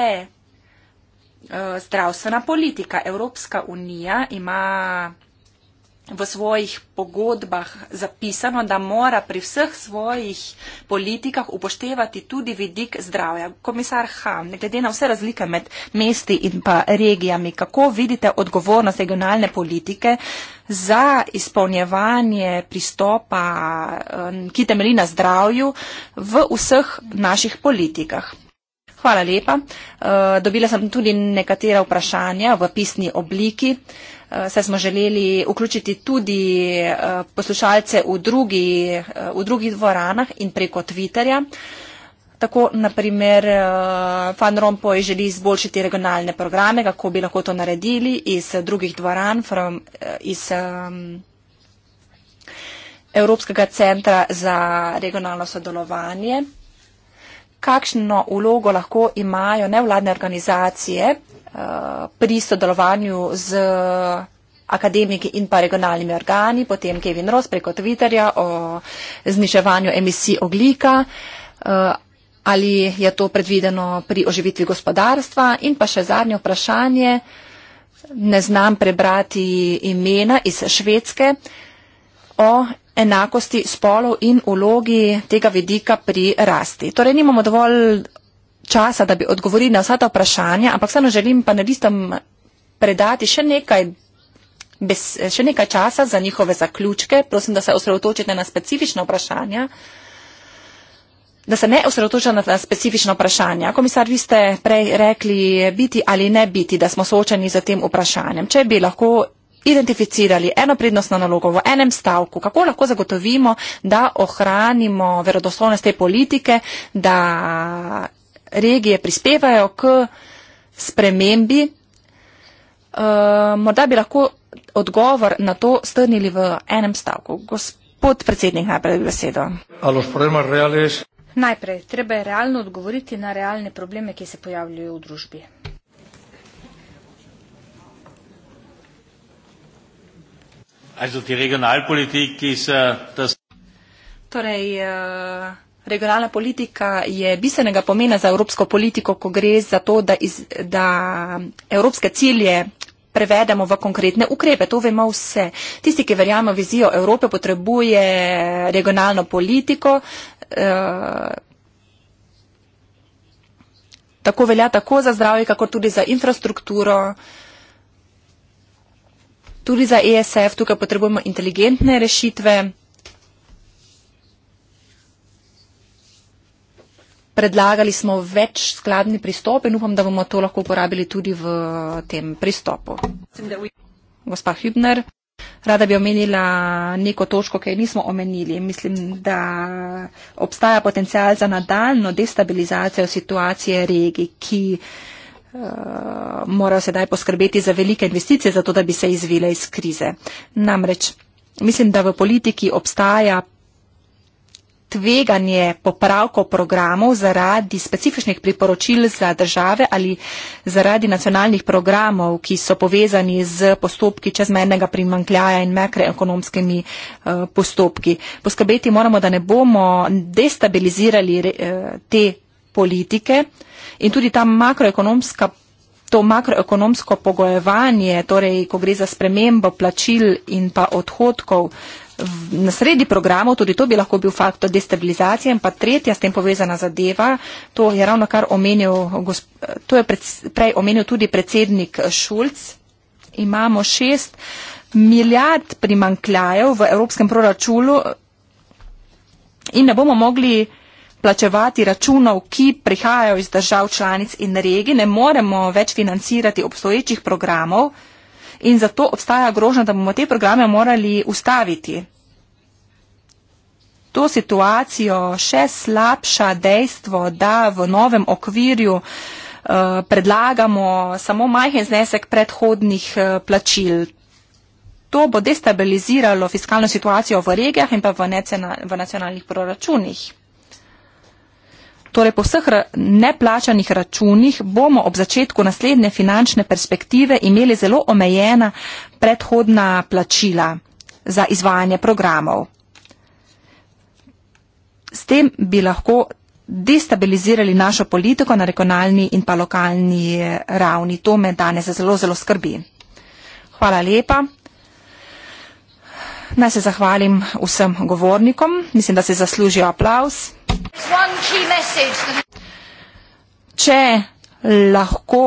Speaker 3: Eh, zdravstvena politika. Evropska unija ima v svojih pogodbah zapisano, da mora pri vseh svojih politikah upoštevati tudi vidik zdravja. Komisar Han, glede na vse razlike med mesti in pa regijami, kako vidite odgovornost regionalne politike za izpolnjevanje pristopa, eh, ki temelji na zdravju v vseh naših politikah? hvala lepa. Eh, dobila sem tudi nekatera vprašanja v pisni obliki. Eh, saj smo želeli vključiti tudi eh, poslušalce v, drugi, v drugih dvoranah in preko Twitterja. Tako, naprimer, Fan Rompoy želi izboljšiti regionalne programe, kako bi lahko to naredili iz drugih dvoran, from, iz um, Evropskega centra za regionalno sodelovanje kakšno vlogo lahko imajo nevladne organizacije eh, pri sodelovanju z akademiki in pa regionalnimi organi, potem Kevin Ross preko Twitterja o zniževanju emisij oglika, eh, ali je to predvideno pri oživitvi gospodarstva in pa še zadnje vprašanje, ne znam prebrati imena iz Švedske o enakosti spolov in vlogi tega vidika pri rasti. Torej, nimamo dovolj časa, da bi odgovorili na vsa ta vprašanja, ampak samo želim panelistom predati še nekaj, bez, še nekaj časa za njihove zaključke. Prosim, da se osredotočite na specifična vprašanja. Da se ne osredotoča na specifična vprašanja. Komisar, vi ste prej rekli biti ali ne biti, da smo soočeni z tem vprašanjem. Če bi lahko identificirali eno prednostno nalogo v enem stavku, kako lahko zagotovimo, da ohranimo verodoslovnost te politike, da regije prispevajo k spremembi. E, morda bi lahko odgovor na to strnili v enem stavku. Gospod predsednik, najprej besedo.
Speaker 1: Najprej, treba je realno odgovoriti na realne probleme, ki se pojavljajo v družbi. Also die Regionalpolitik ist äh, das.
Speaker 3: Torej, äh Regionalna politika je bistvenega pomena za evropsko politiko, ko gre za to, da, iz, da evropske cilje prevedemo v konkretne ukrepe. To vemo vse. Tisti, ki verjame v vizijo Evrope, potrebuje regionalno politiko. Eh, tako velja tako za zdravje, kako tudi za infrastrukturo. Eh, tudi za ESF tukaj potrebujemo inteligentne rešitve. Predlagali smo več skladni pristop in upam, da bomo to lahko uporabili tudi v tem pristopu. Gospa Hübner, rada bi omenila neko točko, ki jo nismo omenili. Mislim, da obstaja potencial za nadaljno destabilizacijo situacije regij, ki Eh, morajo sedaj poskrbeti za velike investicije, zato da bi se izvile iz krize. Namreč mislim, da v politiki obstaja tveganje popravkov programov zaradi specifičnih priporočil za države ali zaradi nacionalnih programov, ki so povezani z postopki čezmernega primankljaja in makroekonomskimi uh, postopki. Poskrbeti moramo, da ne bomo destabilizirali re, eh, te politike, in tudi ta makroekonomska. To makroekonomsko pogojevanje, torej, ko gre za spremembo plačil in pa odhodkov na sredi programov, tudi to bi lahko bil faktor destabilizacije. In pa tretja s tem povezana zadeva, to je ravno kar omenil, to je pred, prej omenil tudi predsednik eh, Šulc. Imamo šest milijard primankljajev v evropskem proračunu in ne bomo mogli plačevati računov, ki prihajajo iz držav članic in regij, ne moremo več financirati obstoječih programov in zato obstaja grožnja, da bomo te programe morali ustaviti. To situacijo še slabša dejstvo, da v novem okvirju eh, predlagamo samo majhen znesek predhodnih eh, plačil. To bo destabiliziralo fiskalno situacijo v regijah in pa v, necena, v nacionalnih proračunih. Torej po vseh neplačanih računih bomo ob začetku naslednje finančne perspektive imeli zelo omejena predhodna plačila za izvajanje programov. S tem bi lahko destabilizirali našo politiko na regionalni in pa lokalni eh, ravni. To me danes zelo, zelo skrbi. Hvala lepa. Naj se zahvalim vsem govornikom. Mislim, da se zaslužijo aplaus. Če lahko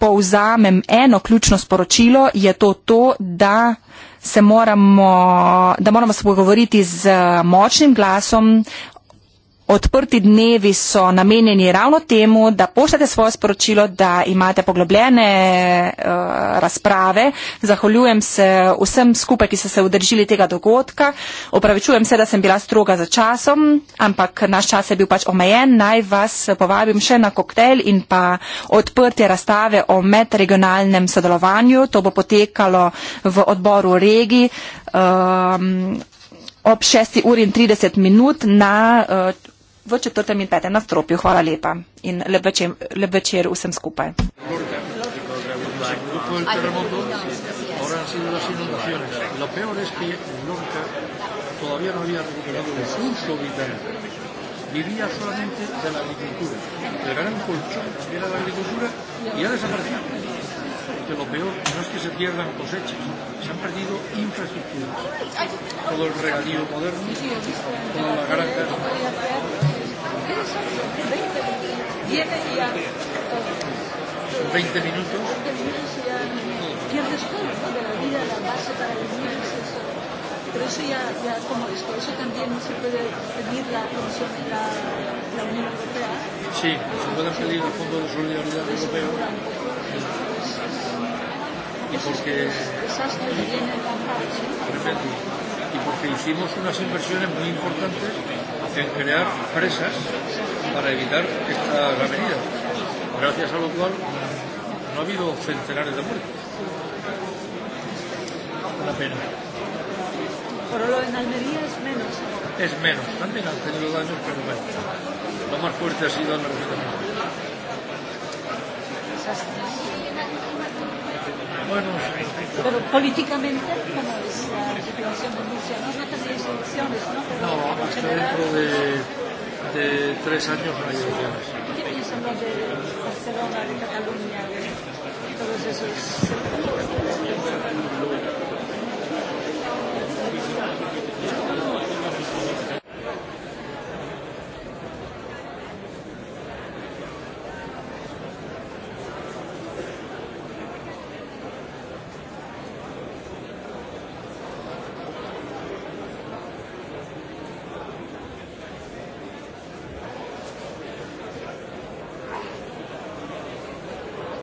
Speaker 3: povzamem eno ključno sporočilo, je to to, da se moramo, da moramo se pogovoriti z močnim glasom Odprti dnevi so namenjeni ravno temu, da pošljete svoje sporočilo, da imate poglobljene uh, razprave. Zahvaljujem se vsem skupaj, ki so se udržili tega dogodka. Opravičujem se, da sem bila stroga za časom, ampak naš čas je bil pač omejen. Naj vas povabim še na koktejl in pa odprtje razstave o medregionalnem sodelovanju. To bo potekalo v odboru regi. Um, ehm, ob 6.30 minut na uh, v četrtem in petem nastropju. Hvala lepa in lep večer, lep večer vsem skupaj.
Speaker 2: todavía no había recuperado el curso vital. Vivía solamente de la agricultura. El gran colchón era la agricultura y ha desaparecido. Que lo peor no es que se pierdan cosechas, se han perdido infraestructuras. Todo el regadío moderno, todas las granjas, ingresan 20 minutos. Vienen ya. Son 20 minutos.
Speaker 3: 20 minutos ya. Y el después ¿no? de la vida, la base para el niño es eso. Pero eso ya, ya como esto, eso también no se
Speaker 1: puede pedir la comisión en la, la Unión Europea.
Speaker 2: Sí, se puede pedir el Fondo de Solidaridad Europeo. Y porque... Desastre
Speaker 3: que viene en la paz,
Speaker 2: ¿sí? y porque hicimos unas inversiones muy importantes en crear presas para evitar esta avenida. Gracias a lo cual no ha habido centenares de muertos. Una pena. Pero lo en Almería es menos. Es menos. También han tenido daños, pero bueno. Lo más fuerte ha sido en la región. Desastre. Bueno, pero
Speaker 3: políticamente, como decía la situación de Rusia, no trata de elecciones, ¿no? Pero,
Speaker 2: no, hasta general, dentro de, de tres años no hay elecciones.
Speaker 3: ¿Qué piensan los de Barcelona, de Cataluña, de todos esos sectores?